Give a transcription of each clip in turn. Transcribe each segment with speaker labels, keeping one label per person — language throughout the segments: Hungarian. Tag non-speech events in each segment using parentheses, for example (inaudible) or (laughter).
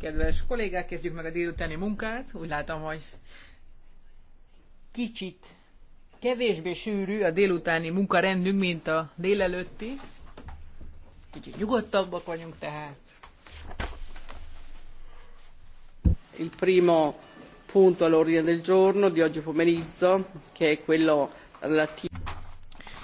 Speaker 1: Kedves kollégák, kezdjük meg a délutáni munkát. Úgy látom, hogy kicsit kevésbé sűrű a délutáni munkarendünk, mint a délelőtti. Kicsit nyugodtabbak vagyunk tehát. Il primo punto all'ordine del giorno di oggi pomeriggio, che è quello relativo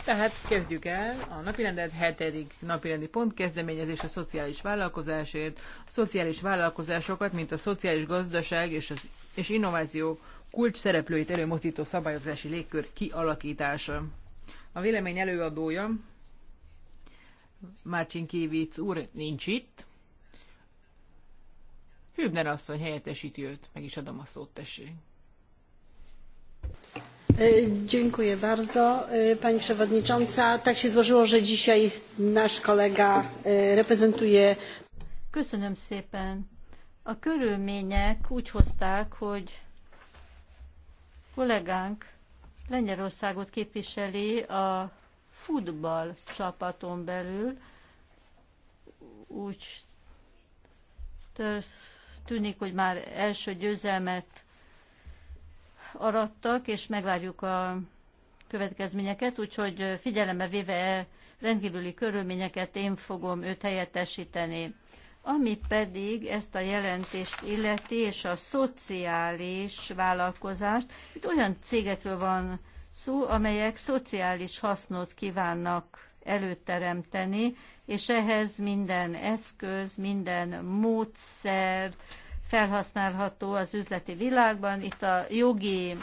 Speaker 1: tehát kezdjük el a napirendet, hetedik napirendi pont, kezdeményezés a szociális vállalkozásért. A szociális vállalkozásokat, mint a szociális gazdaság és, az, és innováció kulcs szereplőit előmozdító szabályozási légkör kialakítása. A vélemény előadója Márcsin Kévic úr nincs itt. Hübner asszony helyettesíti őt, meg is adom a szót, tessék.
Speaker 2: E, dziękuję bardzo e, Pani Przewodnicząca. Tak się złożyło, że dzisiaj nasz kolega e, reprezentuje. Köszönöm szépen. A körülmények úgy hozták, hogy kollégánk Lengyelországot képviseli a futball csapaton belül, úgy tűnik, hogy már első győzelmet arattak, és megvárjuk a következményeket, úgyhogy figyelembe véve rendkívüli körülményeket én fogom őt helyettesíteni. Ami pedig ezt a jelentést illeti, és a szociális vállalkozást, itt olyan cégekről van szó, amelyek szociális hasznot kívánnak előteremteni, és ehhez minden eszköz, minden módszer felhasználható az üzleti világban. Itt a jogi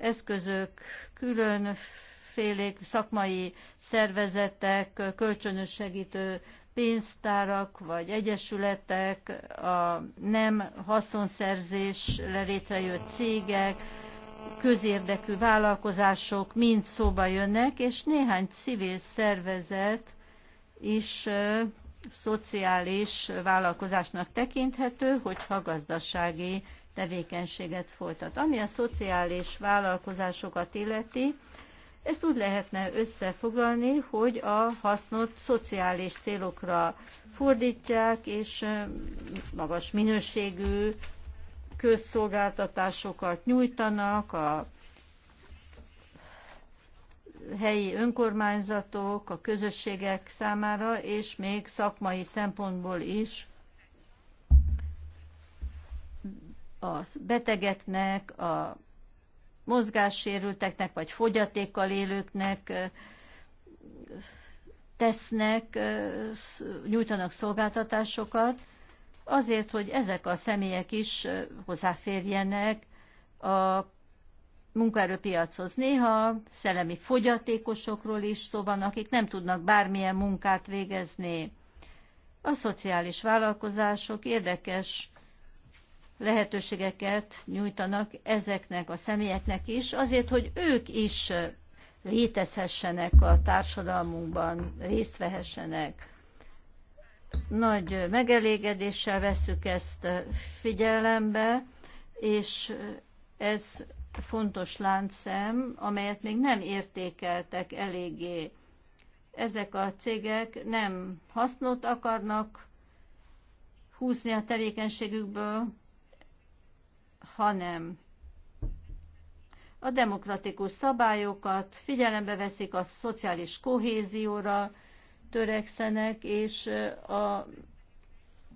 Speaker 2: eszközök különfélék, szakmai szervezetek, kölcsönös segítő pénztárak vagy egyesületek, a nem haszonszerzésre létrejött cégek, közérdekű vállalkozások mind szóba jönnek, és néhány civil szervezet is szociális vállalkozásnak tekinthető, hogyha gazdasági tevékenységet folytat. Ami a szociális vállalkozásokat illeti, ezt úgy lehetne összefoglalni, hogy a hasznot szociális célokra fordítják, és magas minőségű közszolgáltatásokat nyújtanak a helyi önkormányzatok, a közösségek számára, és még szakmai szempontból is a betegeknek, a mozgássérülteknek, vagy fogyatékkal élőknek tesznek, nyújtanak szolgáltatásokat, azért, hogy ezek a személyek is hozzáférjenek a munkaerőpiachoz. Néha szellemi fogyatékosokról is szó van, akik nem tudnak bármilyen munkát végezni. A szociális vállalkozások érdekes lehetőségeket nyújtanak ezeknek a személyeknek is, azért, hogy ők is létezhessenek a társadalmunkban, részt vehessenek. Nagy megelégedéssel veszük ezt figyelembe, és ez fontos láncszem, amelyet még nem értékeltek eléggé. Ezek a cégek nem hasznot akarnak húzni a tevékenységükből, hanem a demokratikus szabályokat, figyelembe veszik a szociális kohézióra, törekszenek, és a,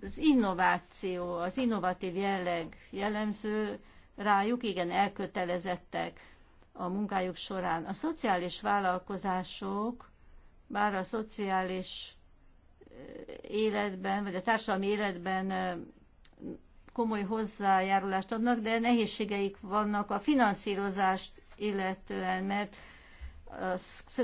Speaker 2: az innováció, az innovatív jelleg jellemző rájuk, igen elkötelezettek a munkájuk során. A szociális vállalkozások, bár a szociális eh, életben, vagy a társadalmi életben eh, komoly hozzájárulást adnak, de nehézségeik vannak a finanszírozást illetően, mert a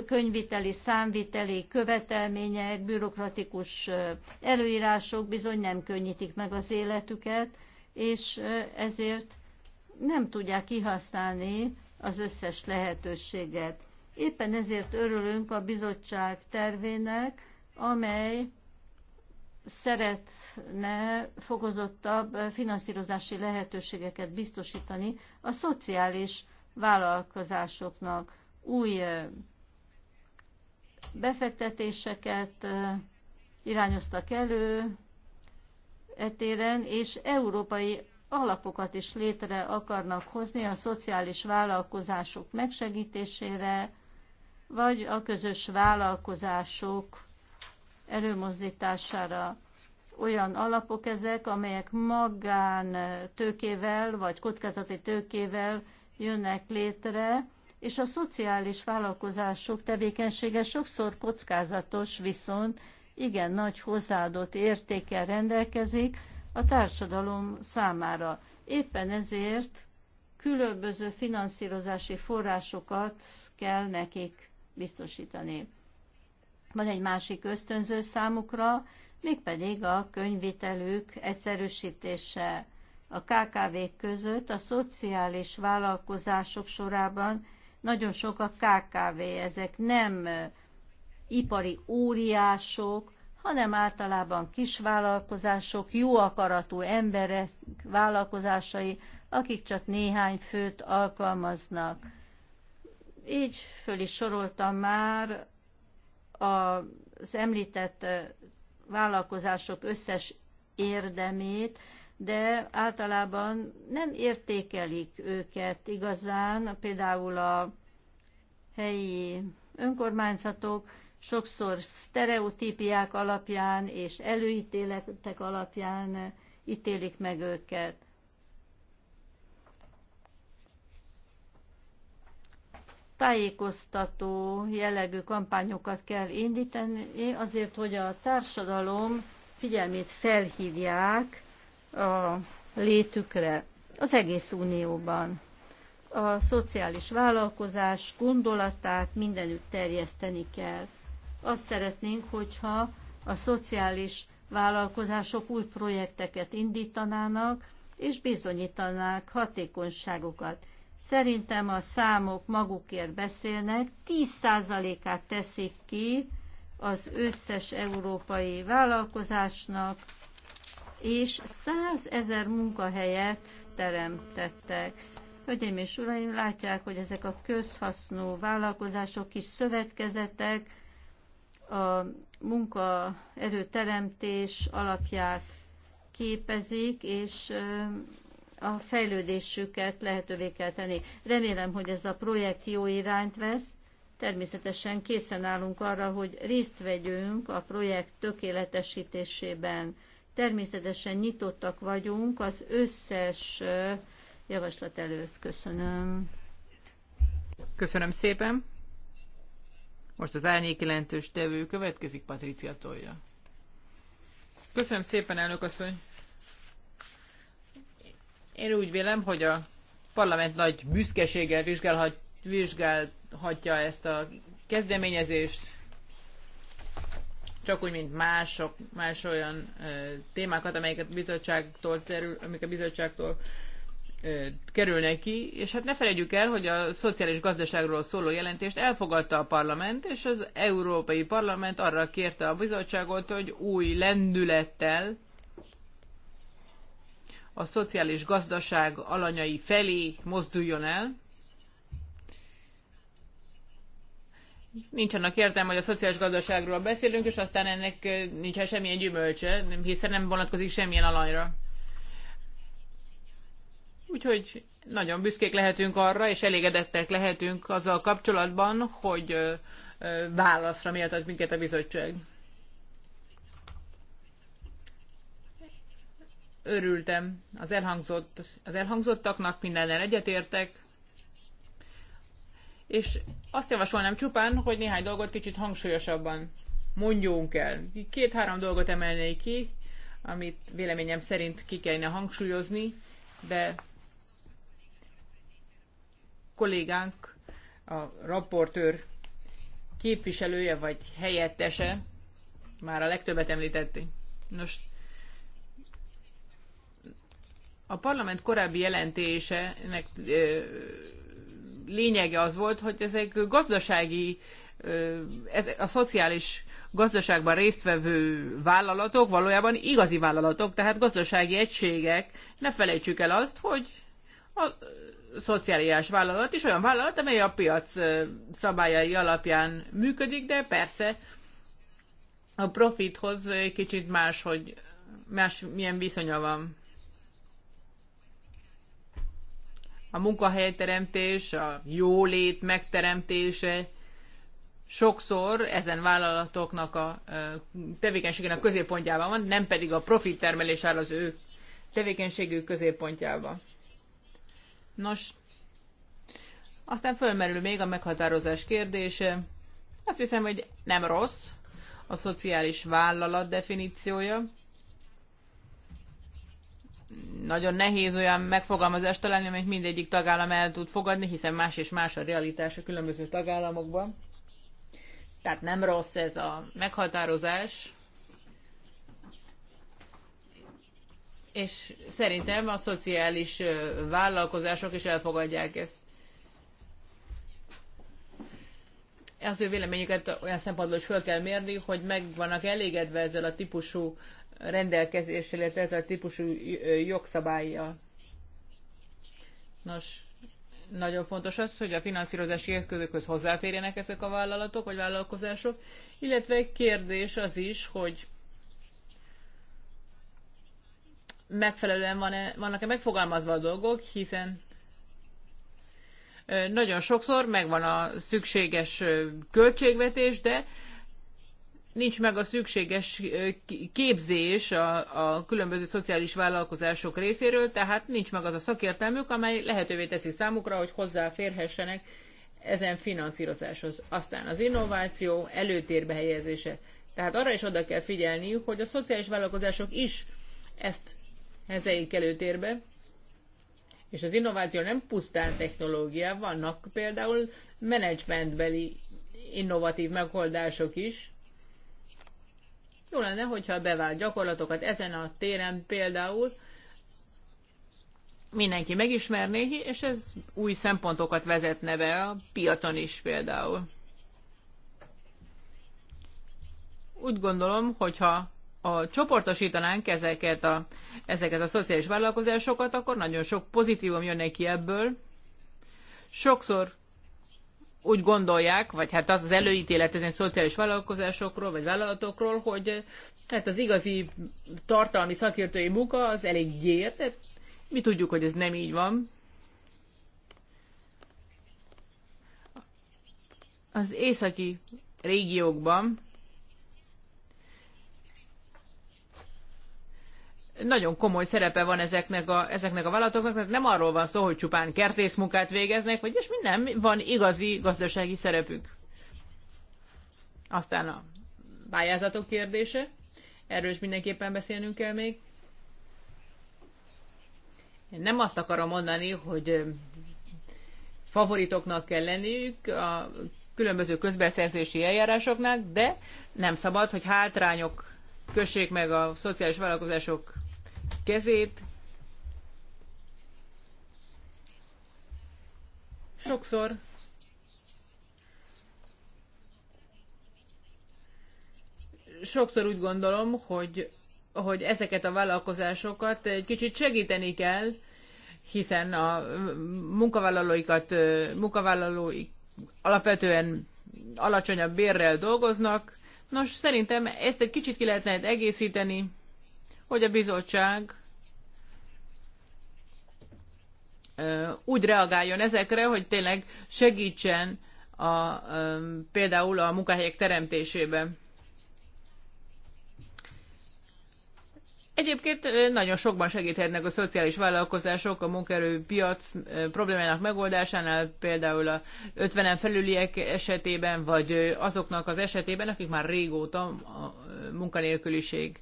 Speaker 2: könyviteli, számviteli követelmények, bürokratikus eh, előírások bizony nem könnyítik meg az életüket, és ezért nem tudják kihasználni az összes lehetőséget. Éppen ezért örülünk a bizottság tervének, amely szeretne fokozottabb finanszírozási lehetőségeket biztosítani a szociális vállalkozásoknak. Új befektetéseket irányoztak elő etéren, és európai alapokat is létre akarnak hozni a szociális vállalkozások megsegítésére, vagy a közös vállalkozások előmozdítására. Olyan alapok ezek, amelyek magán tőkével vagy kockázati tőkével jönnek létre, és a szociális vállalkozások tevékenysége sokszor kockázatos, viszont igen nagy hozzáadott értékkel rendelkezik, a társadalom számára. Éppen ezért különböző finanszírozási forrásokat kell nekik biztosítani. Van egy másik ösztönző számukra, mégpedig a könyvitelük egyszerűsítése. A kkv között a szociális vállalkozások sorában nagyon sok a KKV, ezek nem ipari óriások, hanem általában kisvállalkozások, jó akaratú emberek vállalkozásai, akik csak néhány főt alkalmaznak. Így föl is soroltam már az említett vállalkozások összes érdemét, de általában nem értékelik őket igazán, például a helyi önkormányzatok, sokszor sztereotípiák alapján és előítéletek alapján ítélik meg őket. Tájékoztató jellegű kampányokat kell indítani azért, hogy a társadalom figyelmét felhívják a létükre az egész unióban a szociális vállalkozás gondolatát mindenütt terjeszteni kell. Azt szeretnénk, hogyha a szociális vállalkozások új projekteket indítanának, és bizonyítanák hatékonyságukat. Szerintem a számok magukért beszélnek, 10%-át teszik ki az összes európai vállalkozásnak, és 100 ezer munkahelyet teremtettek. Hölgyeim és uraim, látják, hogy ezek a közhasznú vállalkozások kis szövetkezetek, a munkaerőteremtés alapját képezik, és a fejlődésüket lehetővé kell tenni. Remélem, hogy ez a projekt jó irányt vesz. Természetesen készen állunk arra, hogy részt vegyünk a projekt tökéletesítésében. Természetesen nyitottak vagyunk az összes javaslat előtt. Köszönöm. Köszönöm szépen.
Speaker 1: Most az árnyék jelentős tevő következik, Patricia tolja. Köszönöm szépen, elnök asszony. Én úgy vélem, hogy a parlament nagy büszkeséggel vizsgálhat, vizsgálhatja ezt a kezdeményezést, csak úgy, mint mások, más olyan ö, témákat, amelyeket a bizottságtól terül, amik a bizottságtól kerülnek ki, és hát ne felejtjük el, hogy a szociális gazdaságról szóló jelentést elfogadta a parlament, és az Európai Parlament arra kérte a bizottságot, hogy új lendülettel a szociális gazdaság alanyai felé mozduljon el. Nincs annak értelme, hogy a szociális gazdaságról beszélünk, és aztán ennek nincsen semmilyen gyümölcse, hiszen nem vonatkozik semmilyen alanyra. Úgyhogy nagyon büszkék lehetünk arra, és elégedettek lehetünk azzal kapcsolatban, hogy válaszra méltat minket a bizottság. Örültem az, elhangzott, az elhangzottaknak, mindennel egyetértek, és azt javasolnám csupán, hogy néhány dolgot kicsit hangsúlyosabban mondjunk el. Két-három dolgot emelnék ki, amit véleményem szerint ki kellene hangsúlyozni, de kollégánk, a raportőr képviselője vagy helyettese, már a legtöbbet említették. Nos, a parlament korábbi jelentésenek lényege az volt, hogy ezek gazdasági, ez a szociális gazdaságban résztvevő vállalatok valójában igazi vállalatok, tehát gazdasági egységek. Ne felejtsük el azt, hogy a szociális vállalat is olyan vállalat, amely a piac szabályai alapján működik, de persze a profithoz egy kicsit más, hogy más milyen viszonya van. A munkahelyteremtés, a jólét megteremtése sokszor ezen vállalatoknak a tevékenységének középpontjában van, nem pedig a profit termelés áll az ő tevékenységük középpontjában. Nos, aztán fölmerül még a meghatározás kérdése. Azt hiszem, hogy nem rossz a szociális vállalat definíciója. Nagyon nehéz olyan megfogalmazást találni, amit mindegyik tagállam el tud fogadni, hiszen más és más a realitás a különböző tagállamokban. Tehát nem rossz ez a meghatározás. és szerintem a szociális vállalkozások is elfogadják ezt. Az ő véleményüket olyan szempontból is föl kell mérni, hogy meg vannak elégedve ezzel a típusú rendelkezéssel, illetve ezzel a típusú jogszabályjal. Nos, nagyon fontos az, hogy a finanszírozási eszközökhöz hozzáférjenek ezek a vállalatok vagy vállalkozások, illetve kérdés az is, hogy megfelelően van -e, vannak-e megfogalmazva a dolgok, hiszen nagyon sokszor megvan a szükséges költségvetés, de nincs meg a szükséges képzés a, a különböző szociális vállalkozások részéről, tehát nincs meg az a szakértelmük, amely lehetővé teszi számukra, hogy hozzáférhessenek ezen finanszírozáshoz. Aztán az innováció előtérbe helyezése. Tehát arra is oda kell figyelni, hogy a szociális vállalkozások is ezt helyzeik előtérbe. És az innováció nem pusztán technológia, vannak például menedzsmentbeli innovatív megoldások is. Jó lenne, hogyha bevált gyakorlatokat ezen a téren például mindenki megismerné, és ez új szempontokat vezetne be a piacon is például. Úgy gondolom, hogyha a csoportosítanánk ezeket a, ezeket a szociális vállalkozásokat, akkor nagyon sok pozitívum jön neki ebből. Sokszor úgy gondolják, vagy hát az az előítélet ezen szociális vállalkozásokról, vagy vállalatokról, hogy hát az igazi tartalmi szakértői munka az elég gyér, de mi tudjuk, hogy ez nem így van. Az északi régiókban nagyon komoly szerepe van ezeknek a, ezeknek a vállalatoknak, tehát nem arról van szó, hogy csupán kertészmunkát végeznek, vagy és nem van igazi gazdasági szerepük. Aztán a pályázatok kérdése, erről is mindenképpen beszélnünk kell még. Én nem azt akarom mondani, hogy favoritoknak kell lenniük a különböző közbeszerzési eljárásoknak, de nem szabad, hogy hátrányok kössék meg a szociális vállalkozások kezét. Sokszor sokszor úgy gondolom, hogy, hogy ezeket a vállalkozásokat egy kicsit segíteni kell, hiszen a munkavállalóikat, munkavállalói alapvetően alacsonyabb bérrel dolgoznak. Nos, szerintem ezt egy kicsit ki lehetne egészíteni, hogy a bizottság úgy reagáljon ezekre, hogy tényleg segítsen a, például a munkahelyek teremtésében. Egyébként nagyon sokban segíthetnek a szociális vállalkozások a munkaerőpiac problémának megoldásánál, például a 50-en felüliek esetében, vagy azoknak az esetében, akik már régóta a munkanélküliség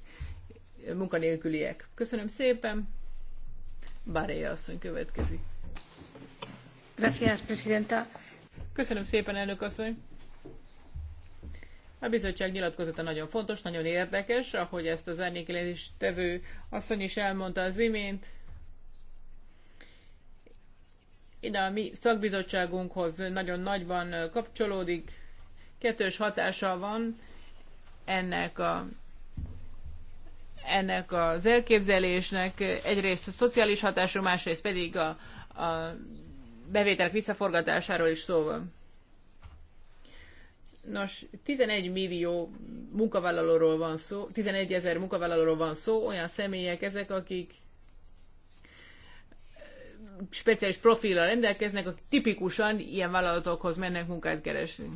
Speaker 1: munkanélküliek. Köszönöm szépen. Báréja asszony következik.
Speaker 2: Gracias, Presidenta.
Speaker 1: Köszönöm szépen, elnök asszony. A bizottság nyilatkozata nagyon fontos, nagyon érdekes, ahogy ezt az árnyékelés tevő asszony is elmondta az imént. Ide a mi szakbizottságunkhoz nagyon nagyban kapcsolódik, kettős hatása van ennek a ennek az elképzelésnek egyrészt a szociális hatásról, másrészt pedig a, a bevételek visszaforgatásáról is szó van. Nos, 11 millió munkavállalóról van szó, 11 ezer munkavállalóról van szó, olyan személyek ezek, akik speciális profillal rendelkeznek, akik tipikusan ilyen vállalatokhoz mennek munkát keresni.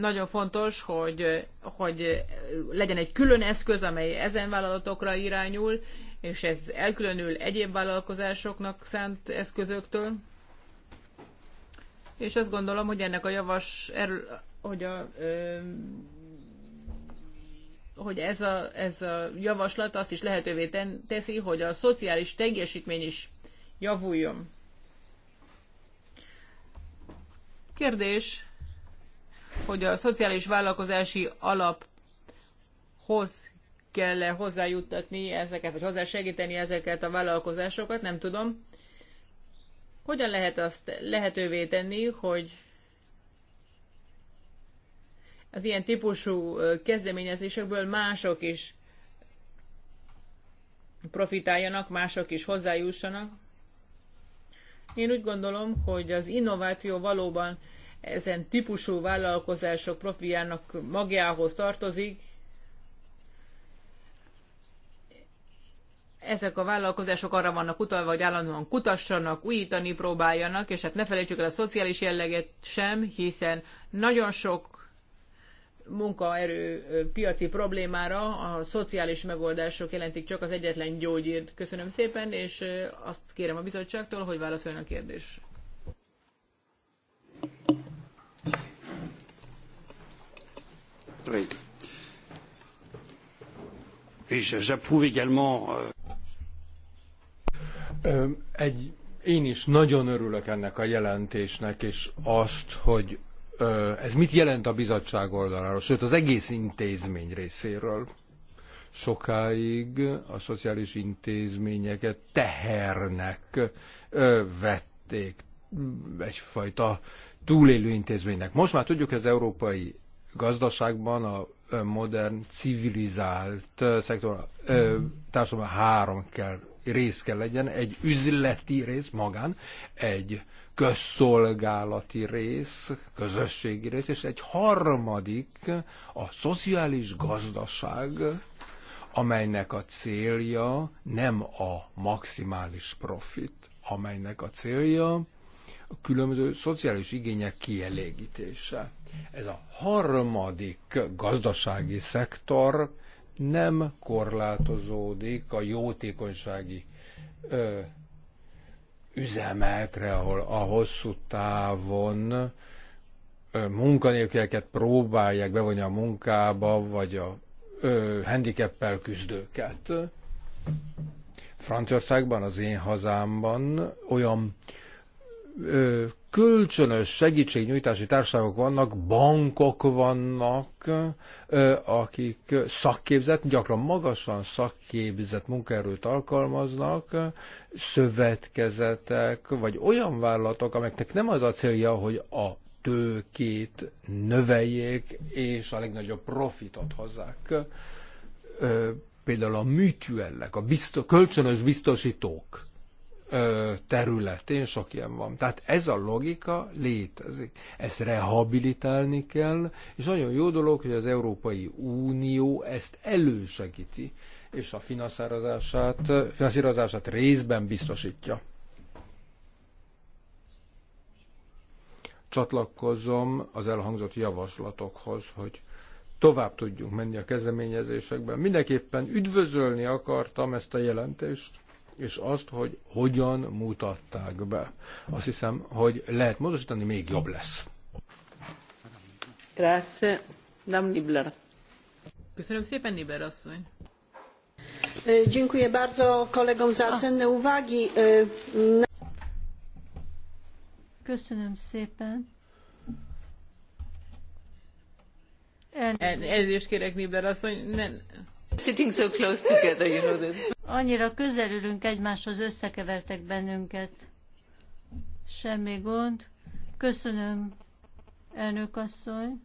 Speaker 1: Nagyon fontos, hogy, hogy legyen egy külön eszköz, amely ezen vállalatokra irányul, és ez elkülönül egyéb vállalkozásoknak szánt eszközöktől. És azt gondolom, hogy ennek a javas, hogy a ö, hogy ez a, ez a javaslat azt is lehetővé ten, teszi, hogy a szociális teljesítmény is javuljon. Kérdés, hogy a szociális vállalkozási alaphoz kell -e hozzájuttatni ezeket, vagy hozzásegíteni ezeket a vállalkozásokat, nem tudom. Hogyan lehet azt lehetővé tenni, hogy az ilyen típusú kezdeményezésekből mások is profitáljanak, mások is hozzájussanak. Én úgy gondolom, hogy az innováció valóban ezen típusú vállalkozások profiának magjához tartozik. Ezek a vállalkozások arra vannak utalva, hogy állandóan kutassanak, újítani próbáljanak, és hát ne felejtsük el a szociális jelleget sem, hiszen nagyon sok munkaerő piaci problémára a szociális megoldások jelentik csak az egyetlen gyógyírt. Köszönöm szépen, és azt kérem a bizottságtól, hogy válaszoljon a kérdésre.
Speaker 3: j'approuve également. Euh, egy, én is nagyon örülök ennek a jelentésnek, és azt, hogy ez mit jelent a bizottság oldaláról, sőt az egész intézmény részéről. Sokáig a szociális intézményeket tehernek vették egyfajta túlélő intézménynek. Most már tudjuk, hogy az Európai gazdaságban, a modern, civilizált szektor, társadalomban három kell, rész kell legyen, egy üzleti rész magán, egy közszolgálati rész, közösségi rész, és egy harmadik a szociális gazdaság, amelynek a célja nem a maximális profit, amelynek a célja különböző szociális igények kielégítése. Ez a harmadik gazdasági szektor nem korlátozódik a jótékonysági ö, üzemekre, ahol a hosszú távon munkanélkülieket próbálják bevonni a munkába, vagy a ö, handicappel küzdőket. Franciaországban, az én hazámban olyan kölcsönös segítségnyújtási társaságok vannak, bankok vannak, akik szakképzett, gyakran magasan szakképzett munkaerőt alkalmaznak, szövetkezetek, vagy olyan vállalatok, amelyeknek nem az a célja, hogy a tőkét növeljék, és a legnagyobb profitot hozzák. Például a műtüellek, a biztos, kölcsönös biztosítók területén sok ilyen van. Tehát ez a logika létezik. Ezt rehabilitálni kell, és nagyon jó dolog, hogy az Európai Unió ezt elősegíti, és a finanszírozását, finanszírozását részben biztosítja. Csatlakozom az elhangzott javaslatokhoz, hogy tovább tudjunk menni a kezdeményezésekben. Mindenképpen üdvözölni akartam ezt a jelentést, és azt, hogy hogyan mutatták be. Azt hiszem, hogy lehet módosítani, még jobb lesz.
Speaker 2: Grazie. Dam Nibler.
Speaker 1: Köszönöm szépen, Nibler asszony.
Speaker 2: E, dziękuję bardzo kolegom za cenne uwagi. E, Köszönöm szépen.
Speaker 1: Elnézést kérek, Nibler asszony, nem,
Speaker 2: Sitting so close together, you know Annyira közelülünk egymáshoz, összekevertek bennünket. Semmi gond. Köszönöm, elnök asszony.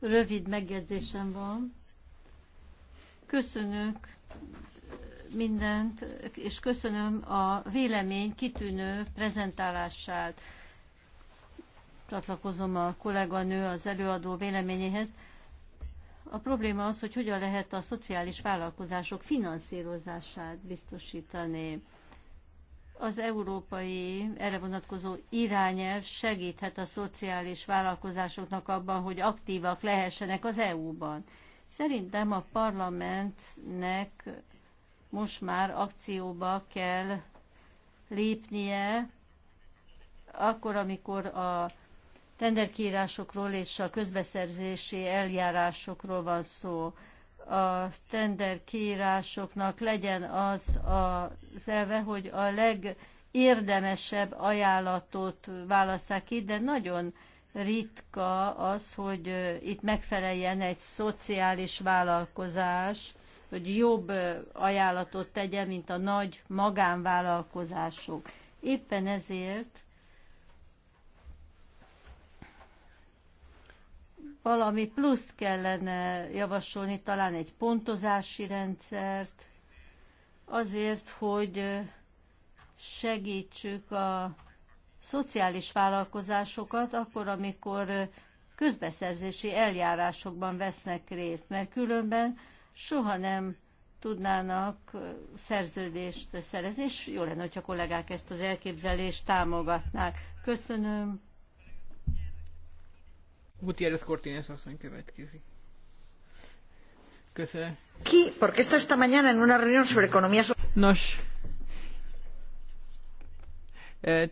Speaker 2: Rövid megjegyzésem van. Köszönök mindent, és köszönöm a vélemény kitűnő prezentálását. Csatlakozom a kolléganő az előadó véleményéhez. A probléma az, hogy hogyan lehet a szociális vállalkozások finanszírozását biztosítani. Az európai erre vonatkozó irányelv segíthet a szociális vállalkozásoknak abban, hogy aktívak lehessenek az EU-ban. Szerintem a parlamentnek most már akcióba kell lépnie, akkor, amikor a tenderkírásokról és a közbeszerzési eljárásokról van szó. A tenderkírásoknak legyen az az elve, hogy a legérdemesebb ajánlatot válasszák ki, de nagyon ritka az, hogy itt megfeleljen egy szociális vállalkozás, hogy jobb ajánlatot tegyen, mint a nagy magánvállalkozások. Éppen ezért valami pluszt kellene javasolni, talán egy pontozási rendszert, azért, hogy segítsük a szociális vállalkozásokat akkor, amikor közbeszerzési eljárásokban vesznek részt, mert különben soha nem tudnának szerződést szerezni, és jó lenne, hogyha kollégák ezt az elképzelést támogatnák. Köszönöm.
Speaker 1: Gutiérrez Cortines asszony következik. Köszönöm. Ki, porque esto esta mañana en una reunión sobre economía... Nos,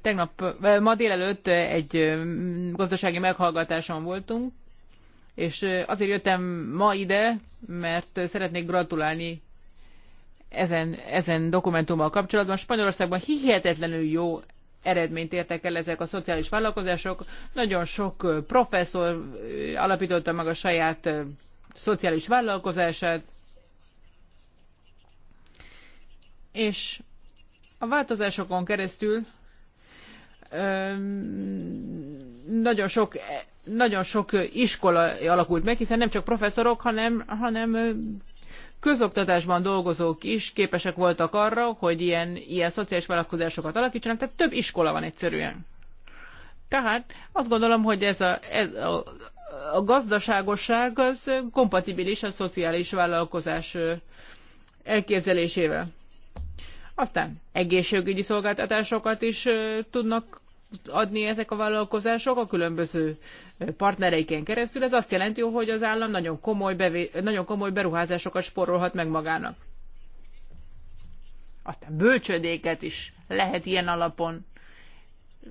Speaker 1: tegnap, ma délelőtt egy gazdasági meghallgatáson voltunk, és azért jöttem ma ide, mert szeretnék gratulálni ezen, ezen dokumentummal kapcsolatban. Spanyolországban hihetetlenül jó eredményt értek el ezek a szociális vállalkozások. Nagyon sok professzor alapította meg a saját szociális vállalkozását, és a változásokon keresztül nagyon sok, nagyon sok iskola alakult meg, hiszen nem csak professzorok, hanem, hanem közoktatásban dolgozók is képesek voltak arra, hogy ilyen, ilyen szociális vállalkozásokat alakítsanak, tehát több iskola van egyszerűen. Tehát azt gondolom, hogy ez a, ez a, a gazdaságosság az kompatibilis a szociális vállalkozás elképzelésével. Aztán egészségügyi szolgáltatásokat is tudnak adni ezek a vállalkozások a különböző eh, partnereiken keresztül. Ez azt jelenti, hogy az állam nagyon komoly, bevé- nagyon komoly beruházásokat sporolhat meg magának. Aztán bölcsödéket is lehet ilyen alapon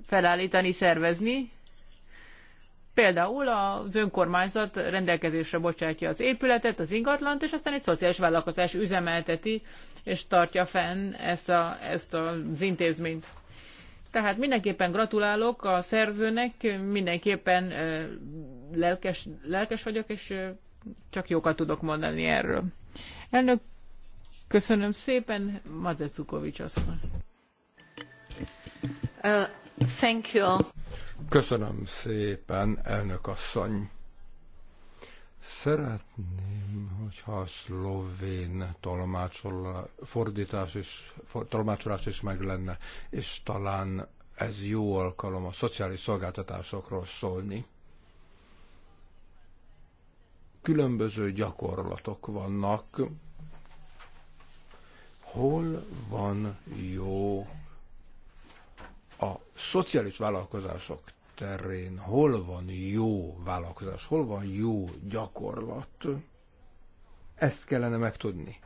Speaker 1: felállítani, szervezni. Például az önkormányzat rendelkezésre bocsátja az épületet, az ingatlant, és aztán egy szociális vállalkozás üzemelteti és tartja fenn ezt, a, ezt az intézményt. Tehát mindenképpen gratulálok a szerzőnek, mindenképpen lelkes, lelkes vagyok, és csak jókat tudok mondani erről. Elnök, köszönöm szépen, Cukovics asszony.
Speaker 2: Uh, thank you.
Speaker 3: Köszönöm szépen, elnök asszony. Szeretném, hogyha a szlovén fordítás és for, tolmácsolás is meg lenne, és talán ez jó alkalom a szociális szolgáltatásokról szólni. Különböző gyakorlatok vannak. Hol van jó a szociális vállalkozások terén hol van jó vállalkozás, hol van jó gyakorlat, ezt kellene megtudni.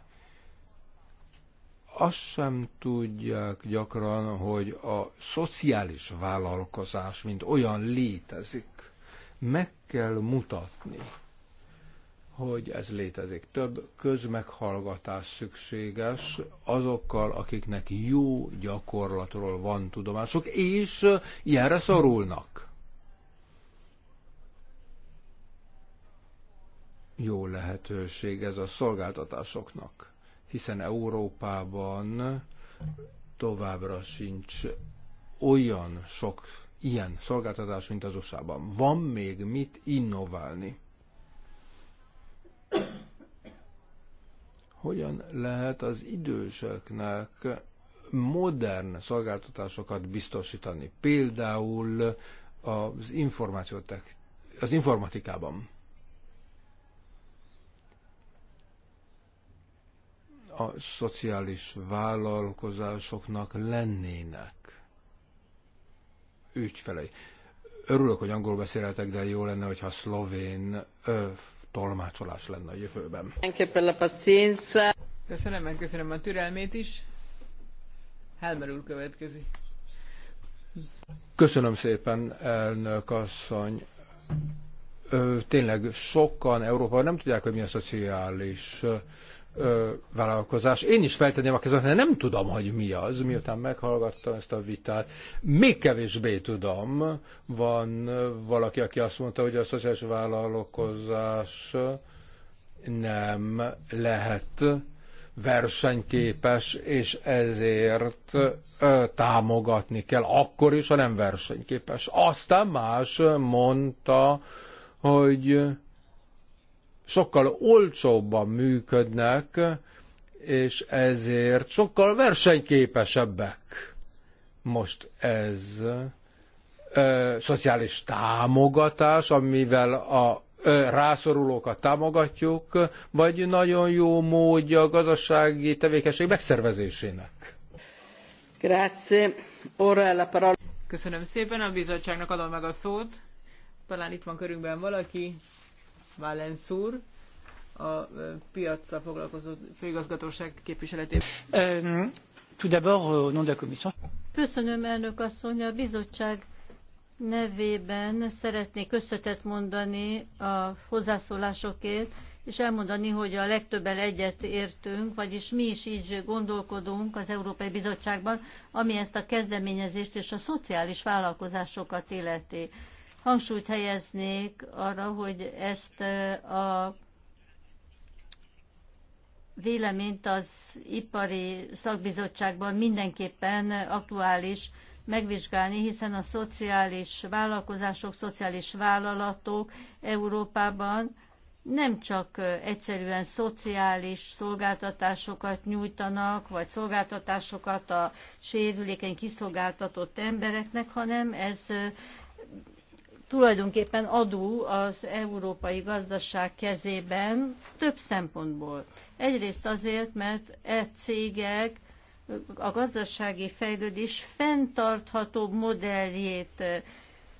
Speaker 3: Azt sem tudják gyakran, hogy a szociális vállalkozás, mint olyan létezik. Meg kell mutatni, hogy ez létezik. Több közmeghallgatás szükséges azokkal, akiknek jó gyakorlatról van tudomásuk, és ilyenre szorulnak. jó lehetőség ez a szolgáltatásoknak, hiszen Európában továbbra sincs olyan sok ilyen szolgáltatás, mint az USA-ban. Van még mit innoválni. Hogyan lehet az időseknek modern szolgáltatásokat biztosítani? Például az, információtek, az informatikában a szociális vállalkozásoknak lennének ügyfelei. Örülök, hogy angol beszéltek, de jó lenne, hogyha szlovén ö, tolmácsolás lenne a jövőben.
Speaker 1: Köszönöm, köszönöm a türelmét is. Helmer úr következik.
Speaker 3: Köszönöm szépen, elnök asszony. Ö, tényleg sokan Európában nem tudják, hogy mi a szociális ö, vállalkozás. Én is feltenném a mert nem tudom, hogy mi az, miután meghallgattam ezt a vitát. Még kevésbé tudom. Van valaki, aki azt mondta, hogy a szociális vállalkozás nem lehet versenyképes, és ezért ö, támogatni kell, akkor is, ha nem versenyképes. Aztán más mondta, hogy sokkal olcsóbban működnek, és ezért sokkal versenyképesebbek. Most ez ö, szociális támogatás, amivel a ö, rászorulókat támogatjuk, vagy nagyon jó módja a gazdasági tevékenység megszervezésének.
Speaker 2: Grazie. Ora
Speaker 1: la parola. Köszönöm szépen, a bizottságnak adom meg a szót. Talán itt van körünkben valaki, Valensz úr, a piacra foglalkozó főigazgatóság képviseletében. Tout d'abord, au nom de la Commission.
Speaker 2: Köszönöm, elnök asszony. A bizottság nevében szeretnék összetett mondani a hozzászólásokért, és elmondani, hogy a legtöbben egyet értünk, vagyis mi is így gondolkodunk az Európai Bizottságban, ami ezt a kezdeményezést és a szociális vállalkozásokat illeti hangsúlyt helyeznék arra, hogy ezt a véleményt az ipari szakbizottságban mindenképpen aktuális megvizsgálni, hiszen a szociális vállalkozások, szociális vállalatok Európában nem csak egyszerűen szociális szolgáltatásokat nyújtanak, vagy szolgáltatásokat a sérülékeny kiszolgáltatott embereknek, hanem ez tulajdonképpen adó az európai gazdaság kezében több szempontból. Egyrészt azért, mert e cégek a gazdasági fejlődés fenntartható modelljét eh,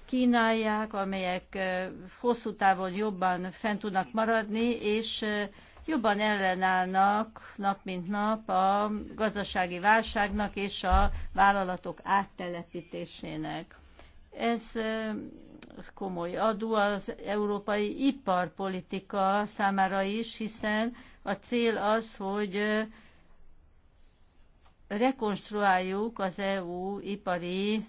Speaker 2: kínálják, amelyek eh, hosszú távon jobban fent tudnak maradni, és eh, jobban ellenállnak nap mint nap a gazdasági válságnak és a vállalatok áttelepítésének. Ez komoly adó az európai iparpolitika számára is, hiszen a cél az, hogy rekonstruáljuk az EU ipari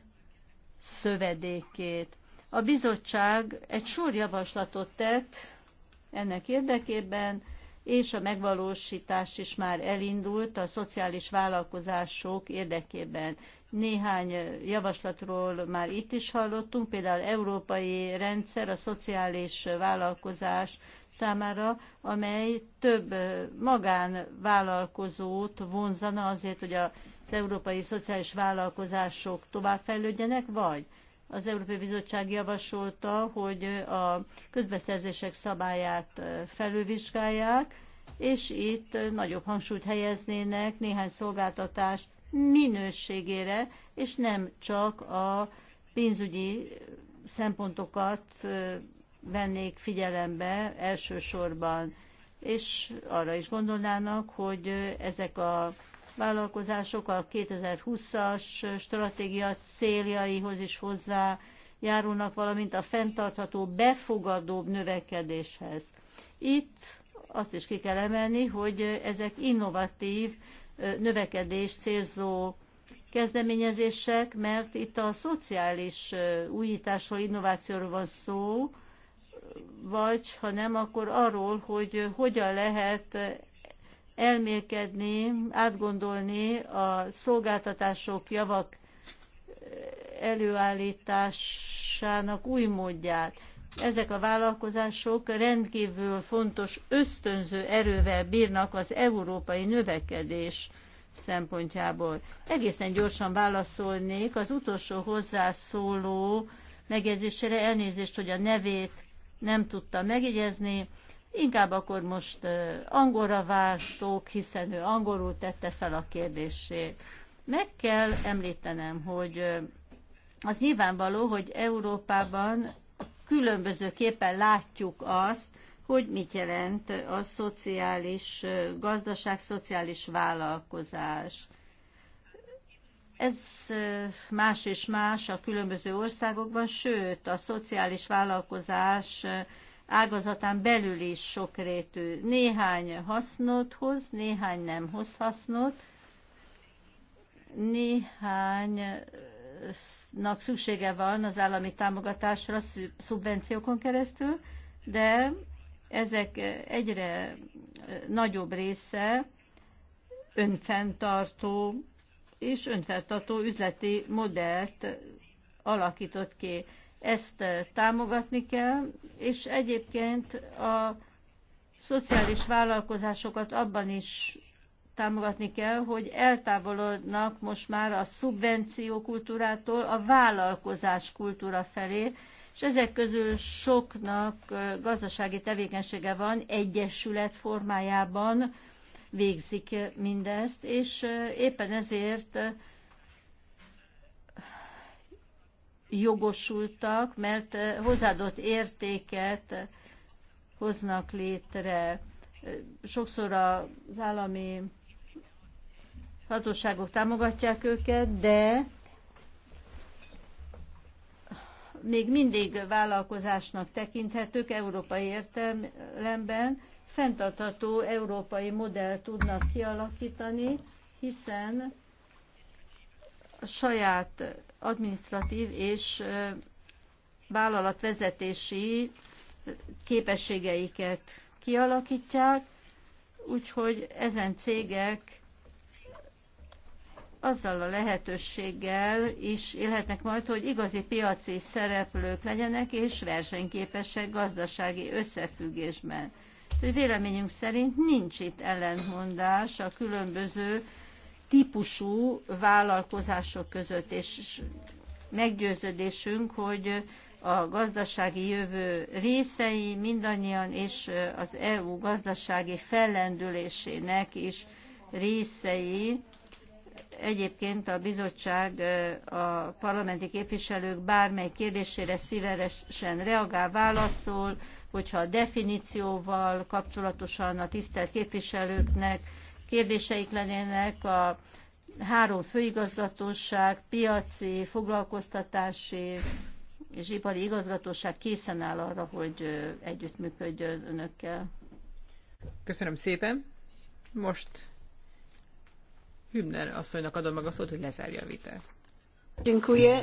Speaker 2: szövedékét. A bizottság egy sor javaslatot tett ennek érdekében, és a megvalósítás is már elindult a szociális vállalkozások érdekében. Néhány javaslatról már itt is hallottunk, például európai rendszer a szociális vállalkozás számára, amely több magánvállalkozót vonzana azért, hogy az európai szociális vállalkozások továbbfejlődjenek, vagy az Európai Bizottság javasolta, hogy a közbeszerzések szabályát felülvizsgálják, és itt nagyobb hangsúlyt helyeznének néhány szolgáltatás minőségére, és nem csak a pénzügyi szempontokat vennék figyelembe elsősorban, és arra is gondolnának, hogy ezek a vállalkozások a 2020-as stratégia céljaihoz is hozzá járulnak, valamint a fenntartható, befogadóbb növekedéshez. Itt azt is ki kell emelni, hogy ezek innovatív növekedés célzó kezdeményezések, mert itt a szociális újításról, innovációról van szó, vagy ha nem, akkor arról, hogy hogyan lehet elmélkedni, átgondolni a szolgáltatások, javak előállításának új módját ezek a vállalkozások rendkívül fontos ösztönző erővel bírnak az európai növekedés szempontjából. Egészen gyorsan válaszolnék az utolsó hozzászóló megjegyzésére, elnézést, hogy a nevét nem tudta megjegyezni. Inkább akkor most angolra váltok, hiszen ő angolul tette fel a kérdését. Meg kell említenem, hogy az nyilvánvaló, hogy Európában különbözőképpen látjuk azt, hogy mit jelent a szociális gazdaság, szociális vállalkozás. Ez más és más a különböző országokban, sőt, a szociális vállalkozás ágazatán belül is sokrétű. Néhány hasznot hoz, néhány nem hoz hasznot, néhány nak szüksége van az állami támogatásra szubvenciókon keresztül, de ezek egyre nagyobb része önfenntartó és önfenntartó üzleti modellt alakított ki. Ezt támogatni kell, és egyébként a szociális vállalkozásokat abban is támogatni kell, hogy eltávolodnak most már a szubvenció kultúrától a vállalkozás kultúra felé, és ezek közül soknak gazdasági tevékenysége van, egyesület formájában végzik mindezt, és éppen ezért jogosultak, mert hozzáadott értéket hoznak létre. Sokszor az állami hatóságok támogatják őket, de még mindig vállalkozásnak tekinthetők európai értelemben, fenntartható európai modellt tudnak kialakítani, hiszen a saját administratív és vállalatvezetési képességeiket kialakítják, úgyhogy ezen cégek azzal a lehetőséggel is élhetnek majd, hogy igazi piaci szereplők legyenek és versenyképesek gazdasági összefüggésben. Úgyhogy véleményünk szerint nincs itt ellentmondás a különböző típusú vállalkozások között, és meggyőződésünk, hogy a gazdasági jövő részei mindannyian, és az EU gazdasági fellendülésének is részei, egyébként a bizottság a parlamenti képviselők bármely kérdésére szívesen reagál, válaszol, hogyha a definícióval kapcsolatosan a tisztelt képviselőknek kérdéseik lennének a három főigazgatóság, piaci, foglalkoztatási és ipari igazgatóság készen áll arra, hogy együttműködjön önökkel. Köszönöm szépen. Most
Speaker 1: Hübner asszonynak adom meg a szót, hogy lezárja a vitát.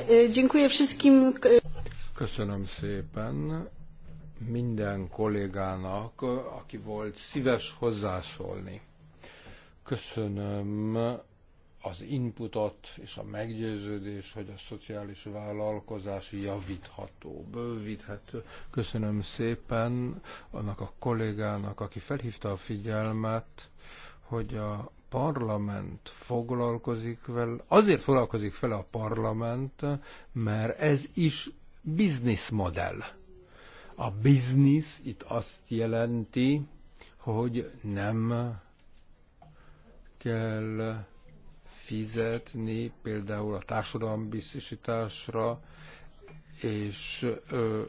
Speaker 2: E,
Speaker 3: Köszönöm szépen minden kollégának, aki volt szíves hozzászólni. Köszönöm az inputot és a meggyőződés, hogy a szociális vállalkozás javítható, bővíthető. Köszönöm szépen annak a kollégának, aki felhívta a figyelmet, hogy a parlament foglalkozik vele, azért foglalkozik vele a parlament, mert ez is bizniszmodell. A biznisz itt azt jelenti, hogy nem kell fizetni például a társadalmi biztosításra, és ö,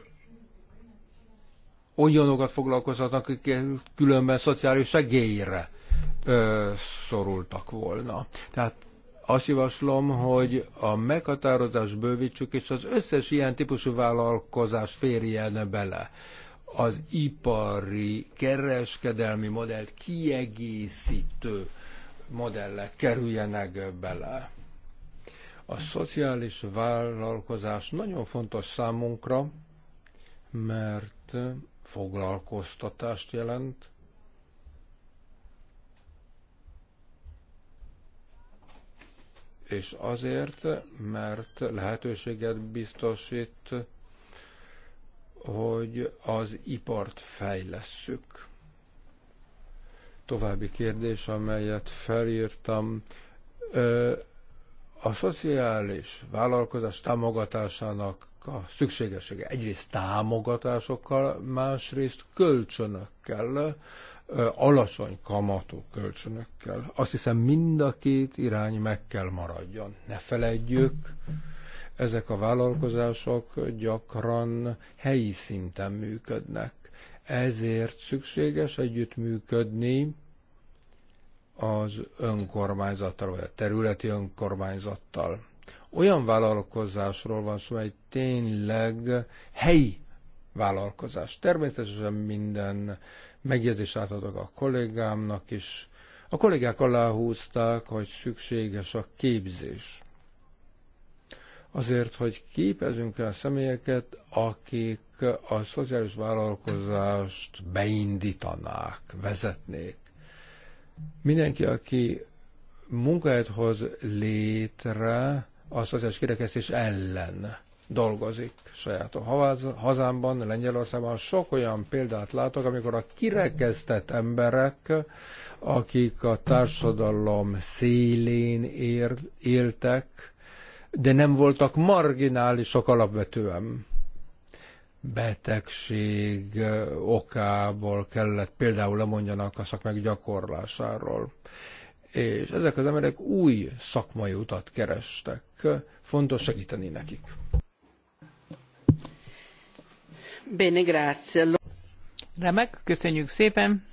Speaker 3: olyanokat foglalkozhatnak, akik különben szociális segélyre ö, szorultak volna. Tehát azt javaslom, hogy a meghatározás bővítsük, és az összes ilyen típusú vállalkozás férjen bele. Az ipari, kereskedelmi modellt kiegészítő modellek kerüljenek bele. A szociális vállalkozás nagyon fontos számunkra, mert foglalkoztatást jelent, és azért, mert lehetőséget biztosít, hogy az ipart fejlesszük. További kérdés, amelyet felírtam, a szociális vállalkozás támogatásának a szükségessége egyrészt támogatásokkal, másrészt kölcsönökkel, alacsony kamatú kölcsönökkel. Azt hiszem mind a két irány meg kell maradjon. Ne feledjük, ezek a vállalkozások gyakran helyi szinten működnek. Ezért szükséges együttműködni az önkormányzattal, vagy a területi önkormányzattal. Olyan vállalkozásról van szó, hogy tényleg helyi vállalkozás. Természetesen minden Megjegyzés átadok a kollégámnak is. A kollégák aláhúzták, hogy szükséges a képzés. Azért, hogy képezünk el személyeket, akik a szociális vállalkozást beindítanák, vezetnék. Mindenki, aki munkahelyet hoz létre a szociális kirekesztés ellen, dolgozik saját a hazámban, Lengyelországban. Sok olyan példát látok, amikor a kirekesztett emberek, akik a társadalom szélén ér, éltek, de nem voltak marginálisok alapvetően. Betegség okából kellett például lemondjanak a szakmák gyakorlásáról és ezek az emberek új szakmai utat kerestek. Fontos segíteni nekik.
Speaker 2: Bene,
Speaker 1: Remek, köszönjük szépen.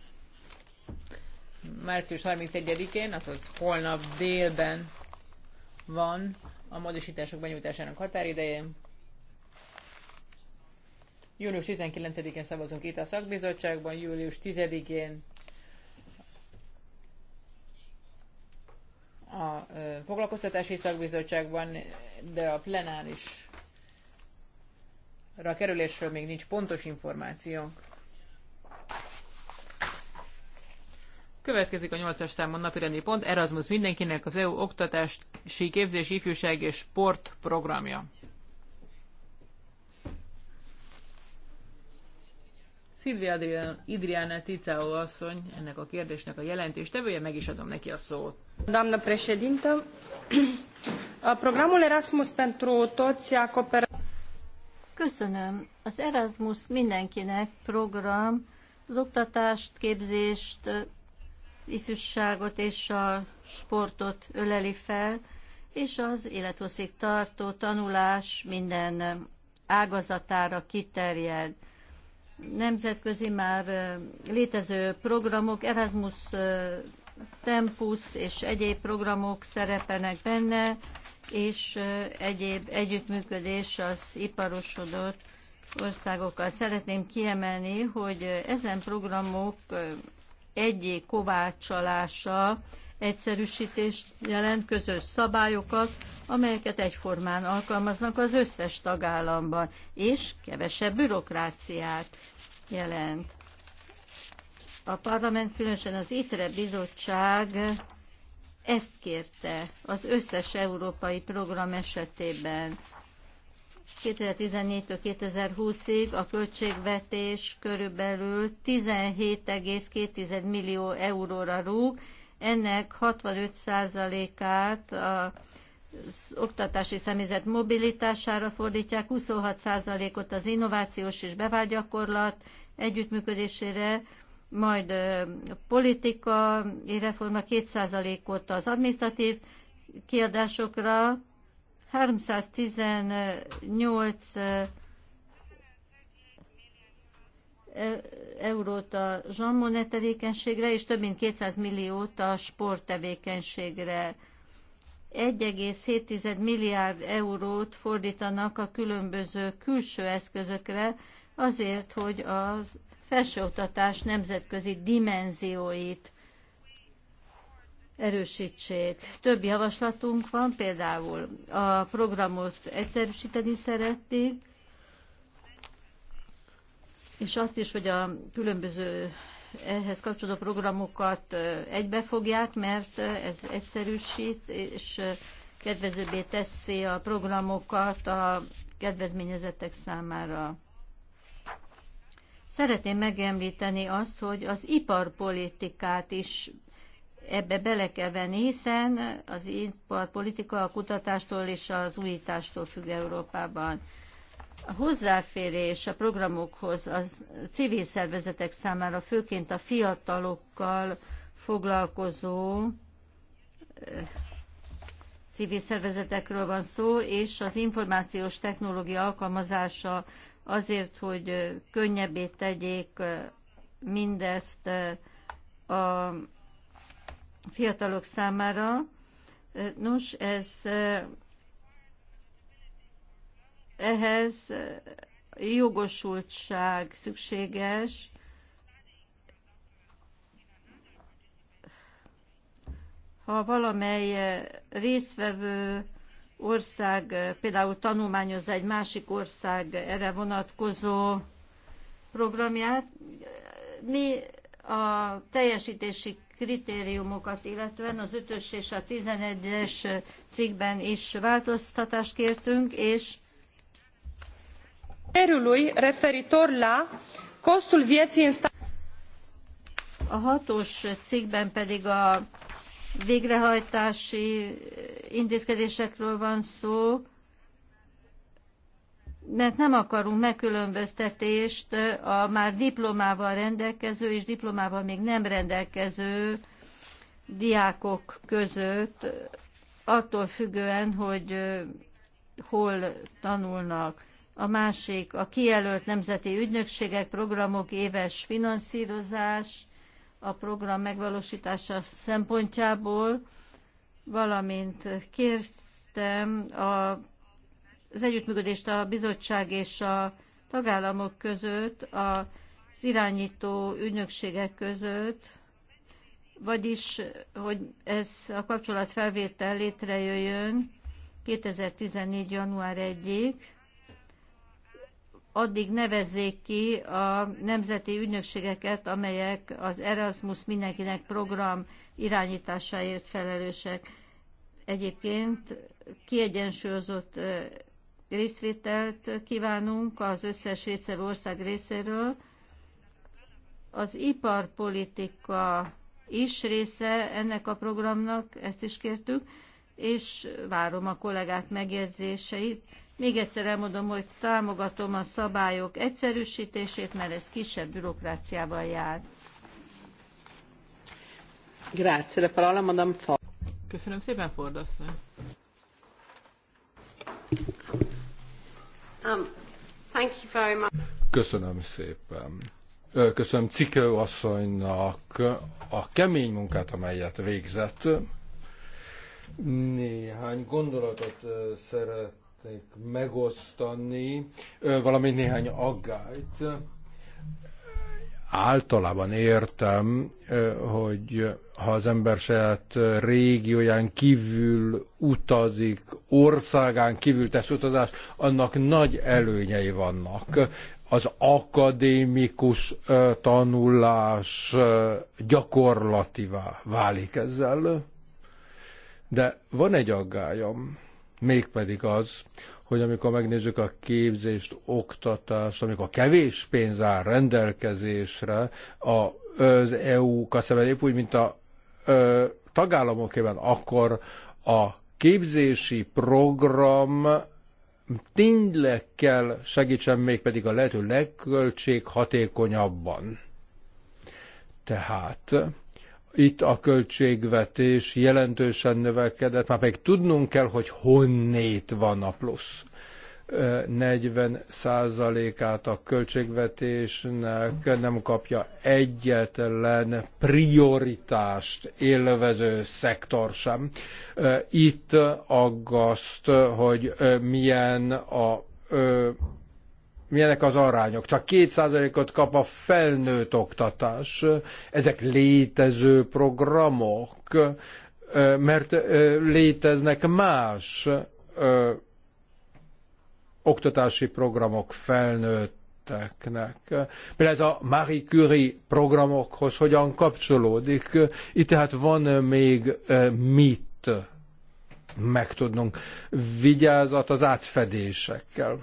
Speaker 1: Március 31-én, azaz holnap délben van a módosítások benyújtásának határideje. Július 19-én szavazunk itt a szakbizottságban, július 10-én a foglalkoztatási szakbizottságban, de a plenáris a kerülésről még nincs pontos információnk. Következik a 8-as számon napirendi pont, Erasmus mindenkinek az EU oktatási képzés, ifjúság és sport programja. Szilvia Idriana Ticao asszony, ennek a kérdésnek a jelentéstevője, meg is adom neki a szót. Doamnă președintă, (clears throat) programul Erasmus pentru toți
Speaker 2: acoperă Köszönöm. Az Erasmus mindenkinek program az oktatást, képzést, ifjúságot és a sportot öleli fel, és az élethosszig tartó tanulás minden ágazatára kiterjed. Nemzetközi már létező programok, Erasmus Tempus és egyéb programok szerepelnek benne, és egyéb együttműködés az iparosodott országokkal. Szeretném kiemelni, hogy ezen programok egyé kovácsolása egyszerűsítést jelent, közös szabályokat, amelyeket egyformán alkalmaznak az összes tagállamban, és kevesebb bürokráciát jelent a parlament, különösen az ITRE bizottság ezt kérte az összes európai program esetében. 2014-től 2020-ig a költségvetés körülbelül 17,2 millió euróra rúg, ennek 65%-át az oktatási személyzet mobilitására fordítják, 26%-ot az innovációs és bevágyakorlat együttműködésére, majd a politikai reforma 2%-ot az administratív kiadásokra, 318 eurót a Jean tevékenységre, és több mint 200 milliót a sporttevékenységre. 1,7 milliárd eurót fordítanak a különböző külső eszközökre azért, hogy az felsőoktatás nemzetközi dimenzióit erősítsék. Több javaslatunk van, például a programot egyszerűsíteni szeretnék, és azt is, hogy a különböző ehhez kapcsolódó programokat egybefogják, mert ez egyszerűsít, és kedvezőbbé teszi a programokat a kedvezményezettek számára. Szeretném megemlíteni azt, hogy az iparpolitikát is ebbe bele kell venni, hiszen az iparpolitika a kutatástól és az újítástól függ Európában. A hozzáférés a programokhoz az civil szervezetek számára, főként a fiatalokkal foglalkozó eh, civil szervezetekről van szó, és az információs technológia alkalmazása azért, hogy könnyebbé tegyék mindezt a fiatalok számára. Nos, ez ehhez jogosultság szükséges, ha valamely résztvevő ország eh, például tanulmányozza egy másik ország erre vonatkozó programját. Mi a teljesítési kritériumokat illetően az 5 és a 11-es cikkben is változtatást kértünk, és Cerului referitor la costul vieții în a hatos cikkben pedig a végrehajtási intézkedésekről van szó, mert nem akarunk megkülönböztetést a már diplomával rendelkező és diplomával még nem rendelkező diákok között, attól függően, hogy hol tanulnak. A másik a kijelölt nemzeti ügynökségek, programok éves finanszírozás, a program megvalósítása szempontjából, valamint kértem a, az együttműködést a bizottság és a tagállamok között, az irányító ügynökségek között, vagyis, hogy ez a kapcsolatfelvétel létrejöjjön 2014. január 1-ig, addig nevezzék ki a nemzeti ügynökségeket, amelyek az Erasmus mindenkinek program irányításáért felelősek. Egyébként kiegyensúlyozott részvételt kívánunk az összes részevő ország részéről. Az iparpolitika is része ennek a programnak, ezt is kértük, és várom a kollégák megjegyzéseit. Még egyszer elmondom, hogy támogatom a szabályok egyszerűsítését, mert ez kisebb bürokráciával jár. Grazie, la parola Madame
Speaker 1: Köszönöm szépen, Ford asszony.
Speaker 2: Um, thank you very much.
Speaker 3: Köszönöm szépen. Köszönöm Cikő asszonynak a kemény munkát, amelyet végzett. Néhány gondolatot szeretnék megosztani, valamint néhány aggályt. Általában értem, hogy ha az ember saját régióján kívül utazik, országán kívül tesz utazást, annak nagy előnyei vannak az akadémikus tanulás gyakorlativá válik ezzel. De van egy aggályom, mégpedig az, hogy amikor megnézzük a képzést, oktatást, amikor kevés pénz áll rendelkezésre az EU kaszában, épp úgy, mint a ö, tagállamokében, akkor a képzési program tényleg kell segítsen mégpedig a lehető legköltséghatékonyabban. Tehát itt a költségvetés jelentősen növekedett, már pedig tudnunk kell, hogy honnét van a plusz. 40 százalékát a költségvetésnek nem kapja egyetlen prioritást élvező szektor sem. Itt aggaszt, hogy milyen a milyenek az arányok. Csak 2%-ot kap a felnőtt oktatás. Ezek létező programok, mert léteznek más oktatási programok felnőtteknek. Például ez a Marie Curie programokhoz hogyan kapcsolódik. Itt tehát van még mit megtudnunk. Vigyázat az átfedésekkel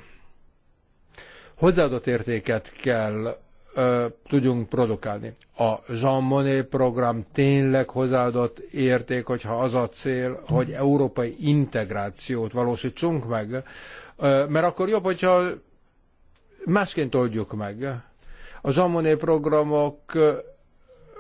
Speaker 3: hozzáadott értéket kell ö, tudjunk produkálni. A Jean Monnet program tényleg hozzáadott érték, hogyha az a cél, hogy európai integrációt valósítsunk meg, ö, mert akkor jobb, hogyha másként oldjuk meg. A Jean Monnet programok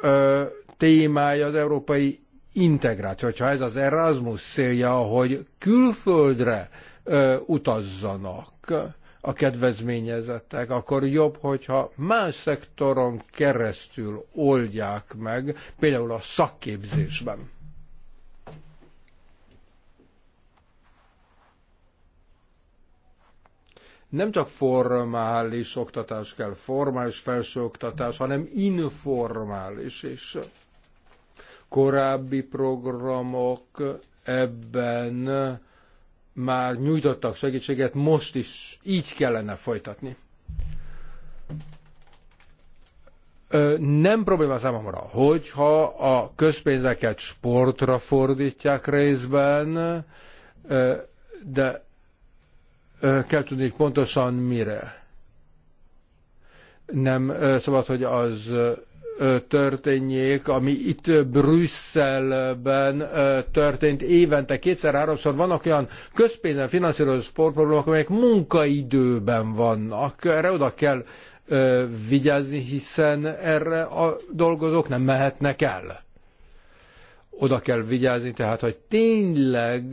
Speaker 3: ö, témája az európai integráció. Hogyha ez az Erasmus célja, hogy külföldre ö, utazzanak, a kedvezményezettek, akkor jobb, hogyha más szektoron keresztül oldják meg, például a szakképzésben. nem csak formális oktatás kell, formális felsőoktatás, hanem informális is. Korábbi programok ebben már nyújtottak segítséget, most is így kellene folytatni. Nem probléma számomra, hogyha a közpénzeket sportra fordítják részben, de kell tudni pontosan mire. Nem szabad, hogy az történjék, ami itt Brüsszelben történt évente kétszer-háromszor. Vannak olyan közpénzen finanszírozott sportprogramok, amelyek munkaidőben vannak. Erre oda kell vigyázni, hiszen erre a dolgozók nem mehetnek el. Oda kell vigyázni, tehát, hogy tényleg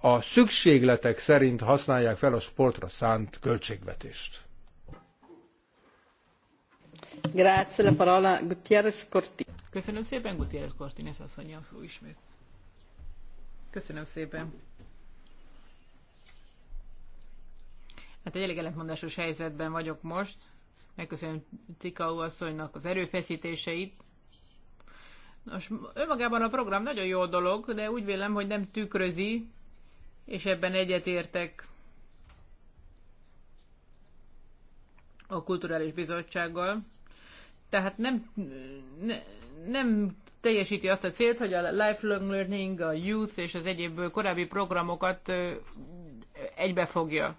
Speaker 3: a szükségletek szerint használják fel a sportra szánt költségvetést.
Speaker 1: Hát egy elég ellentmondásos helyzetben vagyok most. Megköszönöm Cikau asszonynak az erőfeszítéseit. Nos, önmagában a program nagyon jó dolog, de úgy vélem, hogy nem tükrözi, és ebben egyetértek a Kulturális Bizottsággal, tehát nem, ne, nem teljesíti azt a célt, hogy a lifelong learning, a youth és az egyéb korábbi programokat egybefogja.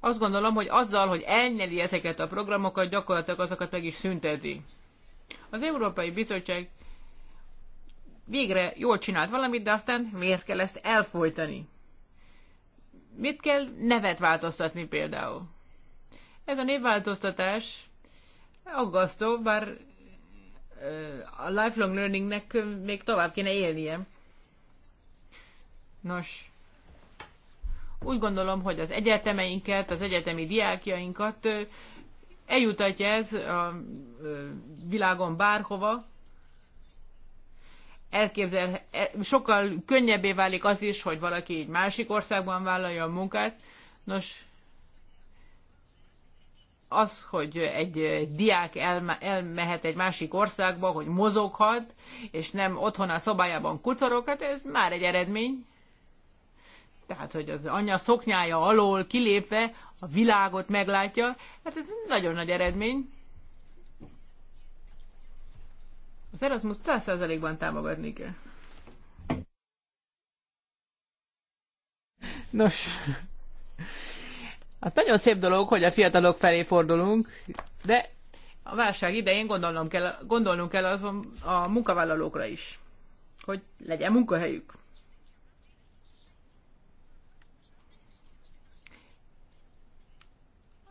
Speaker 1: Azt gondolom, hogy azzal, hogy elnyeli ezeket a programokat, gyakorlatilag azokat meg is szünteti. Az Európai Bizottság végre jól csinált valamit, de aztán miért kell ezt elfolytani? Mit kell nevet változtatni például? Ez a névváltoztatás aggasztó, bár a lifelong learningnek még tovább kéne élnie. Nos, úgy gondolom, hogy az egyetemeinket, az egyetemi diákjainkat eljutatja ez a világon bárhova. Elképzel, e, sokkal könnyebbé válik az is, hogy valaki egy másik országban vállalja a munkát. Nos, az, hogy egy diák elmehet egy másik országba, hogy mozoghat, és nem otthon a szobájában kucoroghat, ez már egy eredmény. Tehát, hogy az anya szoknyája alól kilépve a világot meglátja, hát ez nagyon nagy eredmény. Az Erasmus 100%-ban támogatni kell. Nos, Hát nagyon szép dolog, hogy a fiatalok felé fordulunk, de a válság idején gondolnom kell, gondolnunk kell azon a munkavállalókra is, hogy legyen munkahelyük.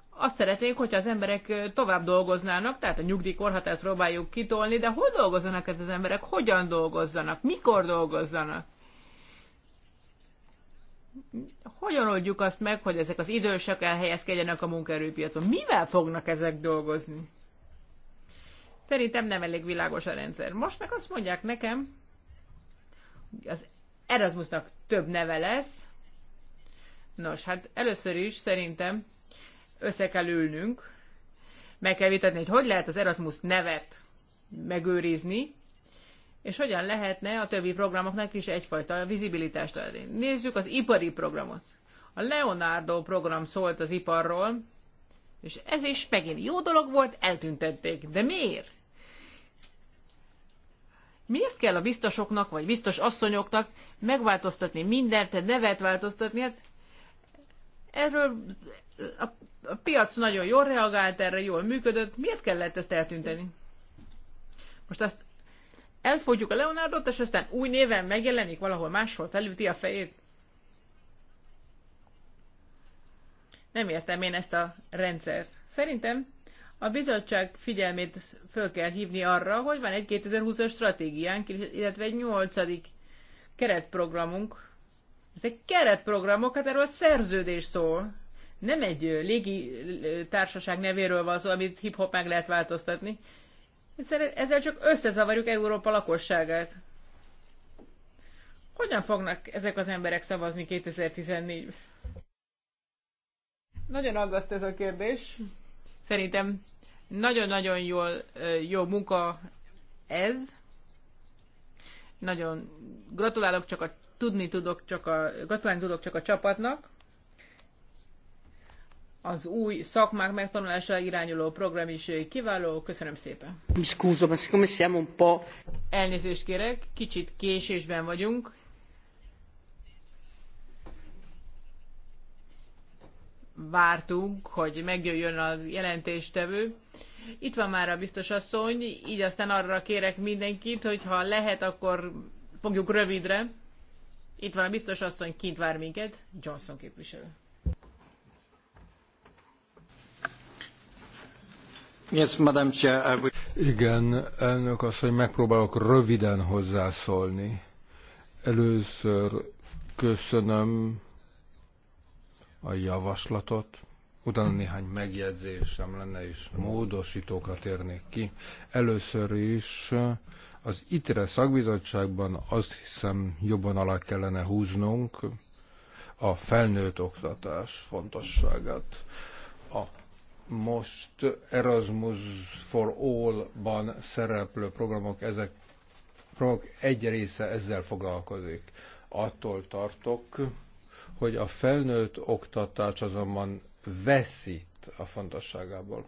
Speaker 1: Azt szeretnénk, hogyha az emberek tovább dolgoznának, tehát a nyugdíjkorhatárt próbáljuk kitolni, de hol dolgozzanak ez az emberek, hogyan dolgozzanak, mikor dolgozzanak? hogyan oldjuk azt meg, hogy ezek az idősek elhelyezkedjenek a munkaerőpiacon? Mivel fognak ezek dolgozni? Szerintem nem elég világos a rendszer. Most meg azt mondják nekem, hogy az Erasmusnak több neve lesz. Nos, hát először is szerintem össze kell ülnünk, meg kell vitatni, hogy hogy lehet az Erasmus nevet megőrizni, és hogyan lehetne a többi programoknak is egyfajta vizibilitást adni. Nézzük az ipari programot. A Leonardo program szólt az iparról, és ez is megint jó dolog volt, eltüntették. De miért? Miért kell a biztosoknak, vagy biztos asszonyoknak megváltoztatni mindent, nevet változtatni? Hát erről a, a piac nagyon jól reagált, erre jól működött. Miért kellett ezt eltünteni? Most azt elfogyjuk a Leonardot, és aztán új néven megjelenik valahol máshol, felüti a fejét. Nem értem én ezt a rendszert. Szerintem a bizottság figyelmét föl kell hívni arra, hogy van egy 2020-as stratégiánk, illetve egy 8. keretprogramunk. Ezek keretprogramok, hát erről a szerződés szól. Nem egy légi társaság nevéről van szó, amit hip-hop meg lehet változtatni. Ezzel csak összezavarjuk Európa lakosságát. Hogyan fognak ezek az emberek szavazni 2014 Nagyon aggaszt ez a kérdés. Szerintem nagyon-nagyon jól, jó munka ez. Nagyon gratulálok, csak a tudni tudok, csak a, gratulálni tudok csak a csapatnak az új szakmák megtanulására irányuló program is kiváló. Köszönöm szépen. Elnézést kérek, kicsit késésben vagyunk. Vártunk, hogy megjöjjön az jelentéstevő. Itt van már a biztos asszony, így aztán arra kérek mindenkit, hogy ha lehet, akkor fogjuk rövidre. Itt van a biztos asszony, kint vár minket, Johnson képviselő.
Speaker 3: Madam Igen, elnök asszony, megpróbálok röviden hozzászólni. Először köszönöm a javaslatot, utána néhány megjegyzésem lenne, és módosítókra térnék ki. Először is az ITRE szakbizottságban azt hiszem jobban alá kellene húznunk a felnőtt oktatás fontosságát. A most Erasmus for All-ban szereplő programok, ezek programok egy része ezzel foglalkozik. Attól tartok, hogy a felnőtt oktatás azonban veszít a fontosságából.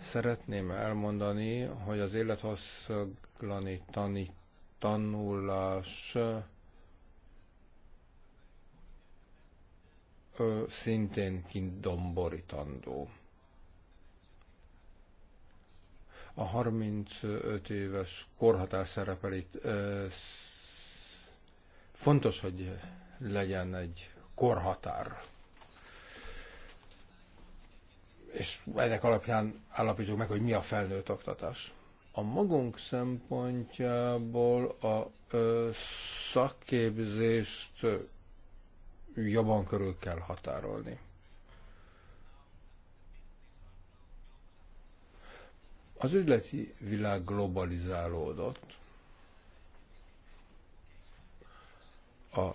Speaker 3: Szeretném elmondani, hogy az élethosszaglani tanít, tanulás szintén kindomborítandó. A 35 éves korhatár szerepel itt. Fontos, hogy legyen egy korhatár. És ennek alapján állapítsuk meg, hogy mi a felnőtt oktatás a magunk szempontjából a ö, szakképzést jobban körül kell határolni. Az üzleti világ globalizálódott. A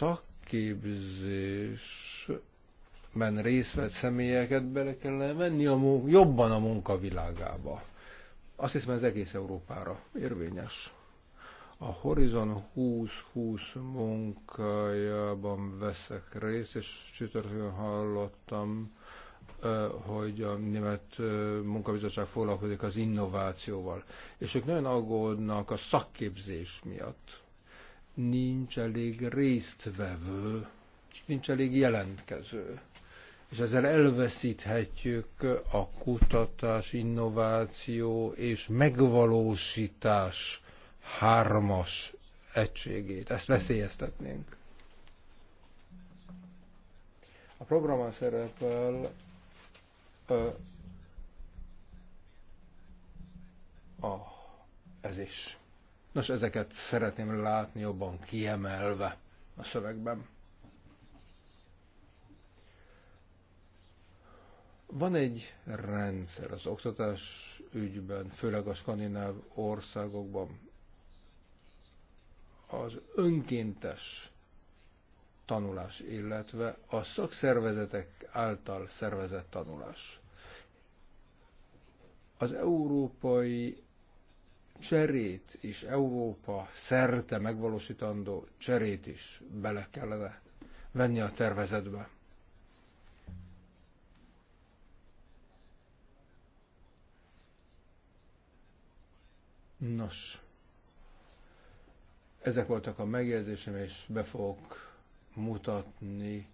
Speaker 3: szakképzésben részt vett személyeket bele kellene menni a jobban a munkavilágába. Azt hiszem ez egész Európára érvényes. A Horizon 2020 munkájában veszek részt, és csütörtökön hallottam, hogy a német munkabizottság foglalkozik az innovációval, és ők nagyon aggódnak a szakképzés miatt. Nincs elég résztvevő, nincs elég jelentkező, és ezzel elveszíthetjük a kutatás, innováció és megvalósítás hármas egységét. Ezt veszélyeztetnénk. A programon szerepel ö, a, ez is. Nos, ezeket szeretném látni jobban kiemelve a szövegben. Van egy rendszer az oktatás ügyben, főleg a skandináv országokban az önkéntes tanulás, illetve a szakszervezetek által szervezett tanulás. Az európai cserét és Európa szerte megvalósítandó cserét is bele kellene venni a tervezetbe. Nos, ezek voltak a megjegyzésem, és be fogok mutatni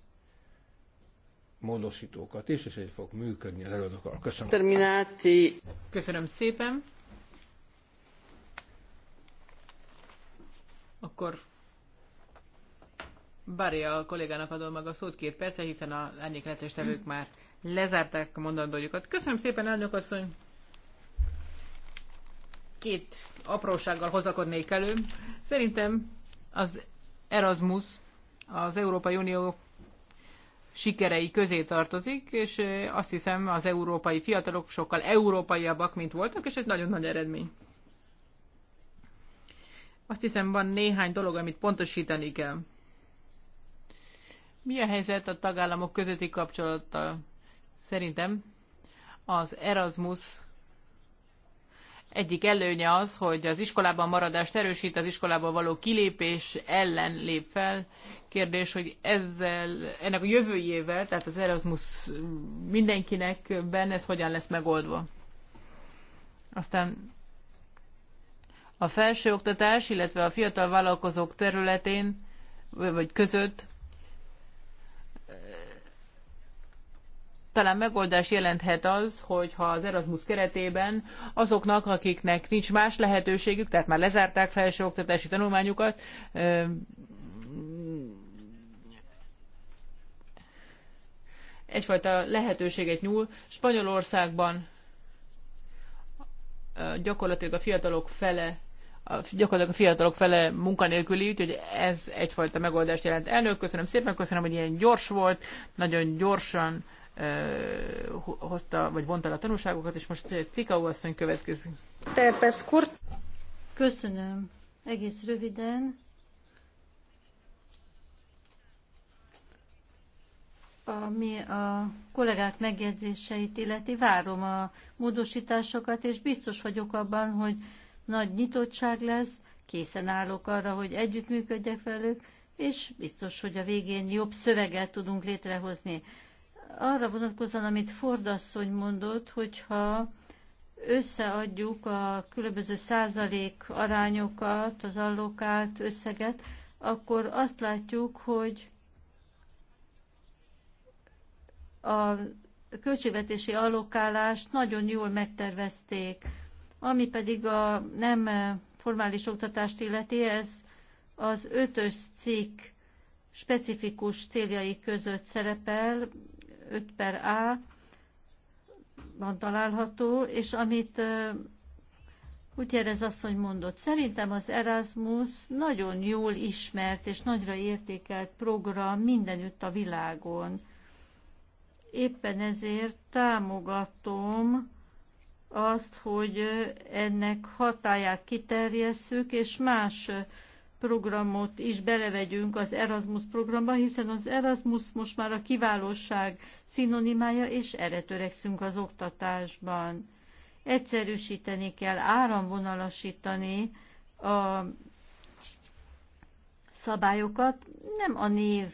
Speaker 3: módosítókat is, és egy fog működni az előadókkal. Köszönöm.
Speaker 1: Termináti. Köszönöm szépen. Akkor Bari a kollégának adom meg a szót két perce, hiszen a árnyékletes tevők már lezárták a mondandójukat. Köszönöm szépen, elnök asszony! két aprósággal hozakodnék elő. Szerintem az Erasmus az Európai Unió sikerei közé tartozik, és azt hiszem az európai fiatalok sokkal európaiabbak, mint voltak, és ez nagyon nagy eredmény. Azt hiszem van néhány dolog, amit pontosítani kell. Mi a helyzet a tagállamok közötti kapcsolattal? Szerintem az Erasmus egyik előnye az, hogy az iskolában maradást erősít, az iskolából való kilépés ellen lép fel. Kérdés, hogy ezzel, ennek a jövőjével, tehát az Erasmus mindenkinek benne, ez hogyan lesz megoldva. Aztán a felsőoktatás, illetve a fiatal vállalkozók területén, vagy között talán megoldás jelenthet az, hogyha az Erasmus keretében azoknak, akiknek nincs más lehetőségük, tehát már lezárták felsőoktatási tanulmányukat, egyfajta lehetőséget nyúl. Spanyolországban gyakorlatilag a fiatalok fele a, gyakorlatilag a fiatalok fele munkanélküli, úgyhogy ez egyfajta megoldást jelent. Elnök, köszönöm szépen, köszönöm, hogy ilyen gyors volt, nagyon gyorsan hozta, vagy vonta a tanulságokat, és most Cikau asszony következik.
Speaker 2: Terpeszkurt. Köszönöm. Egész röviden. Ami a kollégák megjegyzéseit illeti, várom a módosításokat, és biztos vagyok abban, hogy nagy nyitottság lesz, készen állok arra, hogy együttműködjek velük, és biztos, hogy a végén jobb szöveget tudunk létrehozni arra vonatkozóan, amit fordasszony mondott, hogyha összeadjuk a különböző százalék arányokat, az allokált összeget, akkor azt látjuk, hogy a költségvetési allokálást nagyon jól megtervezték. Ami pedig a nem formális oktatást illeti, ez az ötös cikk specifikus céljai között szerepel, 5 per A van található, és amit Gutierrez asszony mondott, szerintem az Erasmus nagyon jól ismert és nagyra értékelt program mindenütt a világon. Éppen ezért támogatom azt, hogy ennek hatáját kiterjesszük, és más programot is belevegyünk az Erasmus programba, hiszen az Erasmus most már a kiválóság szinonimája, és erre törekszünk az oktatásban. Egyszerűsíteni kell, áramvonalasítani a szabályokat, nem a név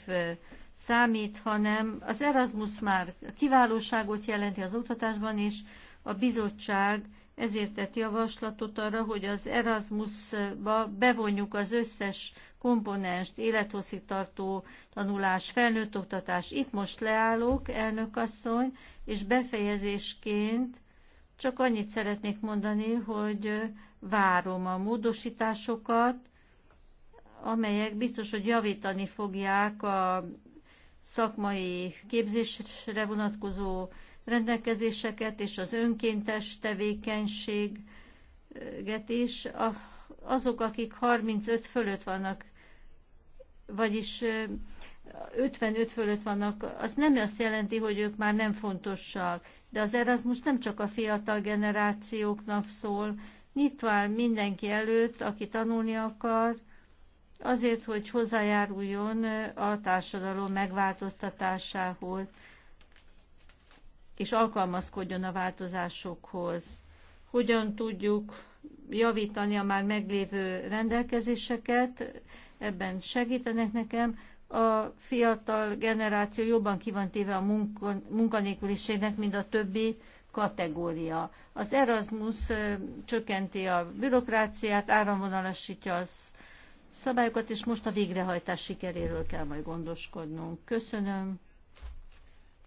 Speaker 2: számít, hanem az Erasmus már kiválóságot jelenti az oktatásban, és a bizottság ezért tett javaslatot arra, hogy az Erasmusba bevonjuk az összes komponenst, élethosszígtartó tanulás, felnőtt oktatás. Itt most leállok, elnökasszony, és befejezésként csak annyit szeretnék mondani, hogy várom a módosításokat, amelyek biztos, hogy javítani fogják a szakmai képzésre vonatkozó rendelkezéseket és az önkéntes tevékenységet is. Azok, akik 35 fölött vannak, vagyis 55 fölött vannak, az nem azt jelenti, hogy ők már nem fontosak. De az Erasmus nem csak a fiatal generációknak szól, nyitva áll mindenki előtt, aki tanulni akar, azért, hogy hozzájáruljon a társadalom megváltoztatásához és alkalmazkodjon a változásokhoz. Hogyan tudjuk javítani a már meglévő rendelkezéseket, ebben segítenek nekem. A fiatal generáció jobban ki van téve a munka, munkanélküliségnek, mint a többi kategória. Az Erasmus csökkenti a bürokráciát, áramvonalasítja az szabályokat, és most a végrehajtás sikeréről kell majd gondoskodnunk. Köszönöm.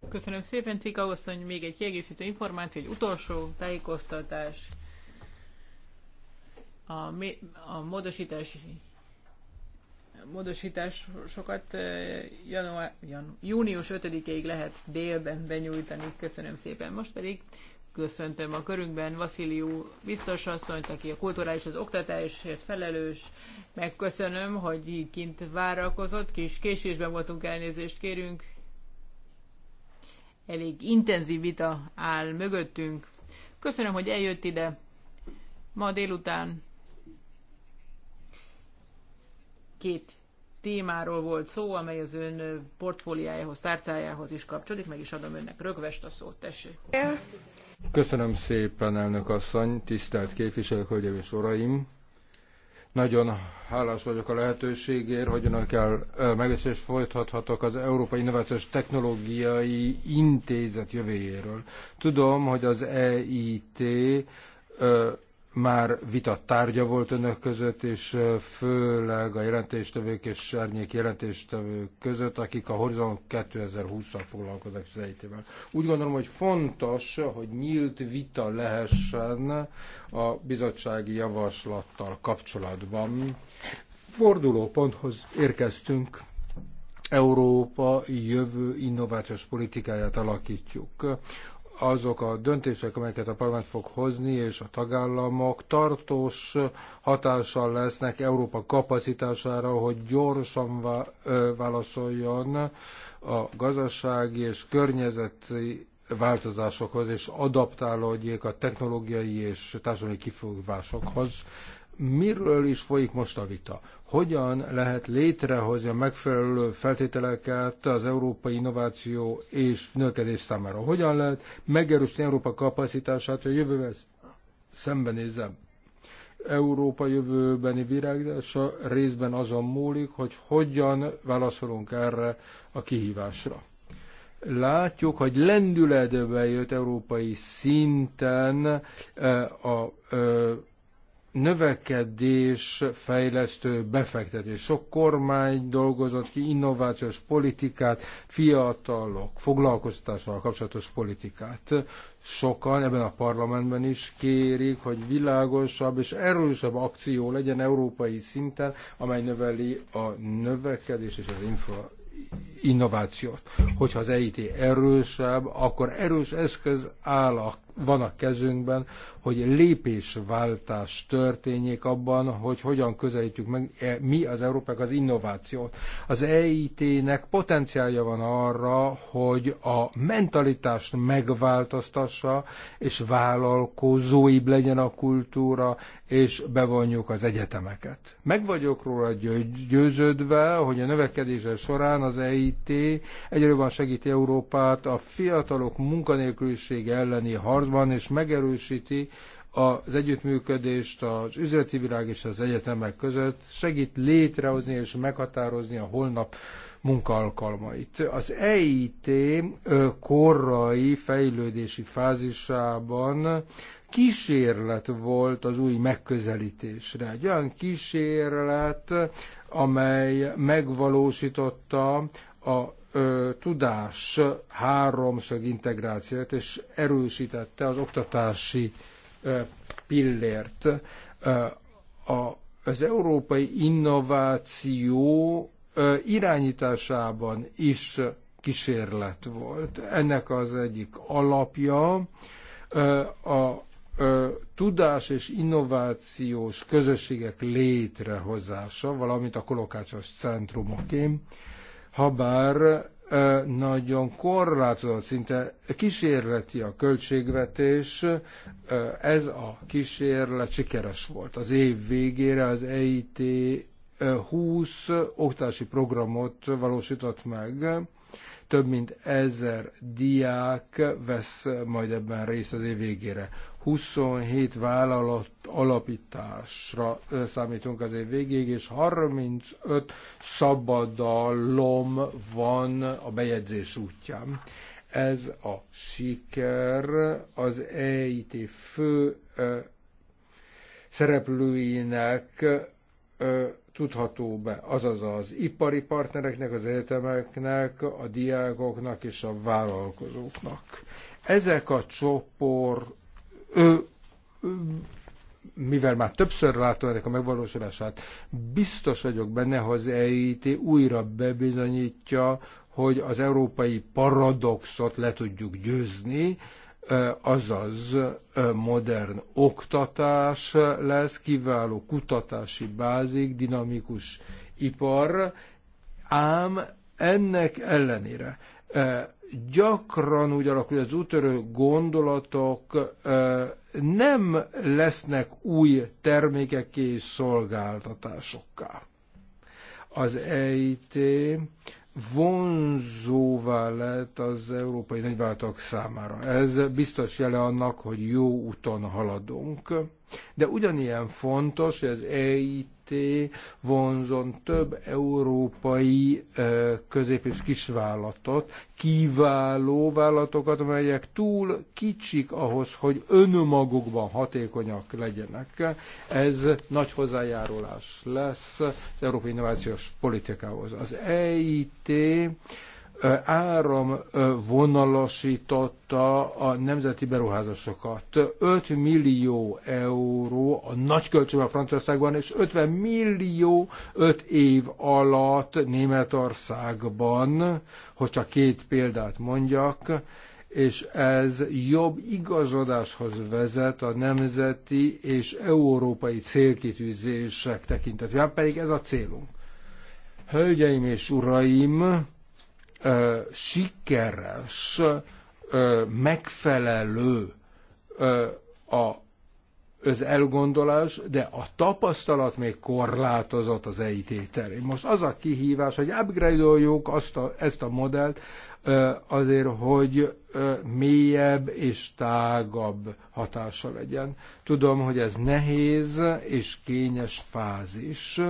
Speaker 1: Köszönöm szépen, Cika asszony, még egy kiegészítő információ, egy utolsó tájékoztatás. A, a módosítás sokat január, január, június 5-ig lehet délben benyújtani. Köszönöm szépen. Most pedig köszöntöm a körünkben Vasziliu biztos asszonyt, aki a kulturális az oktatásért felelős. Megköszönöm, hogy így kint várakozott, kis késésben voltunk, elnézést kérünk elég intenzív vita áll mögöttünk. Köszönöm, hogy eljött ide ma délután. Két témáról volt szó, amely az ön portfóliájához, tárcájához is kapcsolódik. Meg is adom önnek rögvest a szót, tessék.
Speaker 3: Köszönöm szépen, elnök asszony, tisztelt képviselők, hölgyeim és uraim! Nagyon hálás vagyok a lehetőségért, hogy önökkel megbeszélést folytathatok az Európai Innovációs Technológiai Intézet jövőjéről. Tudom, hogy az EIT már vita tárgya volt önök között, és főleg a jelentéstevők és árnyék jelentéstevők között, akik a Horizon 2020-szal foglalkoznak sejtével. Úgy gondolom, hogy fontos, hogy nyílt vita lehessen a bizottsági javaslattal kapcsolatban. Fordulóponthoz érkeztünk. Európa jövő innovációs politikáját alakítjuk azok a döntések, amelyeket a parlament fog hozni, és a tagállamok tartós hatással lesznek Európa kapacitására, hogy gyorsan válaszoljon a gazdasági és környezeti változásokhoz, és adaptálódjék a technológiai és társadalmi kifogásokhoz, miről is folyik most a vita? Hogyan lehet létrehozni a megfelelő feltételeket az európai innováció és növekedés számára? Hogyan lehet megerősíteni Európa kapacitását, hogy a jövőben szembenézzen? Európa jövőbeni virágzása részben azon múlik, hogy hogyan válaszolunk erre a kihívásra. Látjuk, hogy lendületbe jött európai szinten eh, a eh, növekedés, fejlesztő, befektetés. Sok kormány dolgozott ki innovációs politikát, fiatalok foglalkoztatással kapcsolatos politikát. Sokan ebben a parlamentben is kérik, hogy világosabb és erősebb akció legyen európai szinten, amely növeli a növekedés és az infra innovációt. Hogyha az EIT erősebb, akkor erős eszköz áll a van a kezünkben, hogy lépésváltás történjék abban, hogy hogyan közelítjük meg e, mi az Európák az innovációt. Az EIT-nek potenciálja van arra, hogy a mentalitást megváltoztassa, és vállalkozóibb legyen a kultúra, és bevonjuk az egyetemeket. Meg vagyok róla győződve, hogy a növekedése során az EIT egyre jobban segíti Európát a fiatalok munkanélkülisége elleni harc kapcsolatban, és megerősíti az együttműködést az üzleti világ és az egyetemek között, segít létrehozni és meghatározni a holnap munkaalkalmait. Az EIT korai fejlődési fázisában kísérlet volt az új megközelítésre. Egy olyan kísérlet, amely megvalósította a ö, tudás háromszög integrációt, és erősítette az oktatási ö, pillért. Ö, a, az európai innováció ö, irányításában is kísérlet volt. Ennek az egyik alapja ö, a tudás és innovációs közösségek létrehozása, valamint a kolokációs centrumoké habár nagyon korlátozott, szinte kísérleti a költségvetés, ez a kísérlet sikeres volt. Az év végére az EIT 20 oktatási programot valósított meg, több mint ezer diák vesz majd ebben részt az év végére. 27 vállalat alapításra számítunk az év végéig, és 35 szabadalom van a bejegyzés útján. Ez a siker az EIT fő szereplőinek tudható be, azaz az ipari partnereknek, az egyetemeknek, a diákoknak és a vállalkozóknak. Ezek a csoport mivel már többször láttam ennek a megvalósulását, biztos vagyok benne, hogy az EIT újra bebizonyítja, hogy az európai paradoxot le tudjuk győzni, azaz modern oktatás lesz, kiváló kutatási bázik, dinamikus ipar, ám ennek ellenére gyakran úgy alakul, hogy az útörő gondolatok nem lesznek új termékek és szolgáltatásokká. Az EIT vonzóvá lett az európai nagyvállalatok számára. Ez biztos jele annak, hogy jó úton haladunk de ugyanilyen fontos, hogy az EIT vonzon több európai közép- és kisvállalatot, kiváló vállalatokat, amelyek túl kicsik ahhoz, hogy önmagukban hatékonyak legyenek. Ez nagy hozzájárulás lesz az európai innovációs politikához. Az EIT áramvonalasította a nemzeti beruházásokat. 5 millió euró a nagy költségben Franciaországban, és 50 millió 5 év alatt Németországban, hogy csak két példát mondjak, és ez jobb igazodáshoz vezet a nemzeti és európai célkitűzések tekintetében, pedig ez a célunk. Hölgyeim és uraim, sikeres, megfelelő a az elgondolás, de a tapasztalat még korlátozott az EIT terén. Most az a kihívás, hogy upgrade-oljuk azt a, ezt a modellt azért, hogy mélyebb és tágabb hatása legyen. Tudom, hogy ez nehéz és kényes fázis,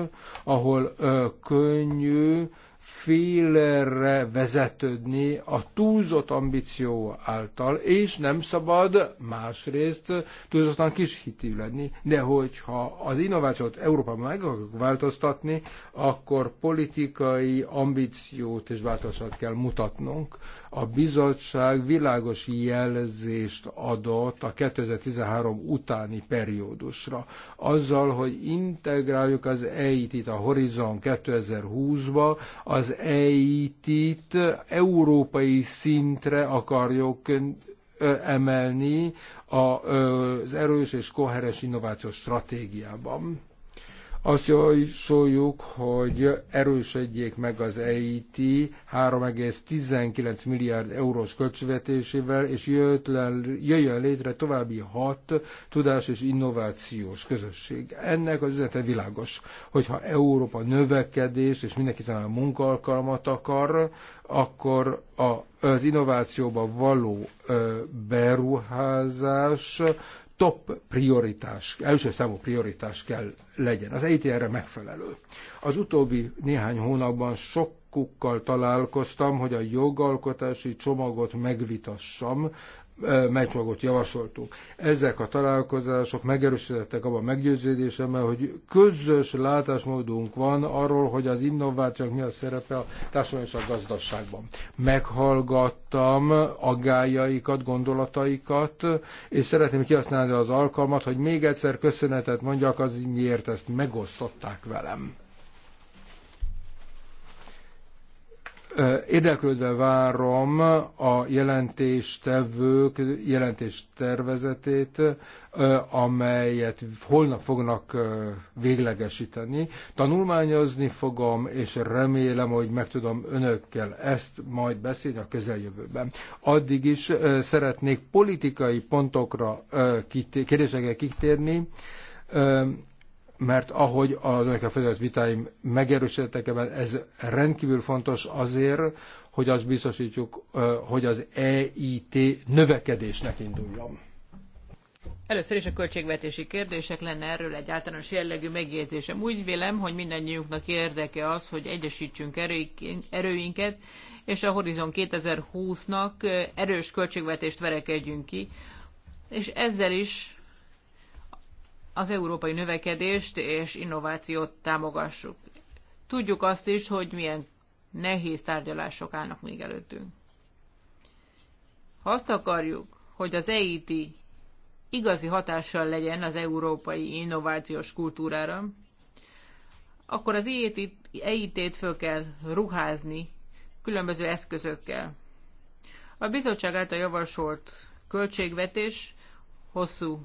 Speaker 3: ahol könnyű félre vezetődni a túlzott ambíció által, és nem szabad másrészt túlzottan kis hitű lenni, de hogyha az innovációt Európában meg akarjuk változtatni, akkor politikai ambíciót és változást kell mutatnunk a bizottság világos jelzést adott a 2013 utáni periódusra, azzal, hogy integráljuk az EIT-t a Horizon 2020-ba, az EIT-t európai szintre akarjuk emelni az erős és koherens innovációs stratégiában azt javasoljuk, hogy erősödjék meg az EIT 3,19 milliárd eurós költségvetésével, és jöjjön létre további hat tudás és innovációs közösség. Ennek az üzenete világos, hogyha Európa növekedés és mindenki számára munkaalkalmat akar, akkor a, az innovációba való beruházás top prioritás, első számú prioritás kell legyen. Az EIT erre megfelelő. Az utóbbi néhány hónapban sok kukkal találkoztam, hogy a jogalkotási csomagot megvitassam, benchmarkot javasoltunk. Ezek a találkozások megerősítettek abban a hogy közös látásmódunk van arról, hogy az innovációk mi a szerepe a társadalom és a gazdaságban. Meghallgattam aggájaikat, gondolataikat, és szeretném kihasználni az alkalmat, hogy még egyszer köszönetet mondjak az, miért ezt megosztották velem. Érdeklődve várom a jelentéstevők jelentéstervezetét, amelyet holnap fognak véglegesíteni. Tanulmányozni fogom, és remélem, hogy meg tudom önökkel ezt majd beszélni a közeljövőben. Addig is szeretnék politikai pontokra, kérdésekre kitérni mert ahogy az önökkel folytatott vitáim megerősítettek ebben, ez rendkívül fontos azért, hogy azt biztosítjuk, hogy az EIT növekedésnek induljon.
Speaker 1: Először is a költségvetési kérdések lenne erről egy általános jellegű megjegyzésem. Úgy vélem, hogy mindannyiunknak érdeke az, hogy egyesítsünk erőinket, és a Horizon 2020-nak erős költségvetést verekedjünk ki, és ezzel is az európai növekedést és innovációt támogassuk. Tudjuk azt is, hogy milyen nehéz tárgyalások állnak még előttünk. Ha azt akarjuk, hogy az EIT igazi hatással legyen az európai innovációs kultúrára, akkor az EIT-t föl kell ruházni különböző eszközökkel. A bizottság által javasolt költségvetés hosszú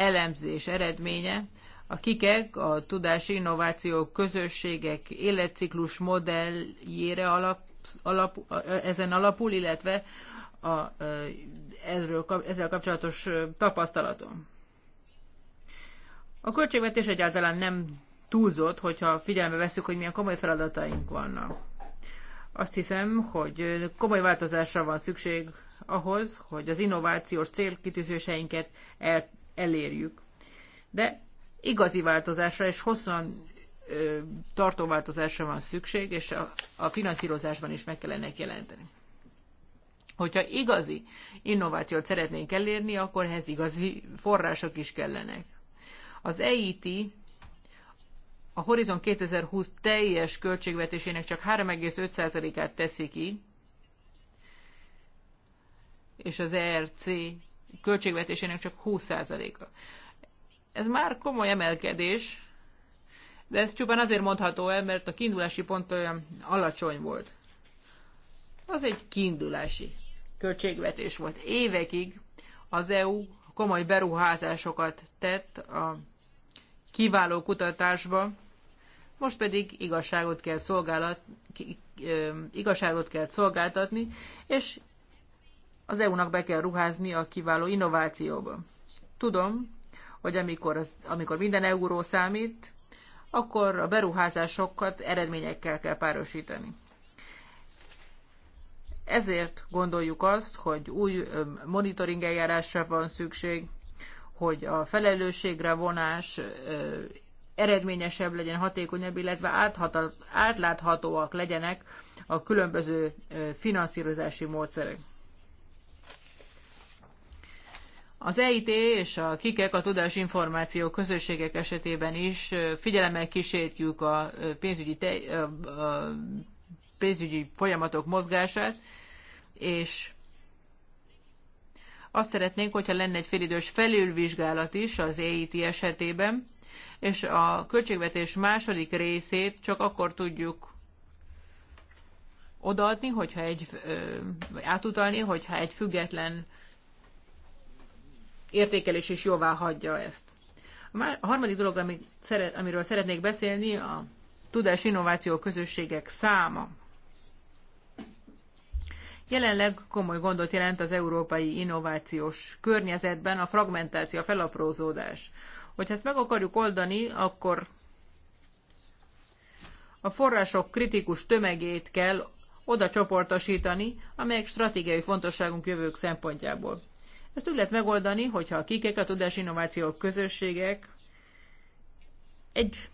Speaker 1: elemzés eredménye. A kikek a tudási innováció közösségek életciklus modelljére alap, alap, ezen alapul, illetve a, ezről, ezzel kapcsolatos tapasztalatom. A költségvetés egyáltalán nem túlzott, hogyha figyelembe veszük, hogy milyen komoly feladataink vannak. Azt hiszem, hogy komoly változásra van szükség ahhoz, hogy az innovációs célkitűzéseinket el elérjük. De igazi változásra és hosszan ö, tartó változásra van szükség, és a, a finanszírozásban is meg kellene jelenteni. Hogyha igazi innovációt szeretnénk elérni, akkor ehhez igazi források is kellenek. Az EIT a Horizon 2020 teljes költségvetésének csak 3,5%-át teszi ki, és az ERC költségvetésének csak 20%-a. Ez már komoly emelkedés, de ez csupán azért mondható el, mert a kiindulási pont olyan alacsony volt. Az egy kiindulási költségvetés volt. Évekig az EU komoly beruházásokat tett a kiváló kutatásba, most pedig igazságot kell, szolgálat, igazságot kell szolgáltatni, és az EU-nak be kell ruházni a kiváló innovációba. Tudom, hogy amikor, az, amikor minden euró számít, akkor a beruházásokat eredményekkel kell párosítani. Ezért gondoljuk azt, hogy új monitoring eljárásra van szükség, hogy a felelősségre vonás eredményesebb legyen, hatékonyabb, illetve átláthatóak legyenek a különböző finanszírozási módszerek. Az EIT és a KIKEK a információ közösségek esetében is figyelemmel kísérjük a pénzügyi, te, a pénzügyi folyamatok mozgását, és azt szeretnénk, hogyha lenne egy félidős felülvizsgálat is az EIT esetében, és a költségvetés második részét csak akkor tudjuk odaadni, hogyha egy, átutalni, hogyha egy független értékelés is jóvá hagyja ezt. A harmadik dolog, amiről szeretnék beszélni, a tudás innováció közösségek száma. Jelenleg komoly gondot jelent az európai innovációs környezetben a fragmentáció, a felaprózódás. Hogyha ezt meg akarjuk oldani, akkor a források kritikus tömegét kell oda csoportosítani, amelyek stratégiai fontosságunk jövők szempontjából. Ezt úgy lehet megoldani, hogyha a kikek, a tudás innovációk közösségek egy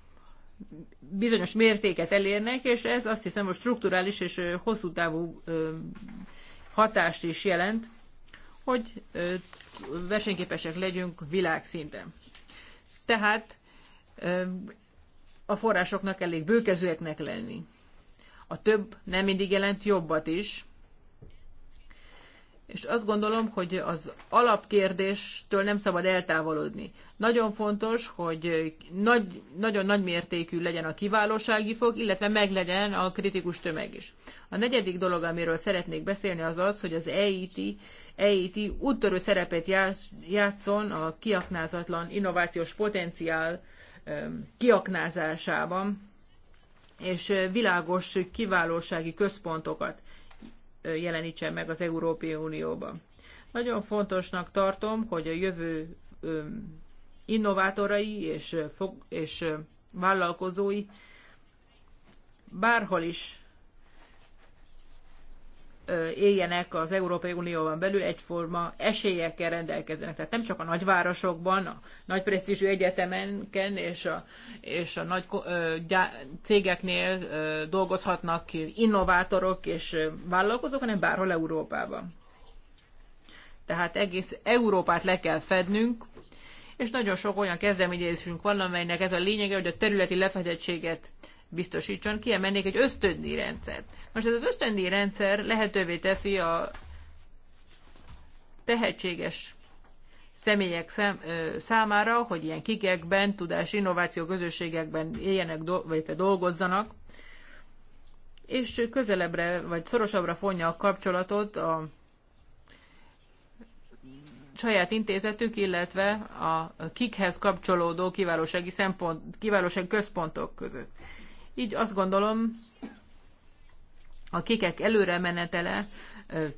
Speaker 1: bizonyos mértéket elérnek, és ez azt hiszem, hogy strukturális és hosszú távú hatást is jelent, hogy versenyképesek legyünk világszinten. Tehát a forrásoknak elég bőkezőeknek lenni. A több nem mindig jelent jobbat is és azt gondolom, hogy az alapkérdéstől nem szabad eltávolodni. Nagyon fontos, hogy nagy, nagyon nagy mértékű legyen a kiválósági fog, illetve meglegyen a kritikus tömeg is. A negyedik dolog, amiről szeretnék beszélni, az az, hogy az EIT, EIT úttörő szerepet játszon a kiaknázatlan innovációs potenciál kiaknázásában, és világos kiválósági központokat jelenítsen meg az Európai Unióban. Nagyon fontosnak tartom, hogy a jövő innovátorai és, fog, és vállalkozói bárhol is éljenek az Európai Unióban belül, egyforma esélyekkel rendelkezzenek. Tehát nem csak a nagyvárosokban, a nagy presztízsű egyetemenken és a, és a nagy gyá, cégeknél dolgozhatnak innovátorok és vállalkozók, hanem bárhol Európában. Tehát egész Európát le kell fednünk, és nagyon sok olyan kezdeményezésünk van, amelynek ez a lényege, hogy a területi lefedettséget biztosítson, kiemelnék egy ösztöndi rendszert. Most ez az ösztöndi rendszer lehetővé teszi a tehetséges személyek ö, számára, hogy ilyen kikekben, tudás, innováció közösségekben éljenek, do, vagy dolgozzanak, és közelebbre, vagy szorosabbra fonja a kapcsolatot a saját intézetük, illetve a kikhez kapcsolódó kiválósági, szempont, kiválósági központok között. Így azt gondolom, a kékek előre menetele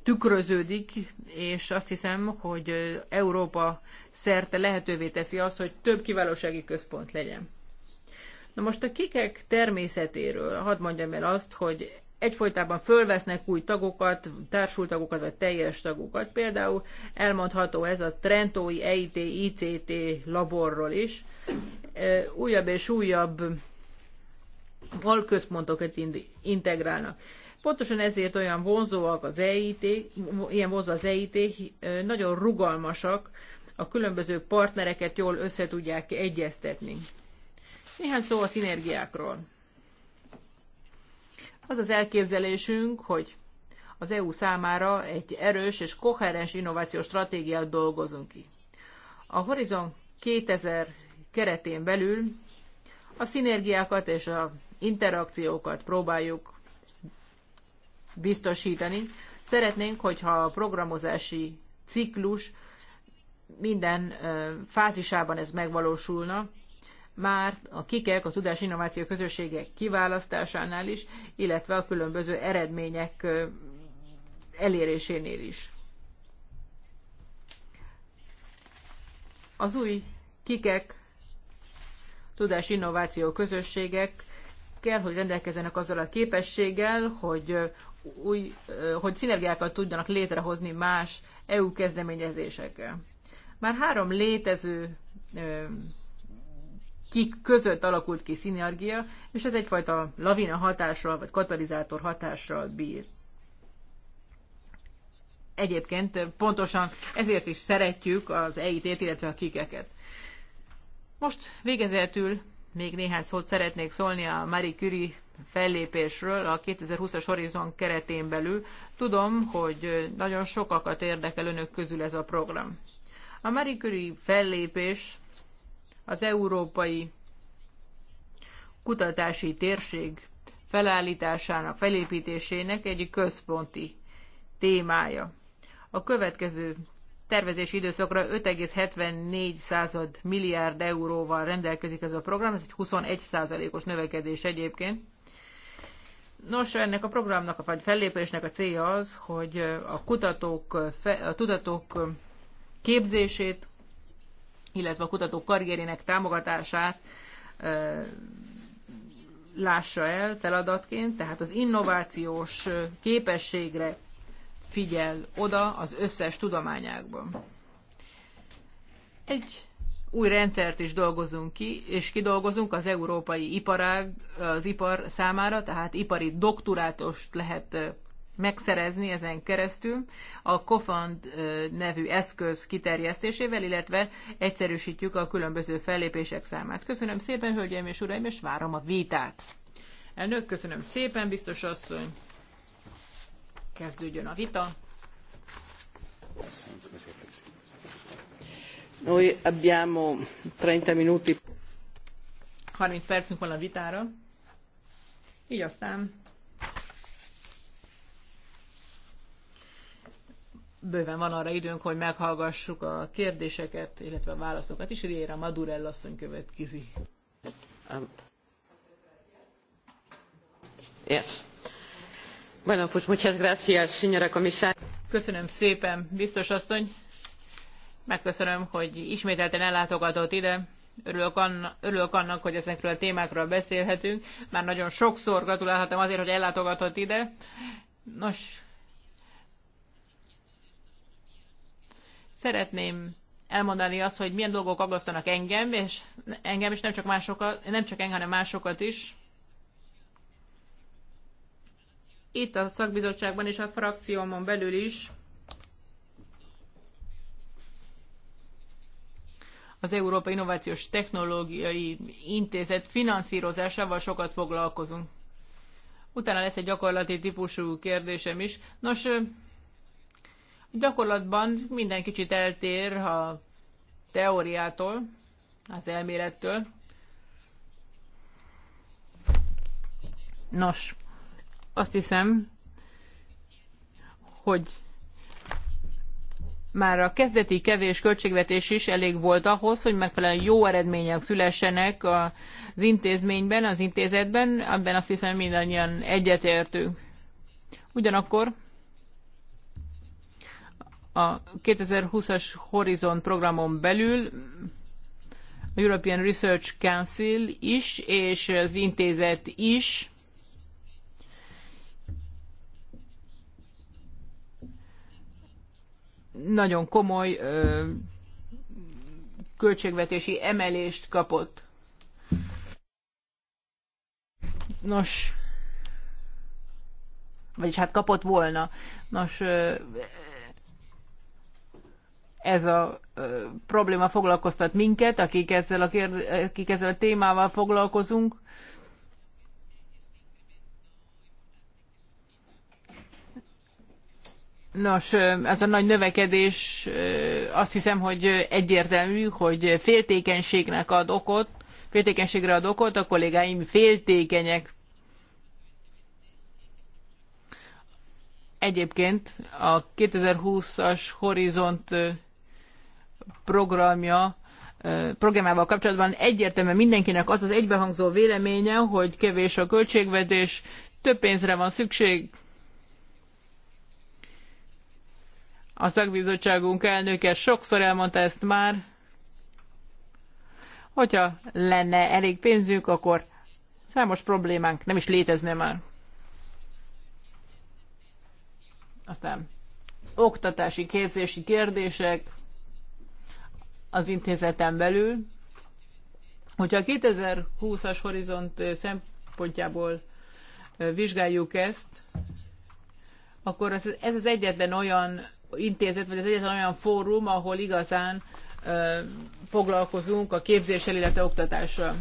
Speaker 1: tükröződik, és azt hiszem, hogy Európa szerte lehetővé teszi azt, hogy több kiválósági központ legyen. Na most a kikek természetéről hadd mondjam el azt, hogy egyfolytában fölvesznek új tagokat, társultagokat vagy teljes tagokat. Például elmondható ez a Trentói EIT ICT laborról is. Újabb és újabb központokat integrálnak. Pontosan ezért olyan vonzóak az EIT, ilyen vonzó az EIT, nagyon rugalmasak, a különböző partnereket jól össze tudják egyeztetni. Néhány szó a szinergiákról. Az az elképzelésünk, hogy az EU számára egy erős és koherens innovációs stratégiát dolgozunk ki. A Horizon 2000 keretén belül a szinergiákat és a interakciókat próbáljuk biztosítani. Szeretnénk, hogyha a programozási ciklus minden fázisában ez megvalósulna, már a kikek, a tudás innováció közösségek kiválasztásánál is, illetve a különböző eredmények elérésénél is. Az új kikek, tudás innováció közösségek kell, hogy rendelkezzenek azzal a képességgel, hogy, új, hogy szinergiákat tudjanak létrehozni más EU kezdeményezésekkel. Már három létező kik között alakult ki szinergia, és ez egyfajta lavina hatással, vagy katalizátor hatással bír. Egyébként pontosan ezért is szeretjük az EIT-t, illetve a kikeket. Most végezetül még néhány szót szeretnék szólni a Marie Curie fellépésről a 2020-as horizont keretén belül. Tudom, hogy nagyon sokakat érdekel önök közül ez a program. A Marie Curie fellépés az európai kutatási térség felállításának, felépítésének egy központi témája. A következő tervezési időszakra 5,74 milliárd euróval rendelkezik ez a program, ez egy 21 os növekedés egyébként. Nos, ennek a programnak, vagy fellépésnek a célja az, hogy a kutatók, a tudatok képzését, illetve a kutatók karrierének támogatását lássa el feladatként, tehát az innovációs képességre figyel oda az összes tudományákban. Egy új rendszert is dolgozunk ki, és kidolgozunk az európai iparág, az ipar számára, tehát ipari doktorátost lehet megszerezni ezen keresztül a COFAND nevű eszköz kiterjesztésével, illetve egyszerűsítjük a különböző fellépések számát. Köszönöm szépen, hölgyeim és uraim, és várom a vitát. Elnök, köszönöm szépen, biztos asszony kezdődjön a vita. Noi abbiamo 30 minuti. 30 percünk van a vitára. Így aztán bőven van arra időnk, hogy meghallgassuk a kérdéseket, illetve a válaszokat is. Riera Madurell asszony következik.
Speaker 2: Um. Yes.
Speaker 1: Köszönöm szépen, biztos asszony. Megköszönöm, hogy ismételten ellátogatott ide. Örülök, örülök annak, hogy ezekről a témákról beszélhetünk. Már nagyon sokszor gratulálhatom azért, hogy ellátogatott ide. Nos, szeretném elmondani azt, hogy milyen dolgok aggasztanak engem, és engem is nem csak, másokat, nem csak engem, hanem másokat is. itt a szakbizottságban és a frakciómon belül is az Európai Innovációs Technológiai Intézet finanszírozásával sokat foglalkozunk. Utána lesz egy gyakorlati típusú kérdésem is. Nos, gyakorlatban minden kicsit eltér a teóriától, az elmélettől. Nos, azt hiszem, hogy már a kezdeti kevés költségvetés is elég volt ahhoz, hogy megfelelően jó eredmények szülessenek az intézményben, az intézetben, abban azt hiszem mindannyian egyetértünk. Ugyanakkor a 2020-as Horizon programon belül a European Research Council is, és az intézet is nagyon komoly ö, költségvetési emelést kapott. Nos, vagyis hát kapott volna. Nos, ö, ez a ö, probléma foglalkoztat minket, akik ezzel a, kérd, akik ezzel a témával foglalkozunk. Nos, ez a nagy növekedés azt hiszem, hogy egyértelmű, hogy féltékenységnek ad okot, féltékenységre ad okot, a kollégáim féltékenyek. Egyébként a 2020-as Horizont programja programával kapcsolatban egyértelműen mindenkinek az az egybehangzó véleménye, hogy kevés a költségvetés, több pénzre van szükség, A szakbizottságunk elnöke sokszor elmondta ezt már, hogyha lenne elég pénzünk, akkor számos problémánk nem is létezne már. Aztán oktatási, képzési kérdések az intézeten belül. Hogyha a 2020-as horizont szempontjából vizsgáljuk ezt, akkor ez, ez az egyetlen olyan intézet, vagy az egyetlen olyan fórum, ahol igazán ö, foglalkozunk a képzéssel, illetve oktatással.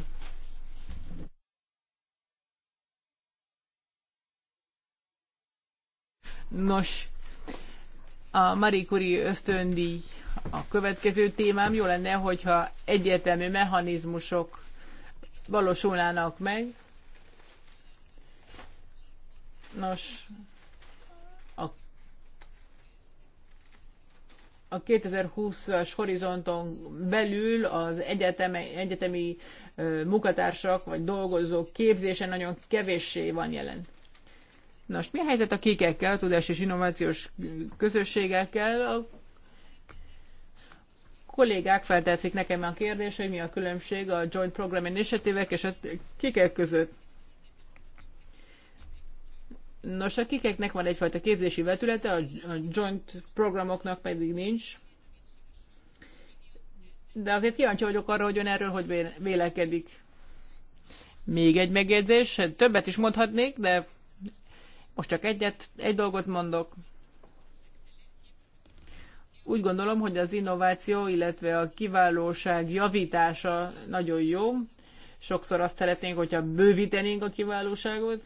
Speaker 1: Nos, a Marie Curie ösztöndíj a következő témám. Jó lenne, hogyha egyértelmű mechanizmusok valósulnának meg. Nos, a 2020-as horizonton belül az egyetemi, egyetemi munkatársak vagy dolgozók képzése nagyon kevéssé van jelen. Nos, mi a helyzet a kékekkel, a tudás és innovációs közösségekkel? A kollégák feltetszik nekem a kérdés, hogy mi a különbség a Joint Program Initiative-ek és a kékek között. Nos, a kikeknek van egyfajta képzési vetülete, a joint programoknak pedig nincs. De azért kíváncsi vagyok arra, hogy ön erről hogy vélekedik. Még egy megjegyzés, többet is mondhatnék, de most csak egyet, egy dolgot mondok. Úgy gondolom, hogy az innováció, illetve a kiválóság javítása nagyon jó. Sokszor azt szeretnénk, hogyha bővítenénk a kiválóságot,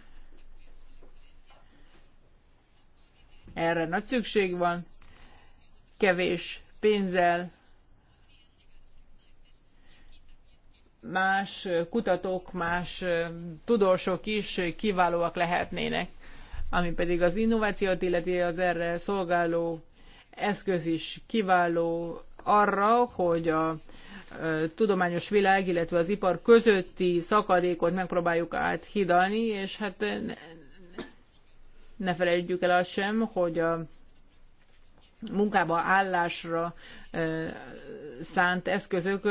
Speaker 1: Erre nagy szükség van, kevés pénzzel, más kutatók, más tudósok is kiválóak lehetnének, ami pedig az innovációt illeti az erre szolgáló eszköz is kiváló arra, hogy a tudományos világ, illetve az ipar közötti szakadékot megpróbáljuk áthidalni, és hát ne felejtjük el azt sem, hogy a munkába állásra szánt eszközök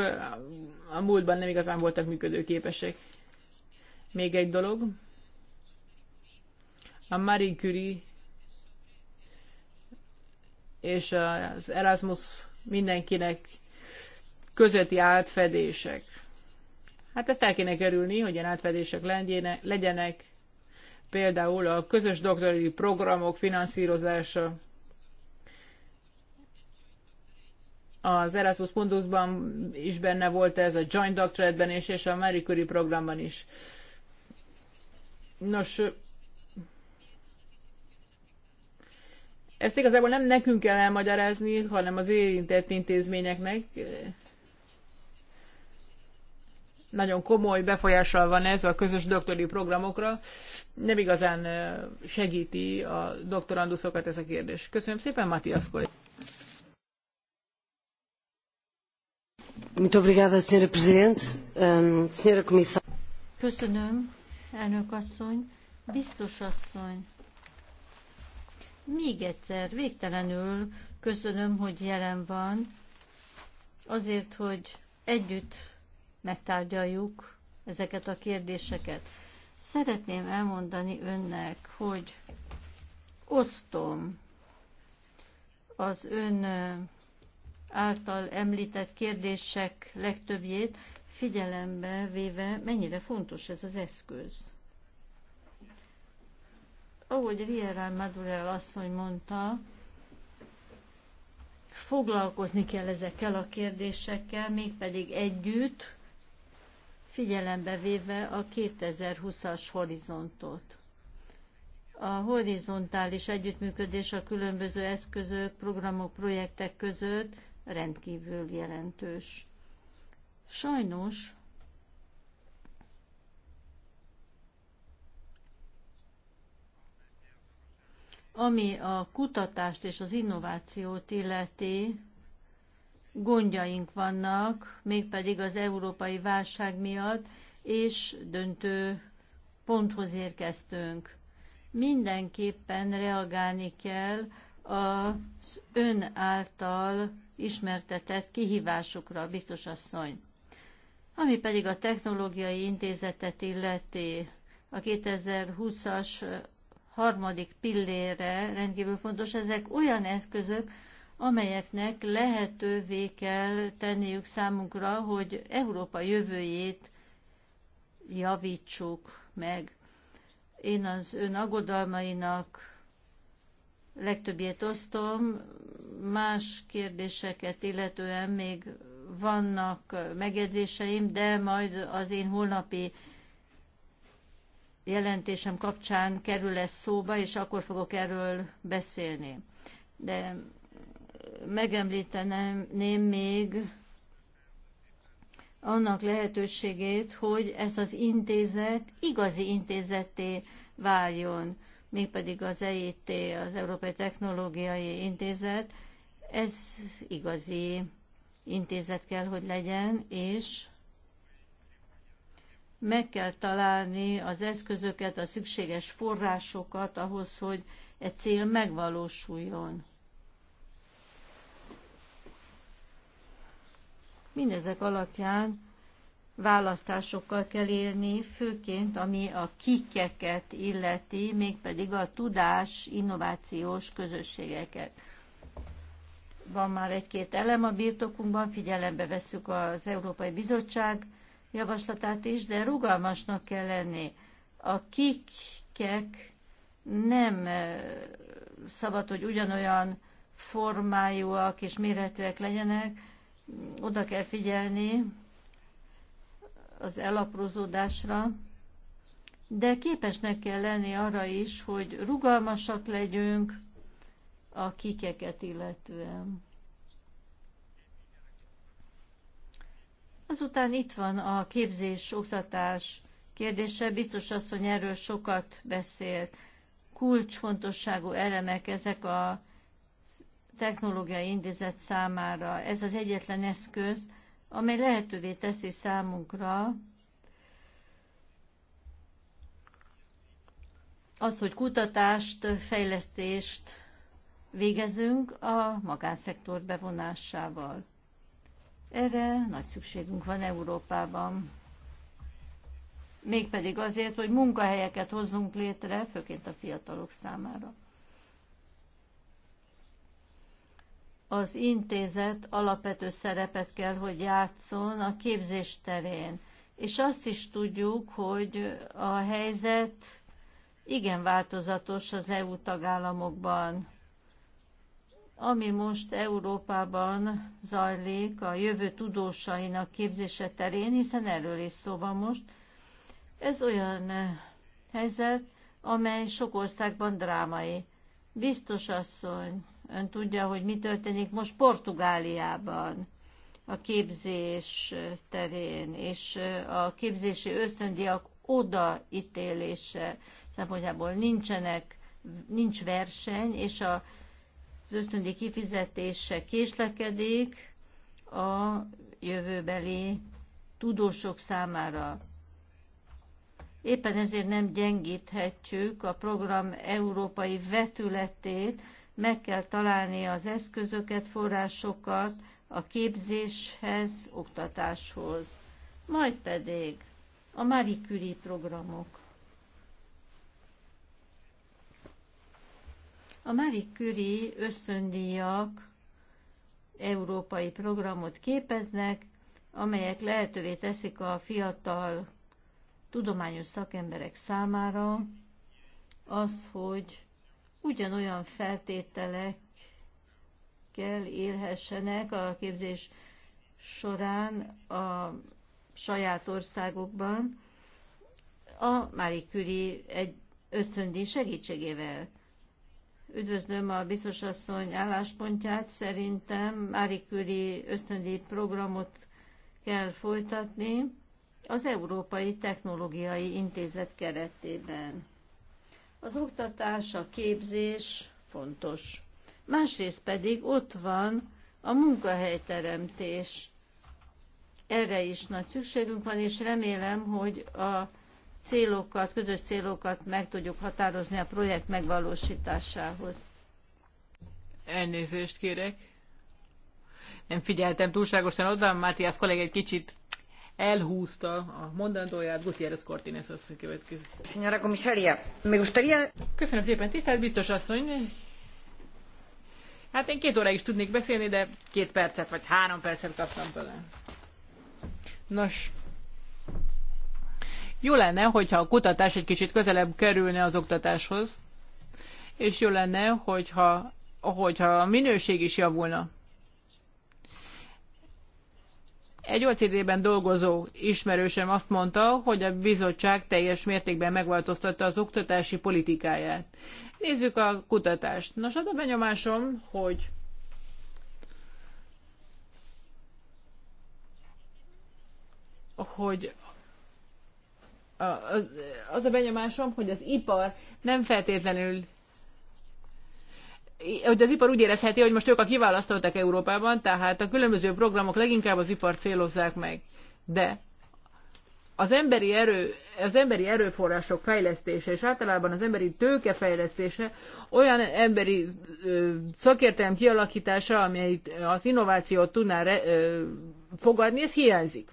Speaker 1: a múltban nem igazán voltak működőképesek. Még egy dolog. A Marie Curie és az Erasmus mindenkinek közötti átfedések. Hát ezt el kéne kerülni, hogy ilyen átfedések legyenek, például a közös doktori programok finanszírozása, az Erasmus Mundusban is benne volt ez, a Joint Doctorate-ben is, és a Marie Curie programban is. Nos, ezt igazából nem nekünk kell elmagyarázni, hanem az érintett intézményeknek nagyon komoly befolyással van ez a közös doktori programokra. Nem igazán segíti a doktoranduszokat ez a kérdés. Köszönöm szépen, Matthias kollég.
Speaker 2: Muito obrigada, Sra. Presidente. Um, Sra. Comissária. Köszönöm, elnök asszony. Biztos asszony. Még egyszer, végtelenül köszönöm, hogy jelen van, azért, hogy együtt megtárgyaljuk ezeket a kérdéseket. Szeretném elmondani önnek, hogy osztom az ön által említett kérdések legtöbbjét, figyelembe véve, mennyire fontos ez az eszköz. Ahogy Rierel Madurell asszony mondta, foglalkozni kell ezekkel a kérdésekkel, mégpedig együtt, figyelembe véve a 2020-as horizontot. A horizontális együttműködés a különböző eszközök, programok, projektek között rendkívül jelentős. Sajnos ami a kutatást és az innovációt illeti, gondjaink vannak, mégpedig az európai válság miatt, és döntő ponthoz érkeztünk. Mindenképpen reagálni kell az ön által ismertetett kihívásokra, biztos asszony. Ami pedig a Technológiai Intézetet illeti, a 2020-as harmadik pillére rendkívül fontos. Ezek olyan eszközök, amelyeknek lehetővé kell tenniük számunkra, hogy Európa jövőjét javítsuk meg. Én az ön aggodalmainak legtöbbjét osztom, más kérdéseket illetően még vannak megjegyzéseim, de majd az én holnapi jelentésem kapcsán kerül ez szóba, és akkor fogok erről beszélni. De megemlíteném még annak lehetőségét, hogy ez az intézet igazi intézetté váljon, mégpedig az EIT, az Európai Technológiai Intézet, ez igazi intézet kell, hogy legyen, és meg kell találni az eszközöket, a szükséges forrásokat ahhoz, hogy egy cél megvalósuljon. Mindezek alapján választásokkal kell élni, főként ami a kikeket illeti, mégpedig a tudás, innovációs közösségeket. Van már egy-két elem a birtokunkban, figyelembe vesszük az Európai Bizottság javaslatát is, de rugalmasnak kell lenni. A kikek nem szabad, hogy ugyanolyan formájúak és méretűek legyenek, oda kell figyelni az elaprózódásra, de képesnek kell lenni arra is, hogy rugalmasak legyünk a kikeket illetően. Azután itt van a képzés-oktatás kérdése. Biztos asszony erről sokat beszélt. Kulcsfontosságú elemek ezek a Technológiai Intézet számára. Ez az egyetlen eszköz, amely lehetővé teszi számunkra az, hogy kutatást, fejlesztést végezünk a magánszektor bevonásával. Erre nagy szükségünk van Európában. Mégpedig azért, hogy munkahelyeket hozzunk létre, főként a fiatalok számára. az intézet alapvető szerepet kell, hogy játszon a képzés terén. És azt is tudjuk, hogy a helyzet igen változatos az EU tagállamokban. Ami most Európában zajlik a jövő tudósainak képzése terén, hiszen erről is szó van most, ez olyan helyzet, amely sok országban drámai. Biztos asszony, Ön tudja, hogy mi történik most Portugáliában a képzés terén, és a képzési ösztöndiak odaítélése szempontjából nincsenek, nincs verseny, és a, az ösztöndi kifizetése késlekedik a jövőbeli tudósok számára. Éppen ezért nem gyengíthetjük a program európai vetületét, meg kell találni az eszközöket, forrásokat a képzéshez, oktatáshoz. Majd pedig a Marie Curie programok. A Marie Curie összöndíjak európai programot képeznek, amelyek lehetővé teszik a fiatal tudományos szakemberek számára az, hogy ugyanolyan feltételekkel élhessenek a képzés során a saját országokban a Marie Curie egy ösztöndíj segítségével. Üdvözlöm a biztosasszony álláspontját, szerintem Marie Curie ösztöndíj programot kell folytatni az Európai Technológiai Intézet keretében. Az oktatás, a képzés fontos. Másrészt pedig ott van a munkahelyteremtés. Erre is nagy szükségünk van, és remélem, hogy a célokat, közös célokat meg tudjuk határozni a projekt megvalósításához.
Speaker 1: Elnézést kérek. Nem figyeltem túlságosan oda, Mátiász kollég egy kicsit elhúzta a mondandóját. Gutiérrez Cortines az következő.
Speaker 2: Señora komisária, me gustaría...
Speaker 1: Köszönöm szépen, tisztelt biztos asszony. Hát én két óráig is tudnék beszélni, de két percet vagy három percet kaptam tőle. Nos, jó lenne, hogyha a kutatás egy kicsit közelebb kerülne az oktatáshoz, és jó lenne, hogyha, hogyha a minőség is javulna. Egy OCD-ben dolgozó ismerősem azt mondta, hogy a bizottság teljes mértékben megváltoztatta az oktatási politikáját. Nézzük a kutatást. Nos, az a benyomásom, hogy hogy az, az a benyomásom, hogy az ipar nem feltétlenül hogy az ipar úgy érezheti, hogy most ők a kiválasztottak Európában, tehát a különböző programok leginkább az ipar célozzák meg. De az emberi, erő, az emberi erőforrások fejlesztése, és általában az emberi tőke fejlesztése, olyan emberi szakértelem kialakítása, amely az innovációt tudná re, ö, fogadni, ez hiányzik.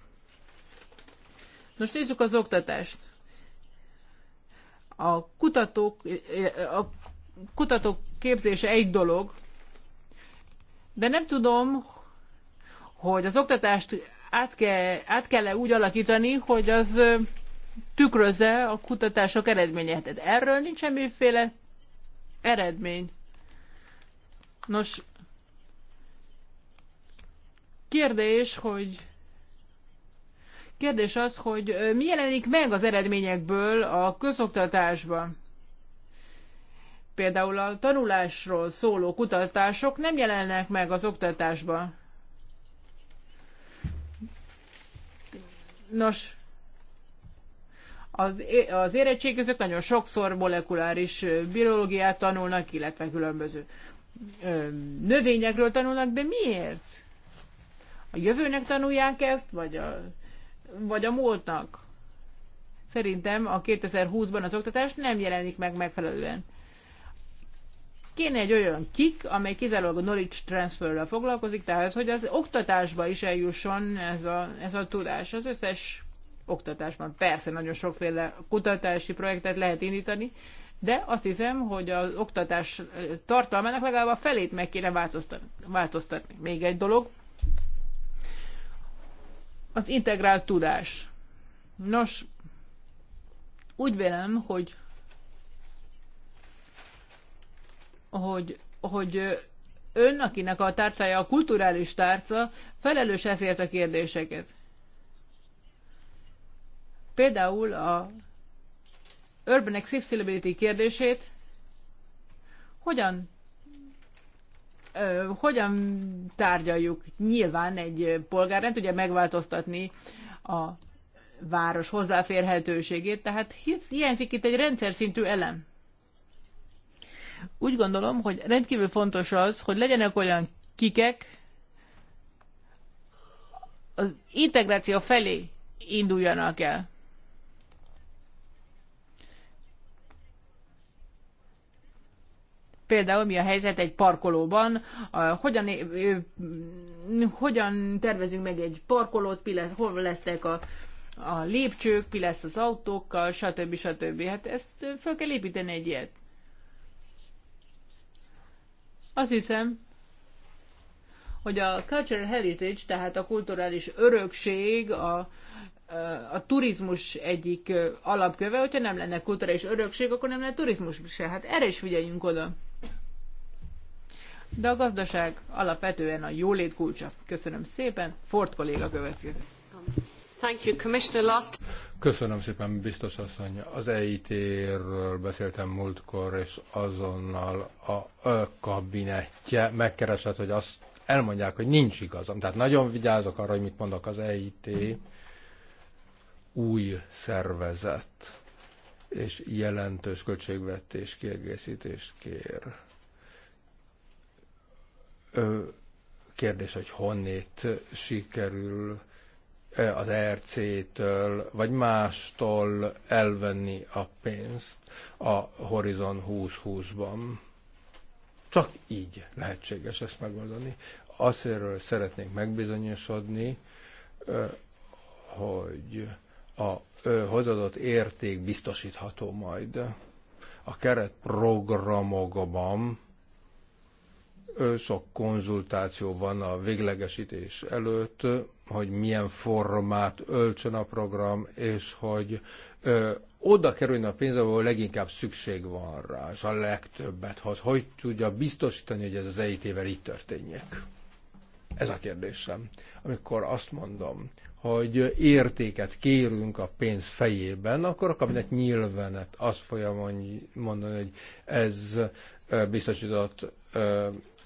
Speaker 1: Most nézzük az oktatást. A kutatók, a kutatók képzés egy dolog, de nem tudom, hogy az oktatást át, kell, át kell-e úgy alakítani, hogy az tükrözze a kutatások eredményeit. erről nincs semmiféle eredmény. Nos, kérdés, hogy kérdés az, hogy mi jelenik meg az eredményekből a közoktatásban. Például a tanulásról szóló kutatások nem jelennek meg az oktatásban. Nos, az, az érettségizők nagyon sokszor molekuláris biológiát tanulnak, illetve különböző növényekről tanulnak, de miért? A jövőnek tanulják ezt, vagy a, vagy a múltnak? Szerintem a 2020-ban az oktatás nem jelenik meg megfelelően kéne egy olyan kik, amely kizárólag a knowledge transferrel foglalkozik, tehát hogy az oktatásba is eljusson ez a, ez a tudás. Az összes oktatásban persze nagyon sokféle kutatási projektet lehet indítani, de azt hiszem, hogy az oktatás tartalmának legalább a felét meg kéne változtatni. változtatni. Még egy dolog, az integrált tudás. Nos, úgy vélem, hogy hogy, hogy ön, akinek a tárcája a kulturális tárca, felelős ezért a kérdéseket. Például a Urban Accessibility kérdését hogyan ö, hogyan tárgyaljuk? Nyilván egy polgár nem tudja megváltoztatni a város hozzáférhetőségét, tehát hiányzik itt egy rendszer szintű elem. Úgy gondolom, hogy rendkívül fontos az, hogy legyenek olyan kikek, az integráció felé induljanak el. például mi a helyzet egy parkolóban, hogyan, hogyan tervezünk meg egy parkolót, hol lesznek a, a lépcsők, mi lesz az autókkal, stb. stb. Hát ezt föl kell építeni egy ilyet. Azt hiszem, hogy a cultural heritage, tehát a kulturális örökség, a, a turizmus egyik alapköve, hogyha nem lenne kulturális örökség, akkor nem lenne turizmus se. Hát erre is figyeljünk oda. De a gazdaság alapvetően a jólét kulcsa. Köszönöm szépen, Ford kolléga következik. Thank you, Commissioner Last.
Speaker 3: Köszönöm szépen, biztos asszony. Az EIT-ről beszéltem múltkor, és azonnal a kabinettje megkeresett, hogy azt elmondják, hogy nincs igazam. Tehát nagyon vigyázok arra, hogy mit mondok az EIT új szervezet és jelentős költségvetés kiegészítést kér. Ö, kérdés, hogy honnét sikerül E az ERC-től vagy mástól elvenni a pénzt a Horizon 2020-ban. Csak így lehetséges ezt megoldani. Azért szeretnénk megbizonyosodni, e, hogy a e, hozadott érték biztosítható majd. A keretprogramokban sok konzultáció van a véglegesítés előtt, hogy milyen formát öltsön a program, és hogy ö, oda kerüljön a pénz, ahol leginkább szükség van rá, és a legtöbbet hogy Hogy tudja biztosítani, hogy ez az EIT-vel így történjék? Ez a kérdésem. Amikor azt mondom, hogy értéket kérünk a pénz fejében, akkor a kabinet nyilvánet azt fogja mondani, hogy ez biztosított,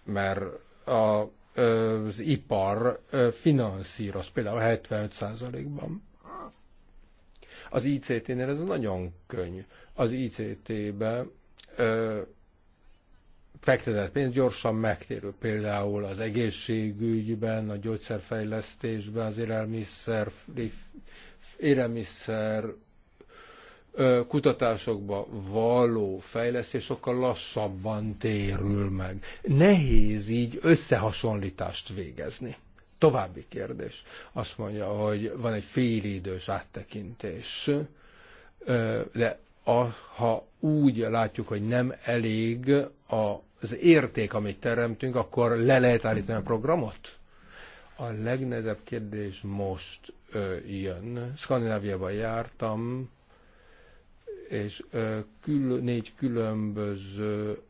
Speaker 3: mert a az ipar finanszíroz, például 75%-ban. Az ICT-nél ez nagyon könnyű. Az ICT-be fektetett pénz gyorsan megtérül. Például az egészségügyben, a gyógyszerfejlesztésben, az élelmiszer, élelmiszer kutatásokba való fejlesztés sokkal lassabban térül meg. Nehéz így összehasonlítást végezni. További kérdés. Azt mondja, hogy van egy félidős áttekintés, de ha úgy látjuk, hogy nem elég az érték, amit teremtünk, akkor le lehet állítani a programot? A legnehezebb kérdés most jön. Skandináviában jártam, és kül, négy különböző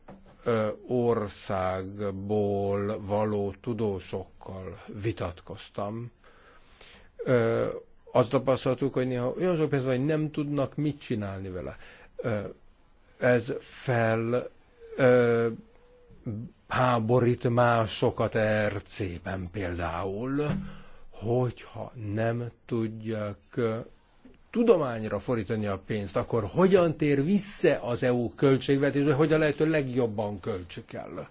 Speaker 3: országból való tudósokkal vitatkoztam. Azt tapasztaltuk, hogy néha olyan sok pénz hogy nem tudnak mit csinálni vele. Ez fel háborít másokat RC-ben például, hogyha nem tudják tudományra fordítani a pénzt, akkor hogyan tér vissza az EU költségvetésbe, hogyan lehető legjobban költsük el?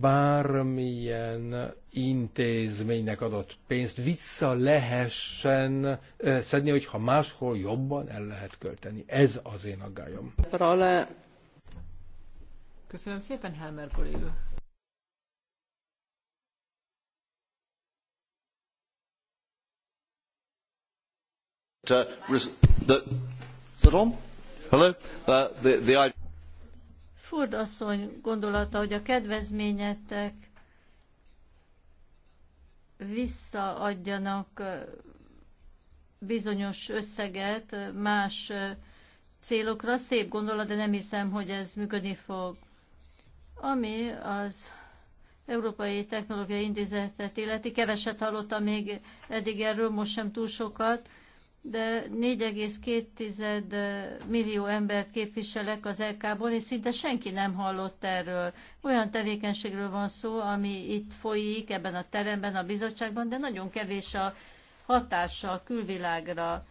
Speaker 3: Bármilyen intézménynek adott pénzt vissza lehessen szedni, hogyha máshol jobban el lehet költeni. Ez az én aggályom.
Speaker 1: Köszönöm szépen, Helmer
Speaker 3: uh, that, that on? Hello? Uh, the, the idea...
Speaker 2: Ford asszony gondolata, hogy a kedvezményetek visszaadjanak uh, bizonyos összeget uh, más uh, célokra. Szép gondolat, de nem hiszem, hogy ez működni fog. Ami az Európai Technológiai Intézetet illeti, keveset hallottam még eddig erről, most sem túl sokat de 4,2 millió embert képviselek az LK-ból, és szinte senki nem hallott erről. Olyan tevékenységről van szó, ami itt folyik, ebben a teremben, a bizottságban, de nagyon kevés a hatása a külvilágra.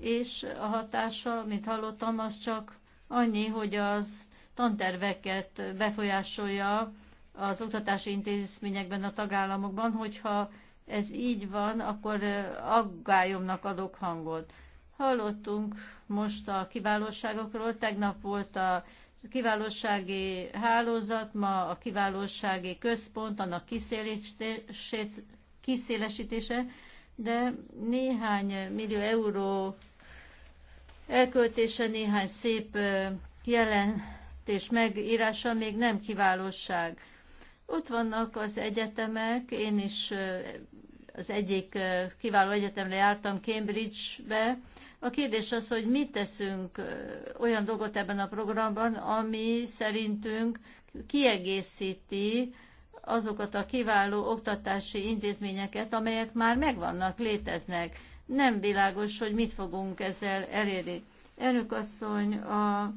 Speaker 2: És a hatása, mint hallottam, az csak annyi, hogy az tanterveket befolyásolja az oktatási intézményekben, a tagállamokban, hogyha ez így van, akkor aggályomnak adok hangot. Hallottunk most a kiválóságokról, tegnap volt a kiválósági hálózat, ma a kiválósági központ, annak kiszélesítése, de néhány millió euró elköltése, néhány szép jelentés megírása még nem kiválóság. Ott vannak az egyetemek, én is az egyik kiváló egyetemre jártam Cambridge-be. A kérdés az, hogy mit teszünk olyan dolgot ebben a programban, ami szerintünk kiegészíti azokat a kiváló oktatási intézményeket, amelyek már megvannak, léteznek. Nem világos, hogy mit fogunk ezzel elérni. Elnök asszony, a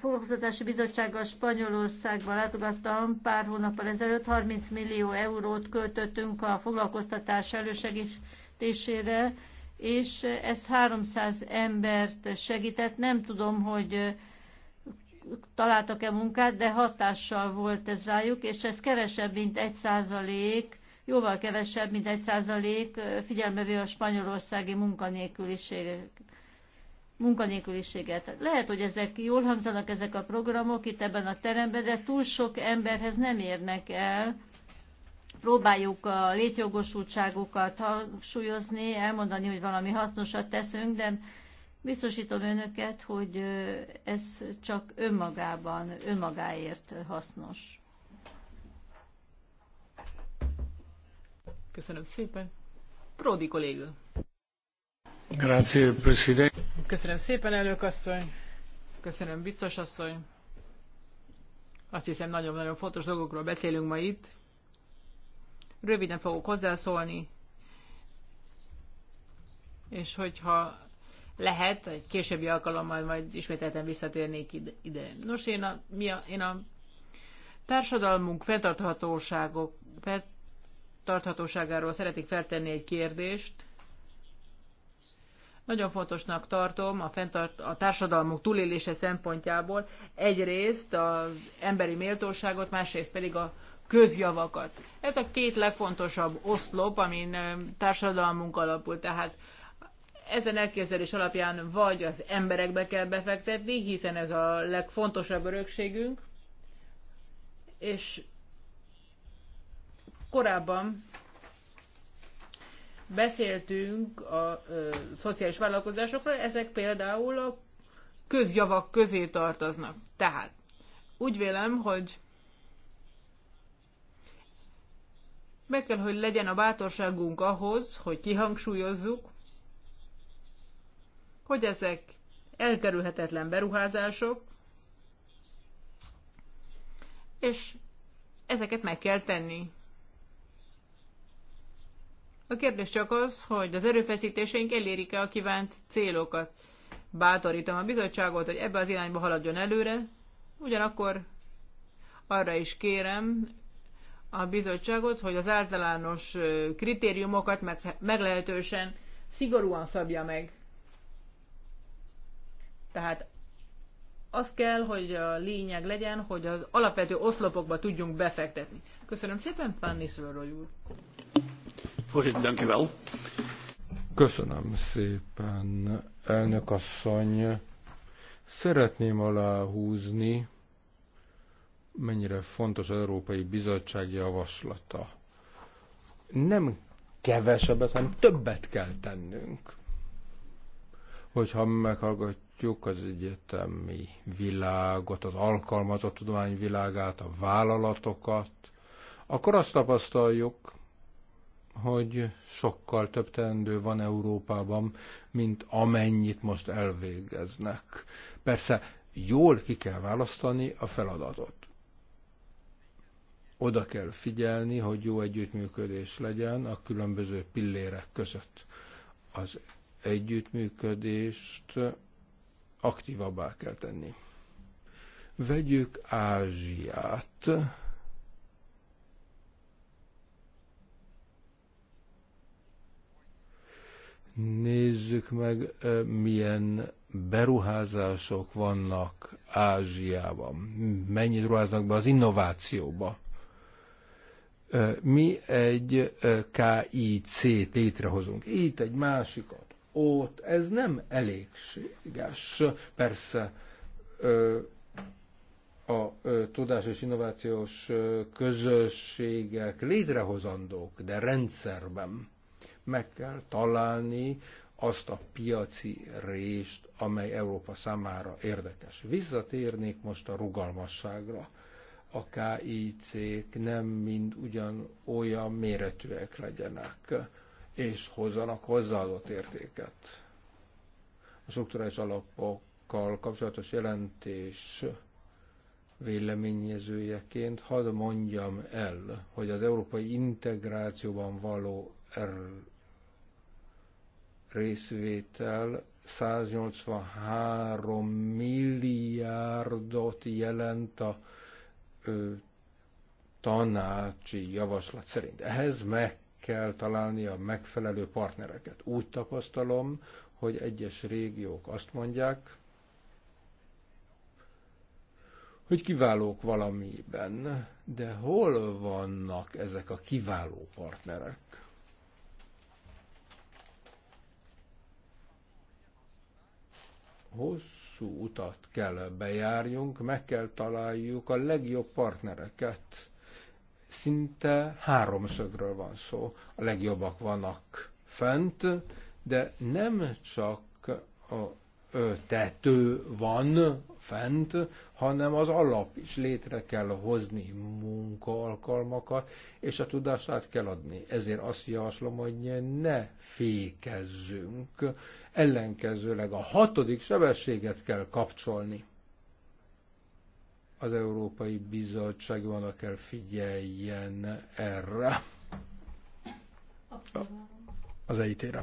Speaker 2: foglalkoztatási bizottsággal Spanyolországba látogattam pár hónappal ezelőtt, 30 millió eurót költöttünk a foglalkoztatás elősegítésére, és ez 300 embert segített. Nem tudom, hogy találtak-e munkát, de hatással volt ez rájuk, és ez kevesebb, mint 1 százalék, jóval kevesebb, mint 1 százalék figyelmevő a spanyolországi munkanélküliséget munkanélküliséget. Lehet, hogy ezek jól hangzanak ezek a programok itt ebben a teremben, de túl sok emberhez nem érnek el. Próbáljuk a létjogosultságokat hangsúlyozni, elmondani, hogy valami hasznosat teszünk, de biztosítom önöket, hogy ez csak önmagában, önmagáért hasznos.
Speaker 1: Köszönöm szépen.
Speaker 2: Pródi kollégő.
Speaker 1: Köszönöm szépen, elnök asszony. Köszönöm, biztos asszony. Azt hiszem, nagyon-nagyon fontos dolgokról beszélünk ma itt. Röviden fogok hozzászólni, és hogyha lehet, egy későbbi alkalommal majd ismételten visszatérnék ide. Nos, én a, mi a, én a társadalmunk fenntarthatóságok, fenntarthatóságáról szeretnék feltenni egy kérdést. Nagyon fontosnak tartom a, fenntart, a társadalmunk túlélése szempontjából egyrészt az emberi méltóságot, másrészt pedig a közjavakat. Ez a két legfontosabb oszlop, amin társadalmunk alapul, tehát ezen elképzelés alapján vagy az emberekbe kell befektetni, hiszen ez a legfontosabb örökségünk, és korábban Beszéltünk a ö, szociális vállalkozásokról, ezek például a közjavak közé tartoznak. Tehát úgy vélem, hogy meg kell, hogy legyen a bátorságunk ahhoz, hogy kihangsúlyozzuk, hogy ezek elkerülhetetlen beruházások, és ezeket meg kell tenni. A kérdés csak az, hogy az erőfeszítéseink elérik-e a kívánt célokat. Bátorítom a bizottságot, hogy ebbe az irányba haladjon előre, ugyanakkor arra is kérem a bizottságot, hogy az általános kritériumokat meg, meglehetősen szigorúan szabja meg. Tehát az kell, hogy a lényeg legyen, hogy az alapvető oszlopokba tudjunk befektetni. Köszönöm szépen, Fanny Szüloroly úr!
Speaker 3: Voorzitter, dank u wel. Köszönöm szépen, elnök asszony. Szeretném aláhúzni, mennyire fontos az Európai Bizottság javaslata. Nem kevesebbet, hanem többet kell tennünk. Hogyha meghallgatjuk az egyetemi világot, az alkalmazott tudomány világát, a vállalatokat, akkor azt tapasztaljuk, hogy sokkal több teendő van Európában, mint amennyit most elvégeznek. Persze jól ki kell választani a feladatot. Oda kell figyelni, hogy jó együttműködés legyen a különböző pillérek között. Az együttműködést aktívabbá kell tenni. Vegyük Ázsiát Nézzük meg, milyen beruházások vannak Ázsiában. Mennyit ruháznak be az innovációba. Mi egy KIC-t létrehozunk. Itt egy másikat, ott. Ez nem elégséges. Persze a tudás és innovációs közösségek létrehozandók, de rendszerben meg kell találni azt a piaci rést, amely Európa számára érdekes. Visszatérnék most a rugalmasságra. A KIC-k nem mind ugyan olyan méretűek legyenek, és hozzanak hozzáadott értéket. A struktúrális alapokkal kapcsolatos jelentés véleményezőjeként hadd mondjam el, hogy az európai integrációban való er- részvétel 183 milliárdot jelent a ö, tanácsi javaslat szerint. Ehhez meg kell találni a megfelelő partnereket. Úgy tapasztalom, hogy egyes régiók azt mondják, hogy kiválók valamiben, de hol vannak ezek a kiváló partnerek? hosszú utat kell bejárjunk, meg kell találjuk a legjobb partnereket. Szinte háromszögről van szó. A legjobbak vannak fent, de nem csak a tető van fent, hanem az alap is létre kell hozni munkaalkalmakat, és a tudást át kell adni. Ezért azt javaslom, hogy ne fékezzünk, ellenkezőleg a hatodik sebességet kell kapcsolni. Az Európai Bizottság vannak kell figyeljen erre. Az EIT-re.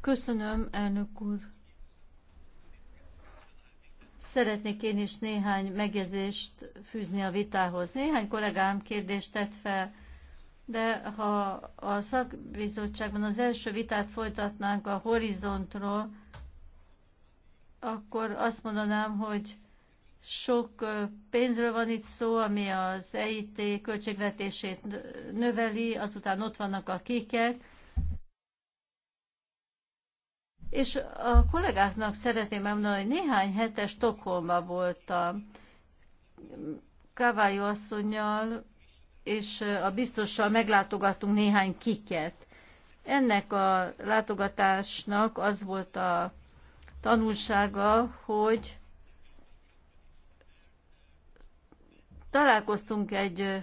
Speaker 2: Köszönöm, elnök úr. Szeretnék én is néhány megjegyzést fűzni a vitához. Néhány kollégám kérdést tett fel, de ha a szakbizottságban az első vitát folytatnánk a horizontról, akkor azt mondanám, hogy sok pénzről van itt szó, ami az EIT költségvetését növeli, azután ott vannak a kikek, és a kollégáknak szeretném elmondani, hogy néhány hetes Stokholma voltam Kávályó asszonynal, és a biztossal meglátogattunk néhány kiket. Ennek a látogatásnak az volt a tanulsága, hogy találkoztunk egy,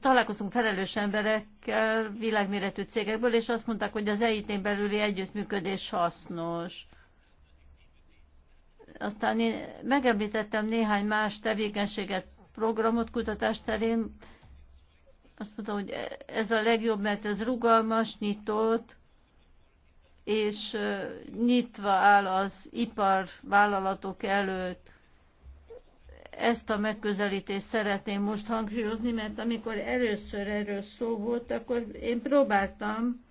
Speaker 2: találkoztunk felelős emberekkel világméretű cégekből, és azt mondták, hogy az EIT-n belüli együttműködés hasznos. Aztán én megemlítettem néhány más tevékenységet, programot kutatás terén. Azt mondtam, hogy ez a legjobb, mert ez rugalmas, nyitott, és nyitva áll az ipar vállalatok előtt ezt a megközelítést szeretném most hangsúlyozni, mert amikor először erről szó volt, akkor én próbáltam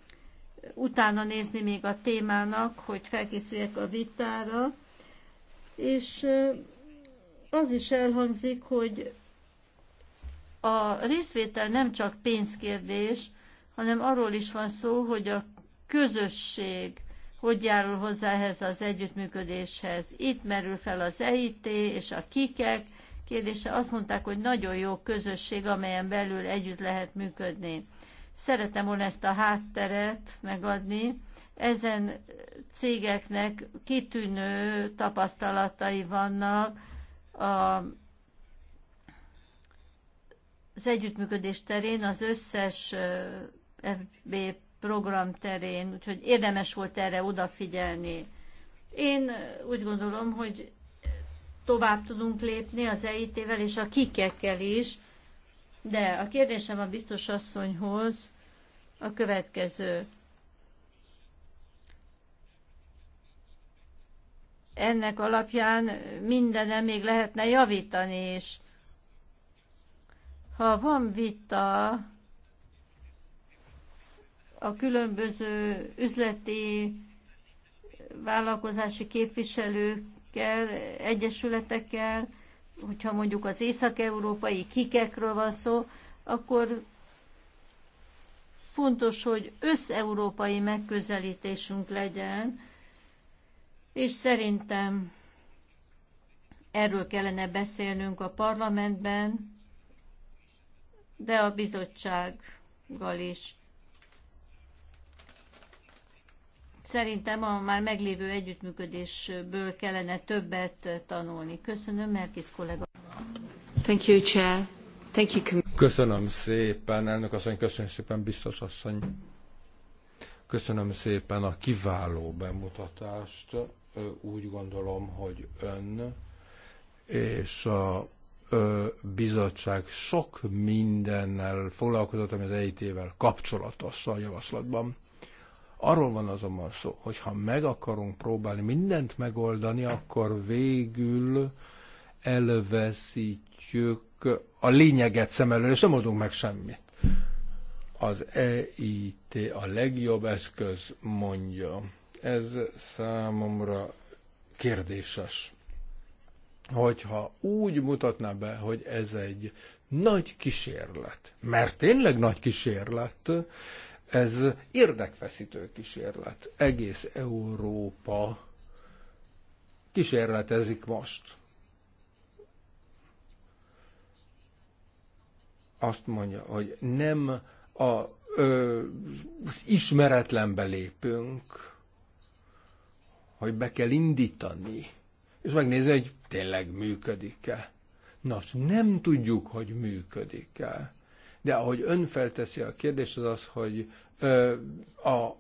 Speaker 2: utána nézni még a témának, hogy felkészüljek a vitára, és az is elhangzik, hogy a részvétel nem csak pénzkérdés, hanem arról is van szó, hogy a közösség hogy járul hozzá ehhez az együttműködéshez. Itt merül fel az EIT és a kikek, kérdése. Azt mondták, hogy nagyon jó közösség, amelyen belül együtt lehet működni. Szeretem volna ezt a hátteret megadni. Ezen cégeknek kitűnő tapasztalatai vannak a az együttműködés terén, az összes FB program terén, úgyhogy érdemes volt erre odafigyelni. Én úgy gondolom, hogy tovább tudunk lépni az EIT-vel és a kikekkel is, de a kérdésem a biztos asszonyhoz a következő. Ennek alapján mindenem még lehetne javítani, és ha van vita a különböző üzleti vállalkozási képviselők szervezetekkel, egyesületekkel, hogyha mondjuk az észak-európai kikekről van szó, akkor fontos, hogy összeurópai megközelítésünk legyen, és szerintem erről kellene beszélnünk a parlamentben, de a bizottsággal is. Szerintem a már meglévő együttműködésből kellene többet tanulni. Köszönöm, Merkis kollega. Thank
Speaker 3: you, Chair. Thank you. Köszönöm szépen, elnök asszony, köszönöm szépen, biztos asszony. Köszönöm szépen a kiváló bemutatást. Úgy gondolom, hogy ön és a bizottság sok mindennel foglalkozott, ami az EIT-vel kapcsolatos a javaslatban. Arról van azonban szó, hogy ha meg akarunk próbálni mindent megoldani, akkor végül elveszítjük a lényeget szem elől, és nem adunk meg semmit. Az EIT a legjobb eszköz, mondja. Ez számomra kérdéses. Hogyha úgy mutatná be, hogy ez egy nagy kísérlet, mert tényleg nagy kísérlet, ez érdekfeszítő kísérlet. Egész Európa kísérletezik most. Azt mondja, hogy nem a, ö, az ismeretlenbe lépünk, hogy be kell indítani, és megnézni, hogy tényleg működik-e. Nos, nem tudjuk, hogy működik-e. De ahogy ön felteszi a kérdés, az az, hogy ö, a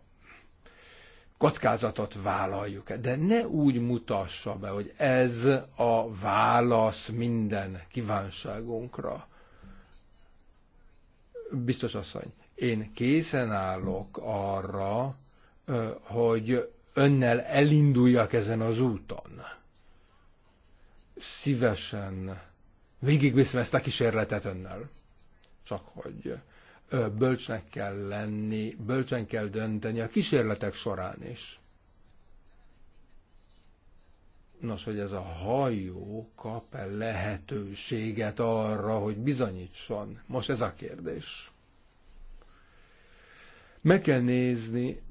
Speaker 3: kockázatot vállaljuk -e. De ne úgy mutassa be, hogy ez a válasz minden kívánságunkra. Biztos asszony, én készen állok arra, hogy önnel elinduljak ezen az úton. Szívesen végigviszem ezt a kísérletet önnel csak hogy bölcsnek kell lenni, bölcsen kell dönteni a kísérletek során is. Nos, hogy ez a hajó kap-e lehetőséget arra, hogy bizonyítson? Most ez a kérdés. Meg kell nézni,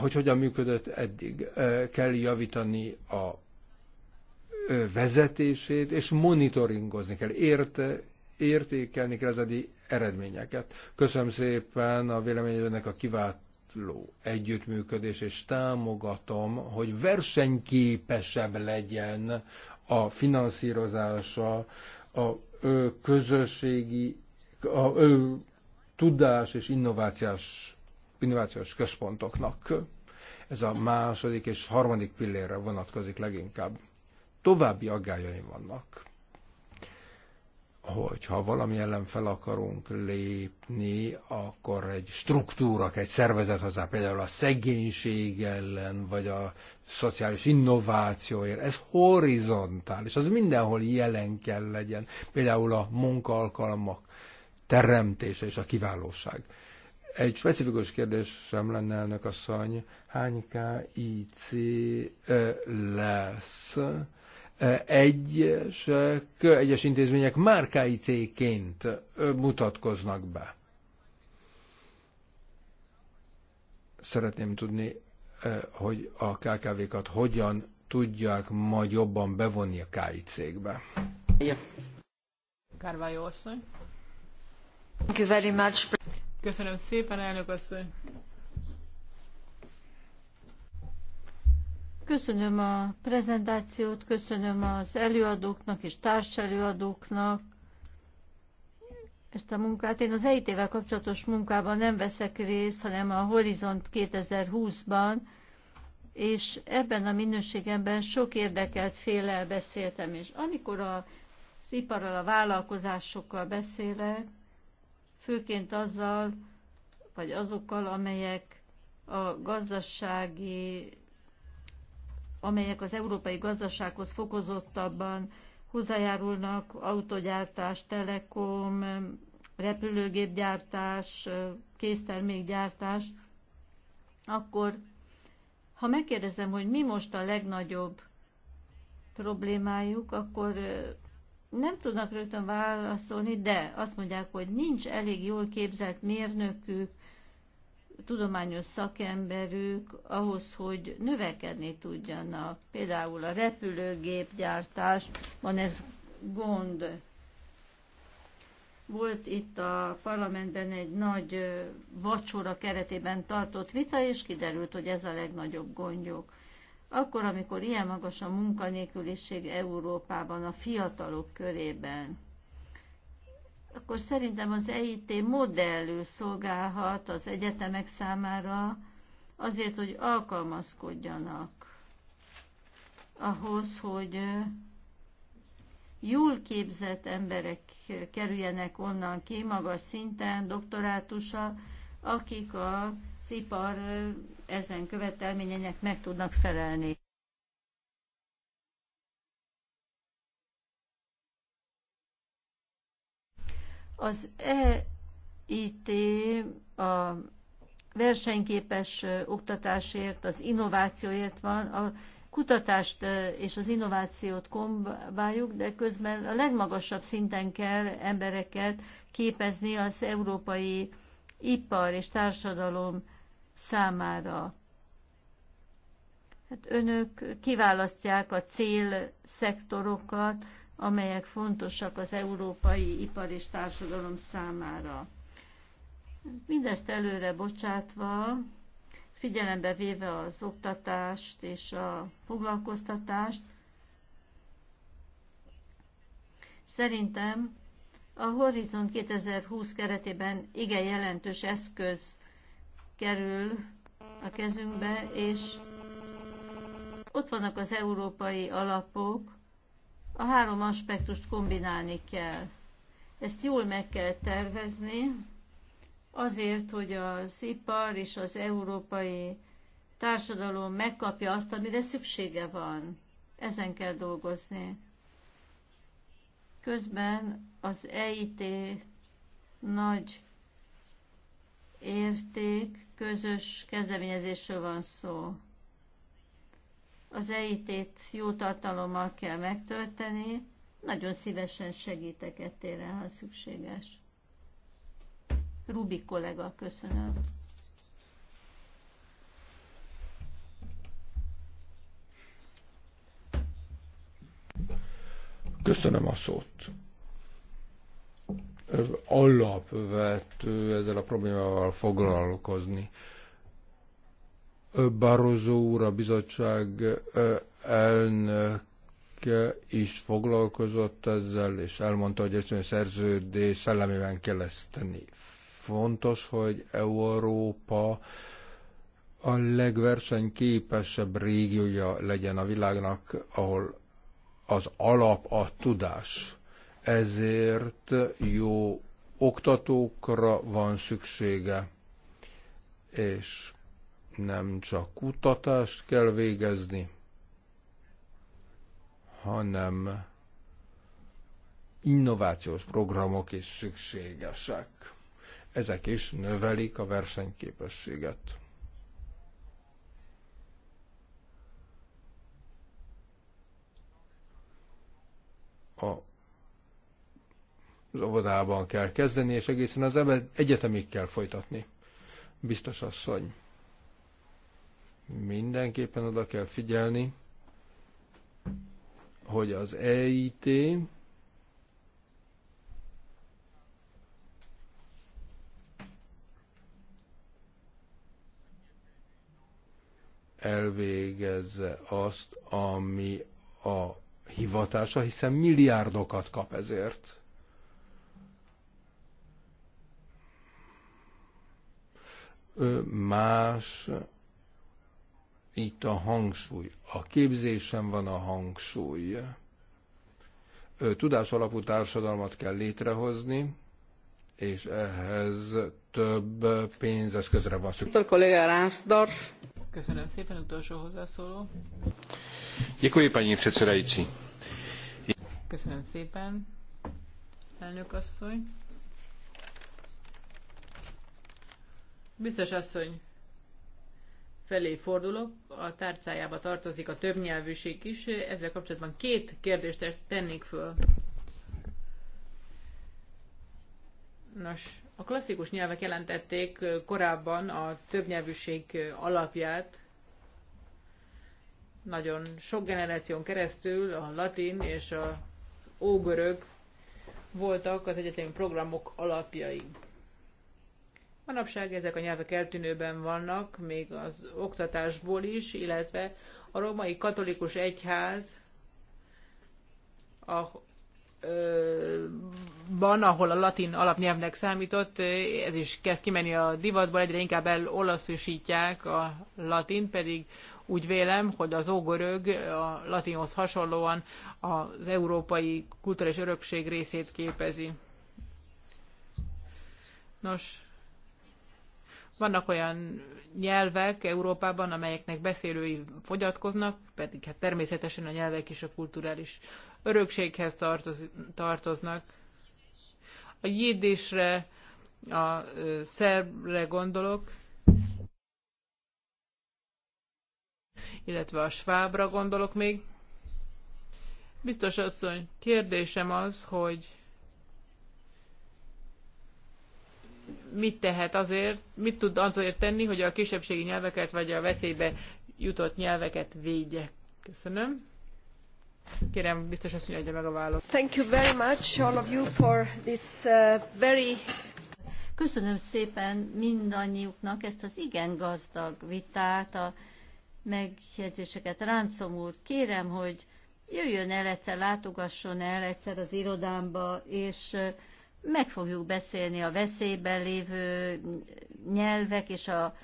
Speaker 3: hogy hogyan működött eddig. Kell javítani a vezetését, és monitoringozni kell, érte, értékelni kell az eredményeket. Köszönöm szépen a véleményednek a kivált együttműködés, és támogatom, hogy versenyképesebb legyen a finanszírozása, a ö, közösségi, a ö, tudás és innovációs, innovációs központoknak. Ez a második és harmadik pillérre vonatkozik leginkább. További aggájaim vannak hogyha valami ellen fel akarunk lépni, akkor egy struktúra, egy szervezet hozzá, például a szegénység ellen, vagy a szociális innovációért, ez horizontális, az mindenhol jelen kell legyen, például a munkalkalmak teremtése és a kiválóság. Egy specifikus kérdésem lenne, elnök asszony, hány KIC lesz egyesek, egyes intézmények márkái cégként mutatkoznak be. Szeretném tudni, hogy a KKV-kat hogyan tudják majd jobban bevonni a KI cégbe.
Speaker 1: Köszönöm szépen, elnök asszony.
Speaker 2: Köszönöm a prezentációt, köszönöm az előadóknak és társelőadóknak ezt a munkát. Én az EIT-vel kapcsolatos munkában nem veszek részt, hanem a Horizont 2020-ban, és ebben a minőségemben sok érdekelt félel beszéltem, és amikor a iparral, a vállalkozásokkal beszélek, főként azzal, vagy azokkal, amelyek a gazdasági amelyek az európai gazdasághoz fokozottabban hozzájárulnak, autogyártás, telekom, repülőgépgyártás, késztermékgyártás, akkor ha megkérdezem, hogy mi most a legnagyobb problémájuk, akkor nem tudnak rögtön válaszolni, de azt mondják, hogy nincs elég jól képzett mérnökük, tudományos szakemberük ahhoz, hogy növekedni tudjanak. Például a repülőgépgyártás, van ez gond. Volt itt a parlamentben egy nagy vacsora keretében tartott vita, és kiderült, hogy ez a legnagyobb gondjuk. Akkor, amikor ilyen magas a munkanélküliség Európában, a fiatalok körében, akkor szerintem az EIT modellül szolgálhat az egyetemek számára azért, hogy alkalmazkodjanak ahhoz, hogy jól képzett emberek kerüljenek onnan ki, magas szinten, doktorátusa, akik az ipar ezen követelményeinek meg tudnak felelni. Az EIT a versenyképes oktatásért, az innovációért van, a kutatást és az innovációt kombáljuk, de közben a legmagasabb szinten kell embereket képezni az európai ipar és társadalom számára. Hát önök kiválasztják a cél szektorokat, amelyek fontosak az európai ipar és társadalom számára. Mindezt előre bocsátva, figyelembe véve az oktatást és a foglalkoztatást, szerintem a Horizon 2020 keretében igen jelentős eszköz kerül a kezünkbe, és ott vannak az európai alapok, a három aspektust kombinálni kell. Ezt jól meg kell tervezni, azért, hogy az ipar és az európai társadalom megkapja azt, amire szüksége van. Ezen kell dolgozni. Közben az EIT nagy érték, közös kezdeményezésről van szó az EIT-t jó tartalommal kell megtölteni, nagyon szívesen segítek ettére, ha szükséges. Rubik kollega, köszönöm.
Speaker 3: Köszönöm a szót. Alapvető ezzel a problémával foglalkozni Barozó úr, a bizottság elnöke is foglalkozott ezzel, és elmondta, hogy ezt a szerződés szellemében kell ezt tenni. Fontos, hogy Európa a legversenyképesebb régiója legyen a világnak, ahol az alap a tudás. Ezért jó oktatókra van szüksége, és nem csak kutatást kell végezni, hanem innovációs programok is szükségesek. Ezek is növelik a versenyképességet. A az óvodában kell kezdeni, és egészen az egyetemig kell folytatni. Biztos asszony mindenképpen oda kell figyelni, hogy az EIT elvégezze azt, ami a hivatása, hiszen milliárdokat kap ezért. Más itt a hangsúly. A képzésen van a hangsúly. Tudás alapú társadalmat kell létrehozni, és ehhez több pénzeszközre van szükség.
Speaker 1: Köszönöm szépen, utolsó hozzászóló.
Speaker 3: Děkuji, paní předsedající.
Speaker 1: Köszönöm szépen, elnök asszony. Biztos asszony, felé fordulok, a tárcájába tartozik a többnyelvűség is. Ezzel kapcsolatban két kérdést tennék föl. Nos, a klasszikus nyelvek jelentették korábban a többnyelvűség alapját. Nagyon sok generáción keresztül a latin és az ógörög voltak az egyetemi programok alapjai. Manapság ezek a nyelvek eltűnőben vannak, még az oktatásból is, illetve a romai katolikus egyház a, ö, van, ahol a latin alapnyelvnek számított, ez is kezd kimenni a divatból, egyre inkább elolaszosítják a latin, pedig úgy vélem, hogy az ógörög a latinhoz hasonlóan az európai kulturális örökség részét képezi. Nos, vannak olyan nyelvek Európában, amelyeknek beszélői fogyatkoznak, pedig hát természetesen a nyelvek is a kulturális örökséghez tartoz, tartoznak. A jiddisre, a szerbre gondolok, illetve a svábra gondolok még. Biztos asszony, kérdésem az, hogy mit tehet azért, mit tud azért tenni, hogy a kisebbségi nyelveket vagy a veszélybe jutott nyelveket védje. Köszönöm. Kérem, biztos azt mondja meg a választ. Thank you very
Speaker 2: much all of you for this uh, very Köszönöm szépen mindannyiuknak ezt az igen gazdag vitát, a megjegyzéseket. Ráncom úr, kérem, hogy jöjjön el egyszer, látogasson el egyszer az irodámba, és uh, meg fogjuk beszélni a veszélyben lévő nyelvek és a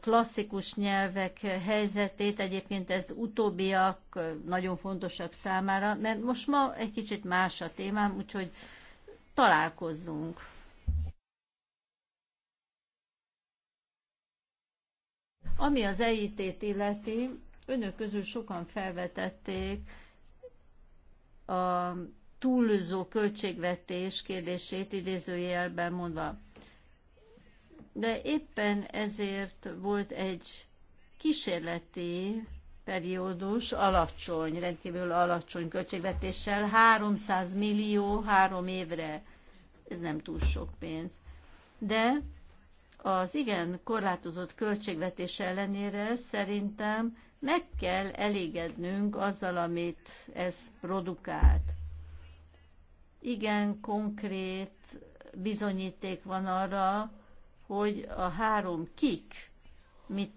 Speaker 2: klasszikus nyelvek helyzetét. Egyébként ez utóbbiak nagyon fontosak számára, mert most ma egy kicsit más a témám, úgyhogy találkozzunk. Ami az EIT-t illeti, önök közül sokan felvetették a túlzó költségvetés kérdését idézőjelben mondva. De éppen ezért volt egy kísérleti periódus alacsony, rendkívül alacsony költségvetéssel, 300 millió három évre. Ez nem túl sok pénz. De az igen korlátozott költségvetés ellenére szerintem meg kell elégednünk azzal, amit ez produkált igen konkrét bizonyíték van arra, hogy a három kik mit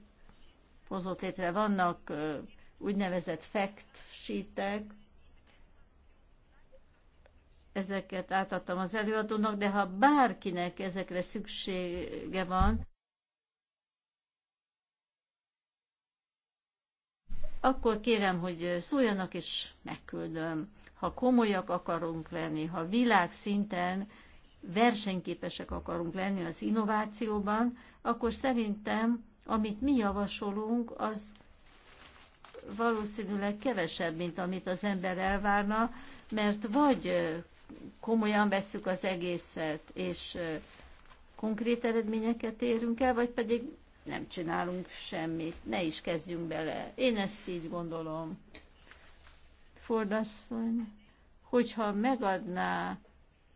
Speaker 2: hozott létre. Vannak úgynevezett fact sheetek, ezeket átadtam az előadónak, de ha bárkinek ezekre szüksége van, akkor kérem, hogy szóljanak, és megküldöm ha komolyak akarunk lenni, ha világszinten versenyképesek akarunk lenni az innovációban, akkor szerintem, amit mi javasolunk, az valószínűleg kevesebb, mint amit az ember elvárna, mert vagy komolyan vesszük az egészet, és konkrét eredményeket érünk el, vagy pedig nem csinálunk semmit, ne is kezdjünk bele. Én ezt így gondolom. Ford asszony, hogyha megadná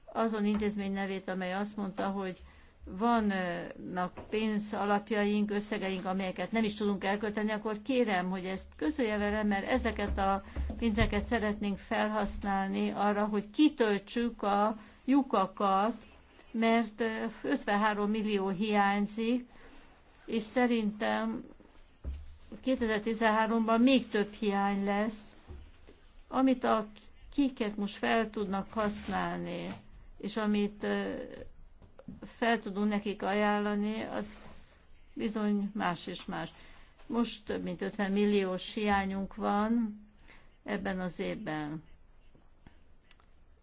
Speaker 2: azon intézmény nevét, amely azt mondta, hogy vannak pénz alapjaink, összegeink, amelyeket nem is tudunk elkölteni, akkor kérem, hogy ezt közölje velem, mert ezeket a pénzeket szeretnénk felhasználni arra, hogy kitöltsük a lyukakat, mert 53 millió hiányzik, és szerintem 2013-ban még több hiány lesz, amit a kiket most fel tudnak használni, és amit fel tudunk nekik ajánlani, az bizony más és más. Most több mint 50 milliós hiányunk van ebben az évben.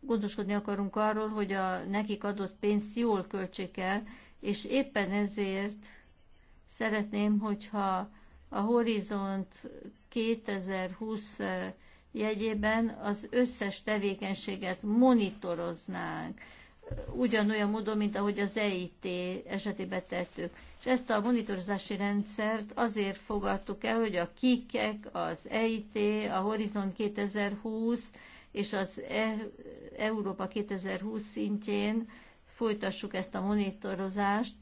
Speaker 2: Gondoskodni akarunk arról, hogy a nekik adott pénzt jól költsék el, és éppen ezért szeretném, hogyha a Horizont 2020 jegyében az összes tevékenységet monitoroznánk, ugyanolyan módon, mint ahogy az EIT esetében tettük. És ezt a monitorozási rendszert azért fogadtuk el, hogy a kikek, az EIT, a Horizon 2020 és az e- Európa 2020 szintjén folytassuk ezt a monitorozást.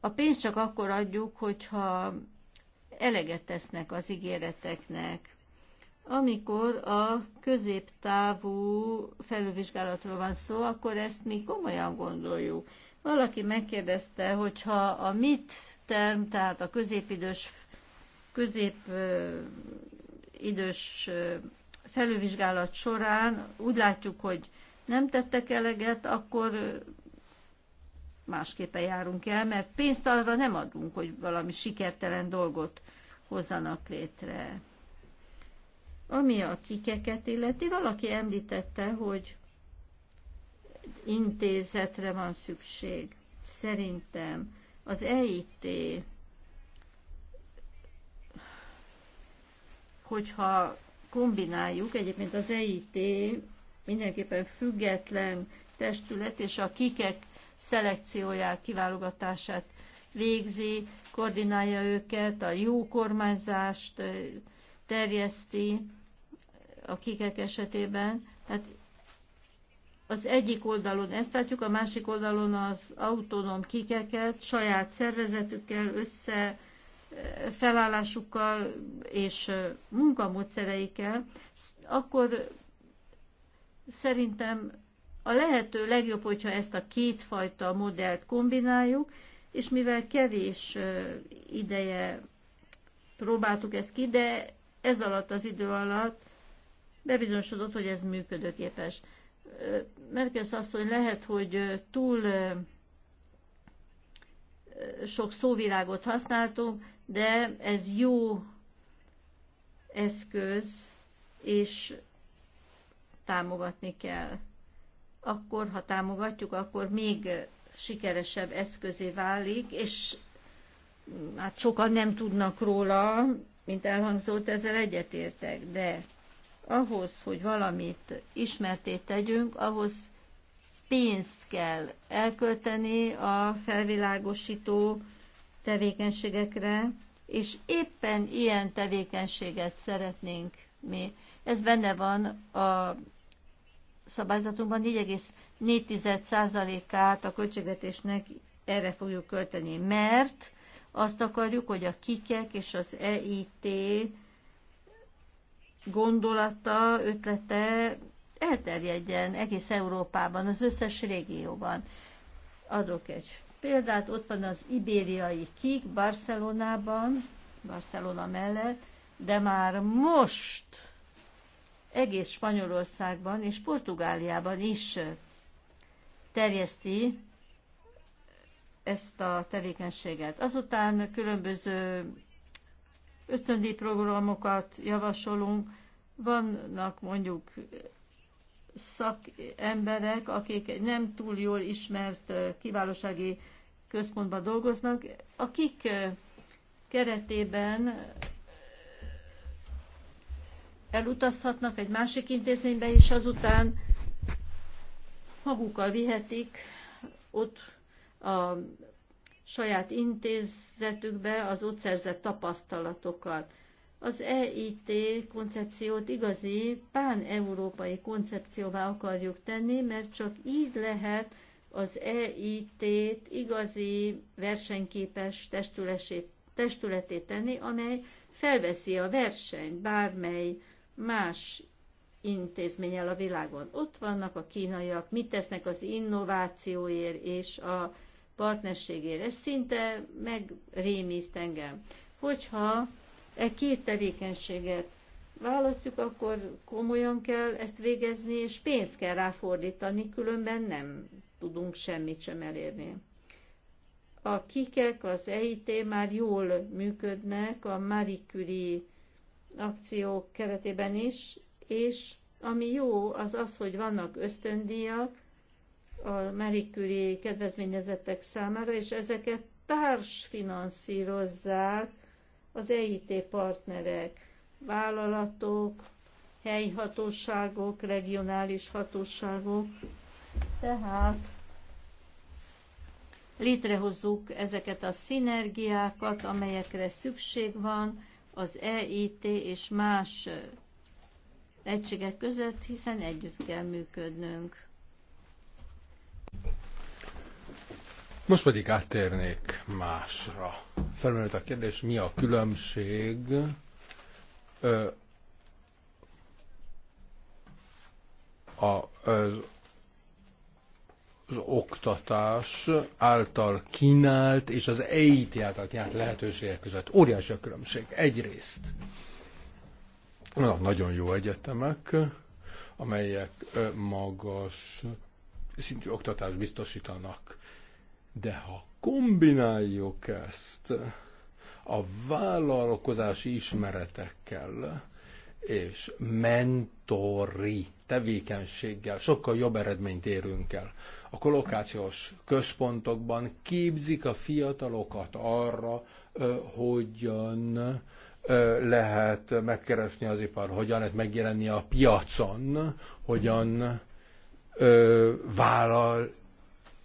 Speaker 2: A pénzt csak akkor adjuk, hogyha eleget tesznek az ígéreteknek amikor a középtávú felülvizsgálatról van szó, akkor ezt mi komolyan
Speaker 1: gondoljuk.
Speaker 2: Valaki megkérdezte, hogyha a mit term, tehát a középidős, középidős felülvizsgálat során úgy látjuk, hogy nem tettek eleget, akkor másképpen járunk el, mert pénzt arra nem adunk, hogy valami sikertelen dolgot hozzanak létre. Ami a kikeket illeti, valaki említette, hogy intézetre van szükség. Szerintem az EIT, hogyha kombináljuk, egyébként az EIT mindenképpen független testület, és a kikek szelekcióját, kiválogatását végzi, koordinálja őket, a jó kormányzást terjeszti, a kikek esetében. Tehát az egyik oldalon ezt látjuk, a másik oldalon az autonóm kikeket saját szervezetükkel, össze eh, felállásukkal és eh, munkamódszereikkel, akkor szerintem a lehető legjobb, hogyha ezt a kétfajta modellt kombináljuk, és mivel kevés eh, ideje próbáltuk ezt ki, de ez alatt az idő alatt bebizonyosodott, hogy ez működőképes. azt asszony lehet, hogy túl sok szóvilágot használtunk, de ez jó eszköz, és támogatni kell. Akkor, ha támogatjuk, akkor még sikeresebb eszközé válik, és mm, hát sokan nem tudnak róla, mint elhangzott, ezzel egyetértek, de ahhoz, hogy valamit ismertét tegyünk, ahhoz pénzt kell elkölteni a felvilágosító tevékenységekre, és éppen ilyen tevékenységet szeretnénk mi. Ez benne van a szabályzatunkban 4,4%-át a költségvetésnek erre fogjuk költeni, mert azt akarjuk, hogy a kikek és az EIT gondolata, ötlete elterjedjen egész Európában, az összes régióban. Adok egy példát, ott van az ibériai kik Barcelonában, Barcelona mellett, de már most egész Spanyolországban és Portugáliában is terjeszti ezt a tevékenységet. Azután különböző ösztöndíjprogramokat javasolunk, vannak mondjuk szakemberek, akik nem túl jól ismert kiválósági központban dolgoznak, akik keretében elutazhatnak egy másik intézménybe, és azután magukkal vihetik ott a saját intézetükbe az ott szerzett tapasztalatokat. Az EIT koncepciót igazi pán-európai koncepcióvá akarjuk tenni, mert csak így lehet az EIT-t igazi versenyképes testületét tenni, amely felveszi a versenyt bármely más intézménnyel a világon. Ott vannak a kínaiak, mit tesznek az innovációért és a partnerségére. és szinte megrémiszt engem. Hogyha e két tevékenységet választjuk, akkor komolyan kell ezt végezni, és pénzt kell ráfordítani, különben nem tudunk semmit sem elérni. A kikek, az EIT már jól működnek a Marie Curie akciók keretében is, és ami jó, az az, hogy vannak ösztöndíjak, a Marie kedvezményezettek számára, és ezeket társfinanszírozzák az EIT partnerek, vállalatok, helyi hatóságok, regionális hatóságok. Tehát létrehozzuk ezeket a szinergiákat, amelyekre szükség van az EIT és más egységek között, hiszen együtt kell működnünk.
Speaker 3: Most pedig áttérnék másra. Felmerült a kérdés, mi a különbség a, az, az oktatás által kínált és az EIT által kínált lehetőségek között. Óriási a különbség. Egyrészt nagyon jó egyetemek, amelyek magas szintű oktatást biztosítanak. De ha kombináljuk ezt a vállalkozási ismeretekkel és mentori tevékenységgel, sokkal jobb eredményt érünk el. A kolokációs központokban képzik a fiatalokat arra, hogyan lehet megkeresni az ipar, hogyan lehet megjelenni a piacon, hogyan ö, vállal,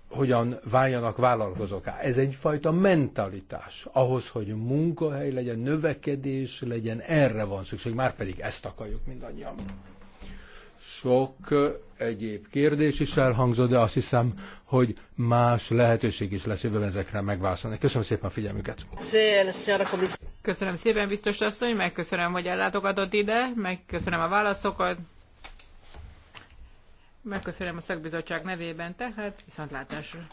Speaker 3: hogyan váljanak vállalkozóká. Ez egyfajta mentalitás. Ahhoz, hogy munkahely legyen, növekedés legyen, erre van szükség, már pedig ezt akarjuk mindannyian. Sok egyéb kérdés is elhangzott, de azt hiszem, hogy más lehetőség is lesz jövőben ezekre megválaszolni. Köszönöm szépen a figyelmüket!
Speaker 1: Köszönöm szépen, biztos asszony, megköszönöm, hogy ellátogatott ide, megköszönöm a válaszokat. Megköszönöm a szakbizottság nevében, tehát viszontlátásra.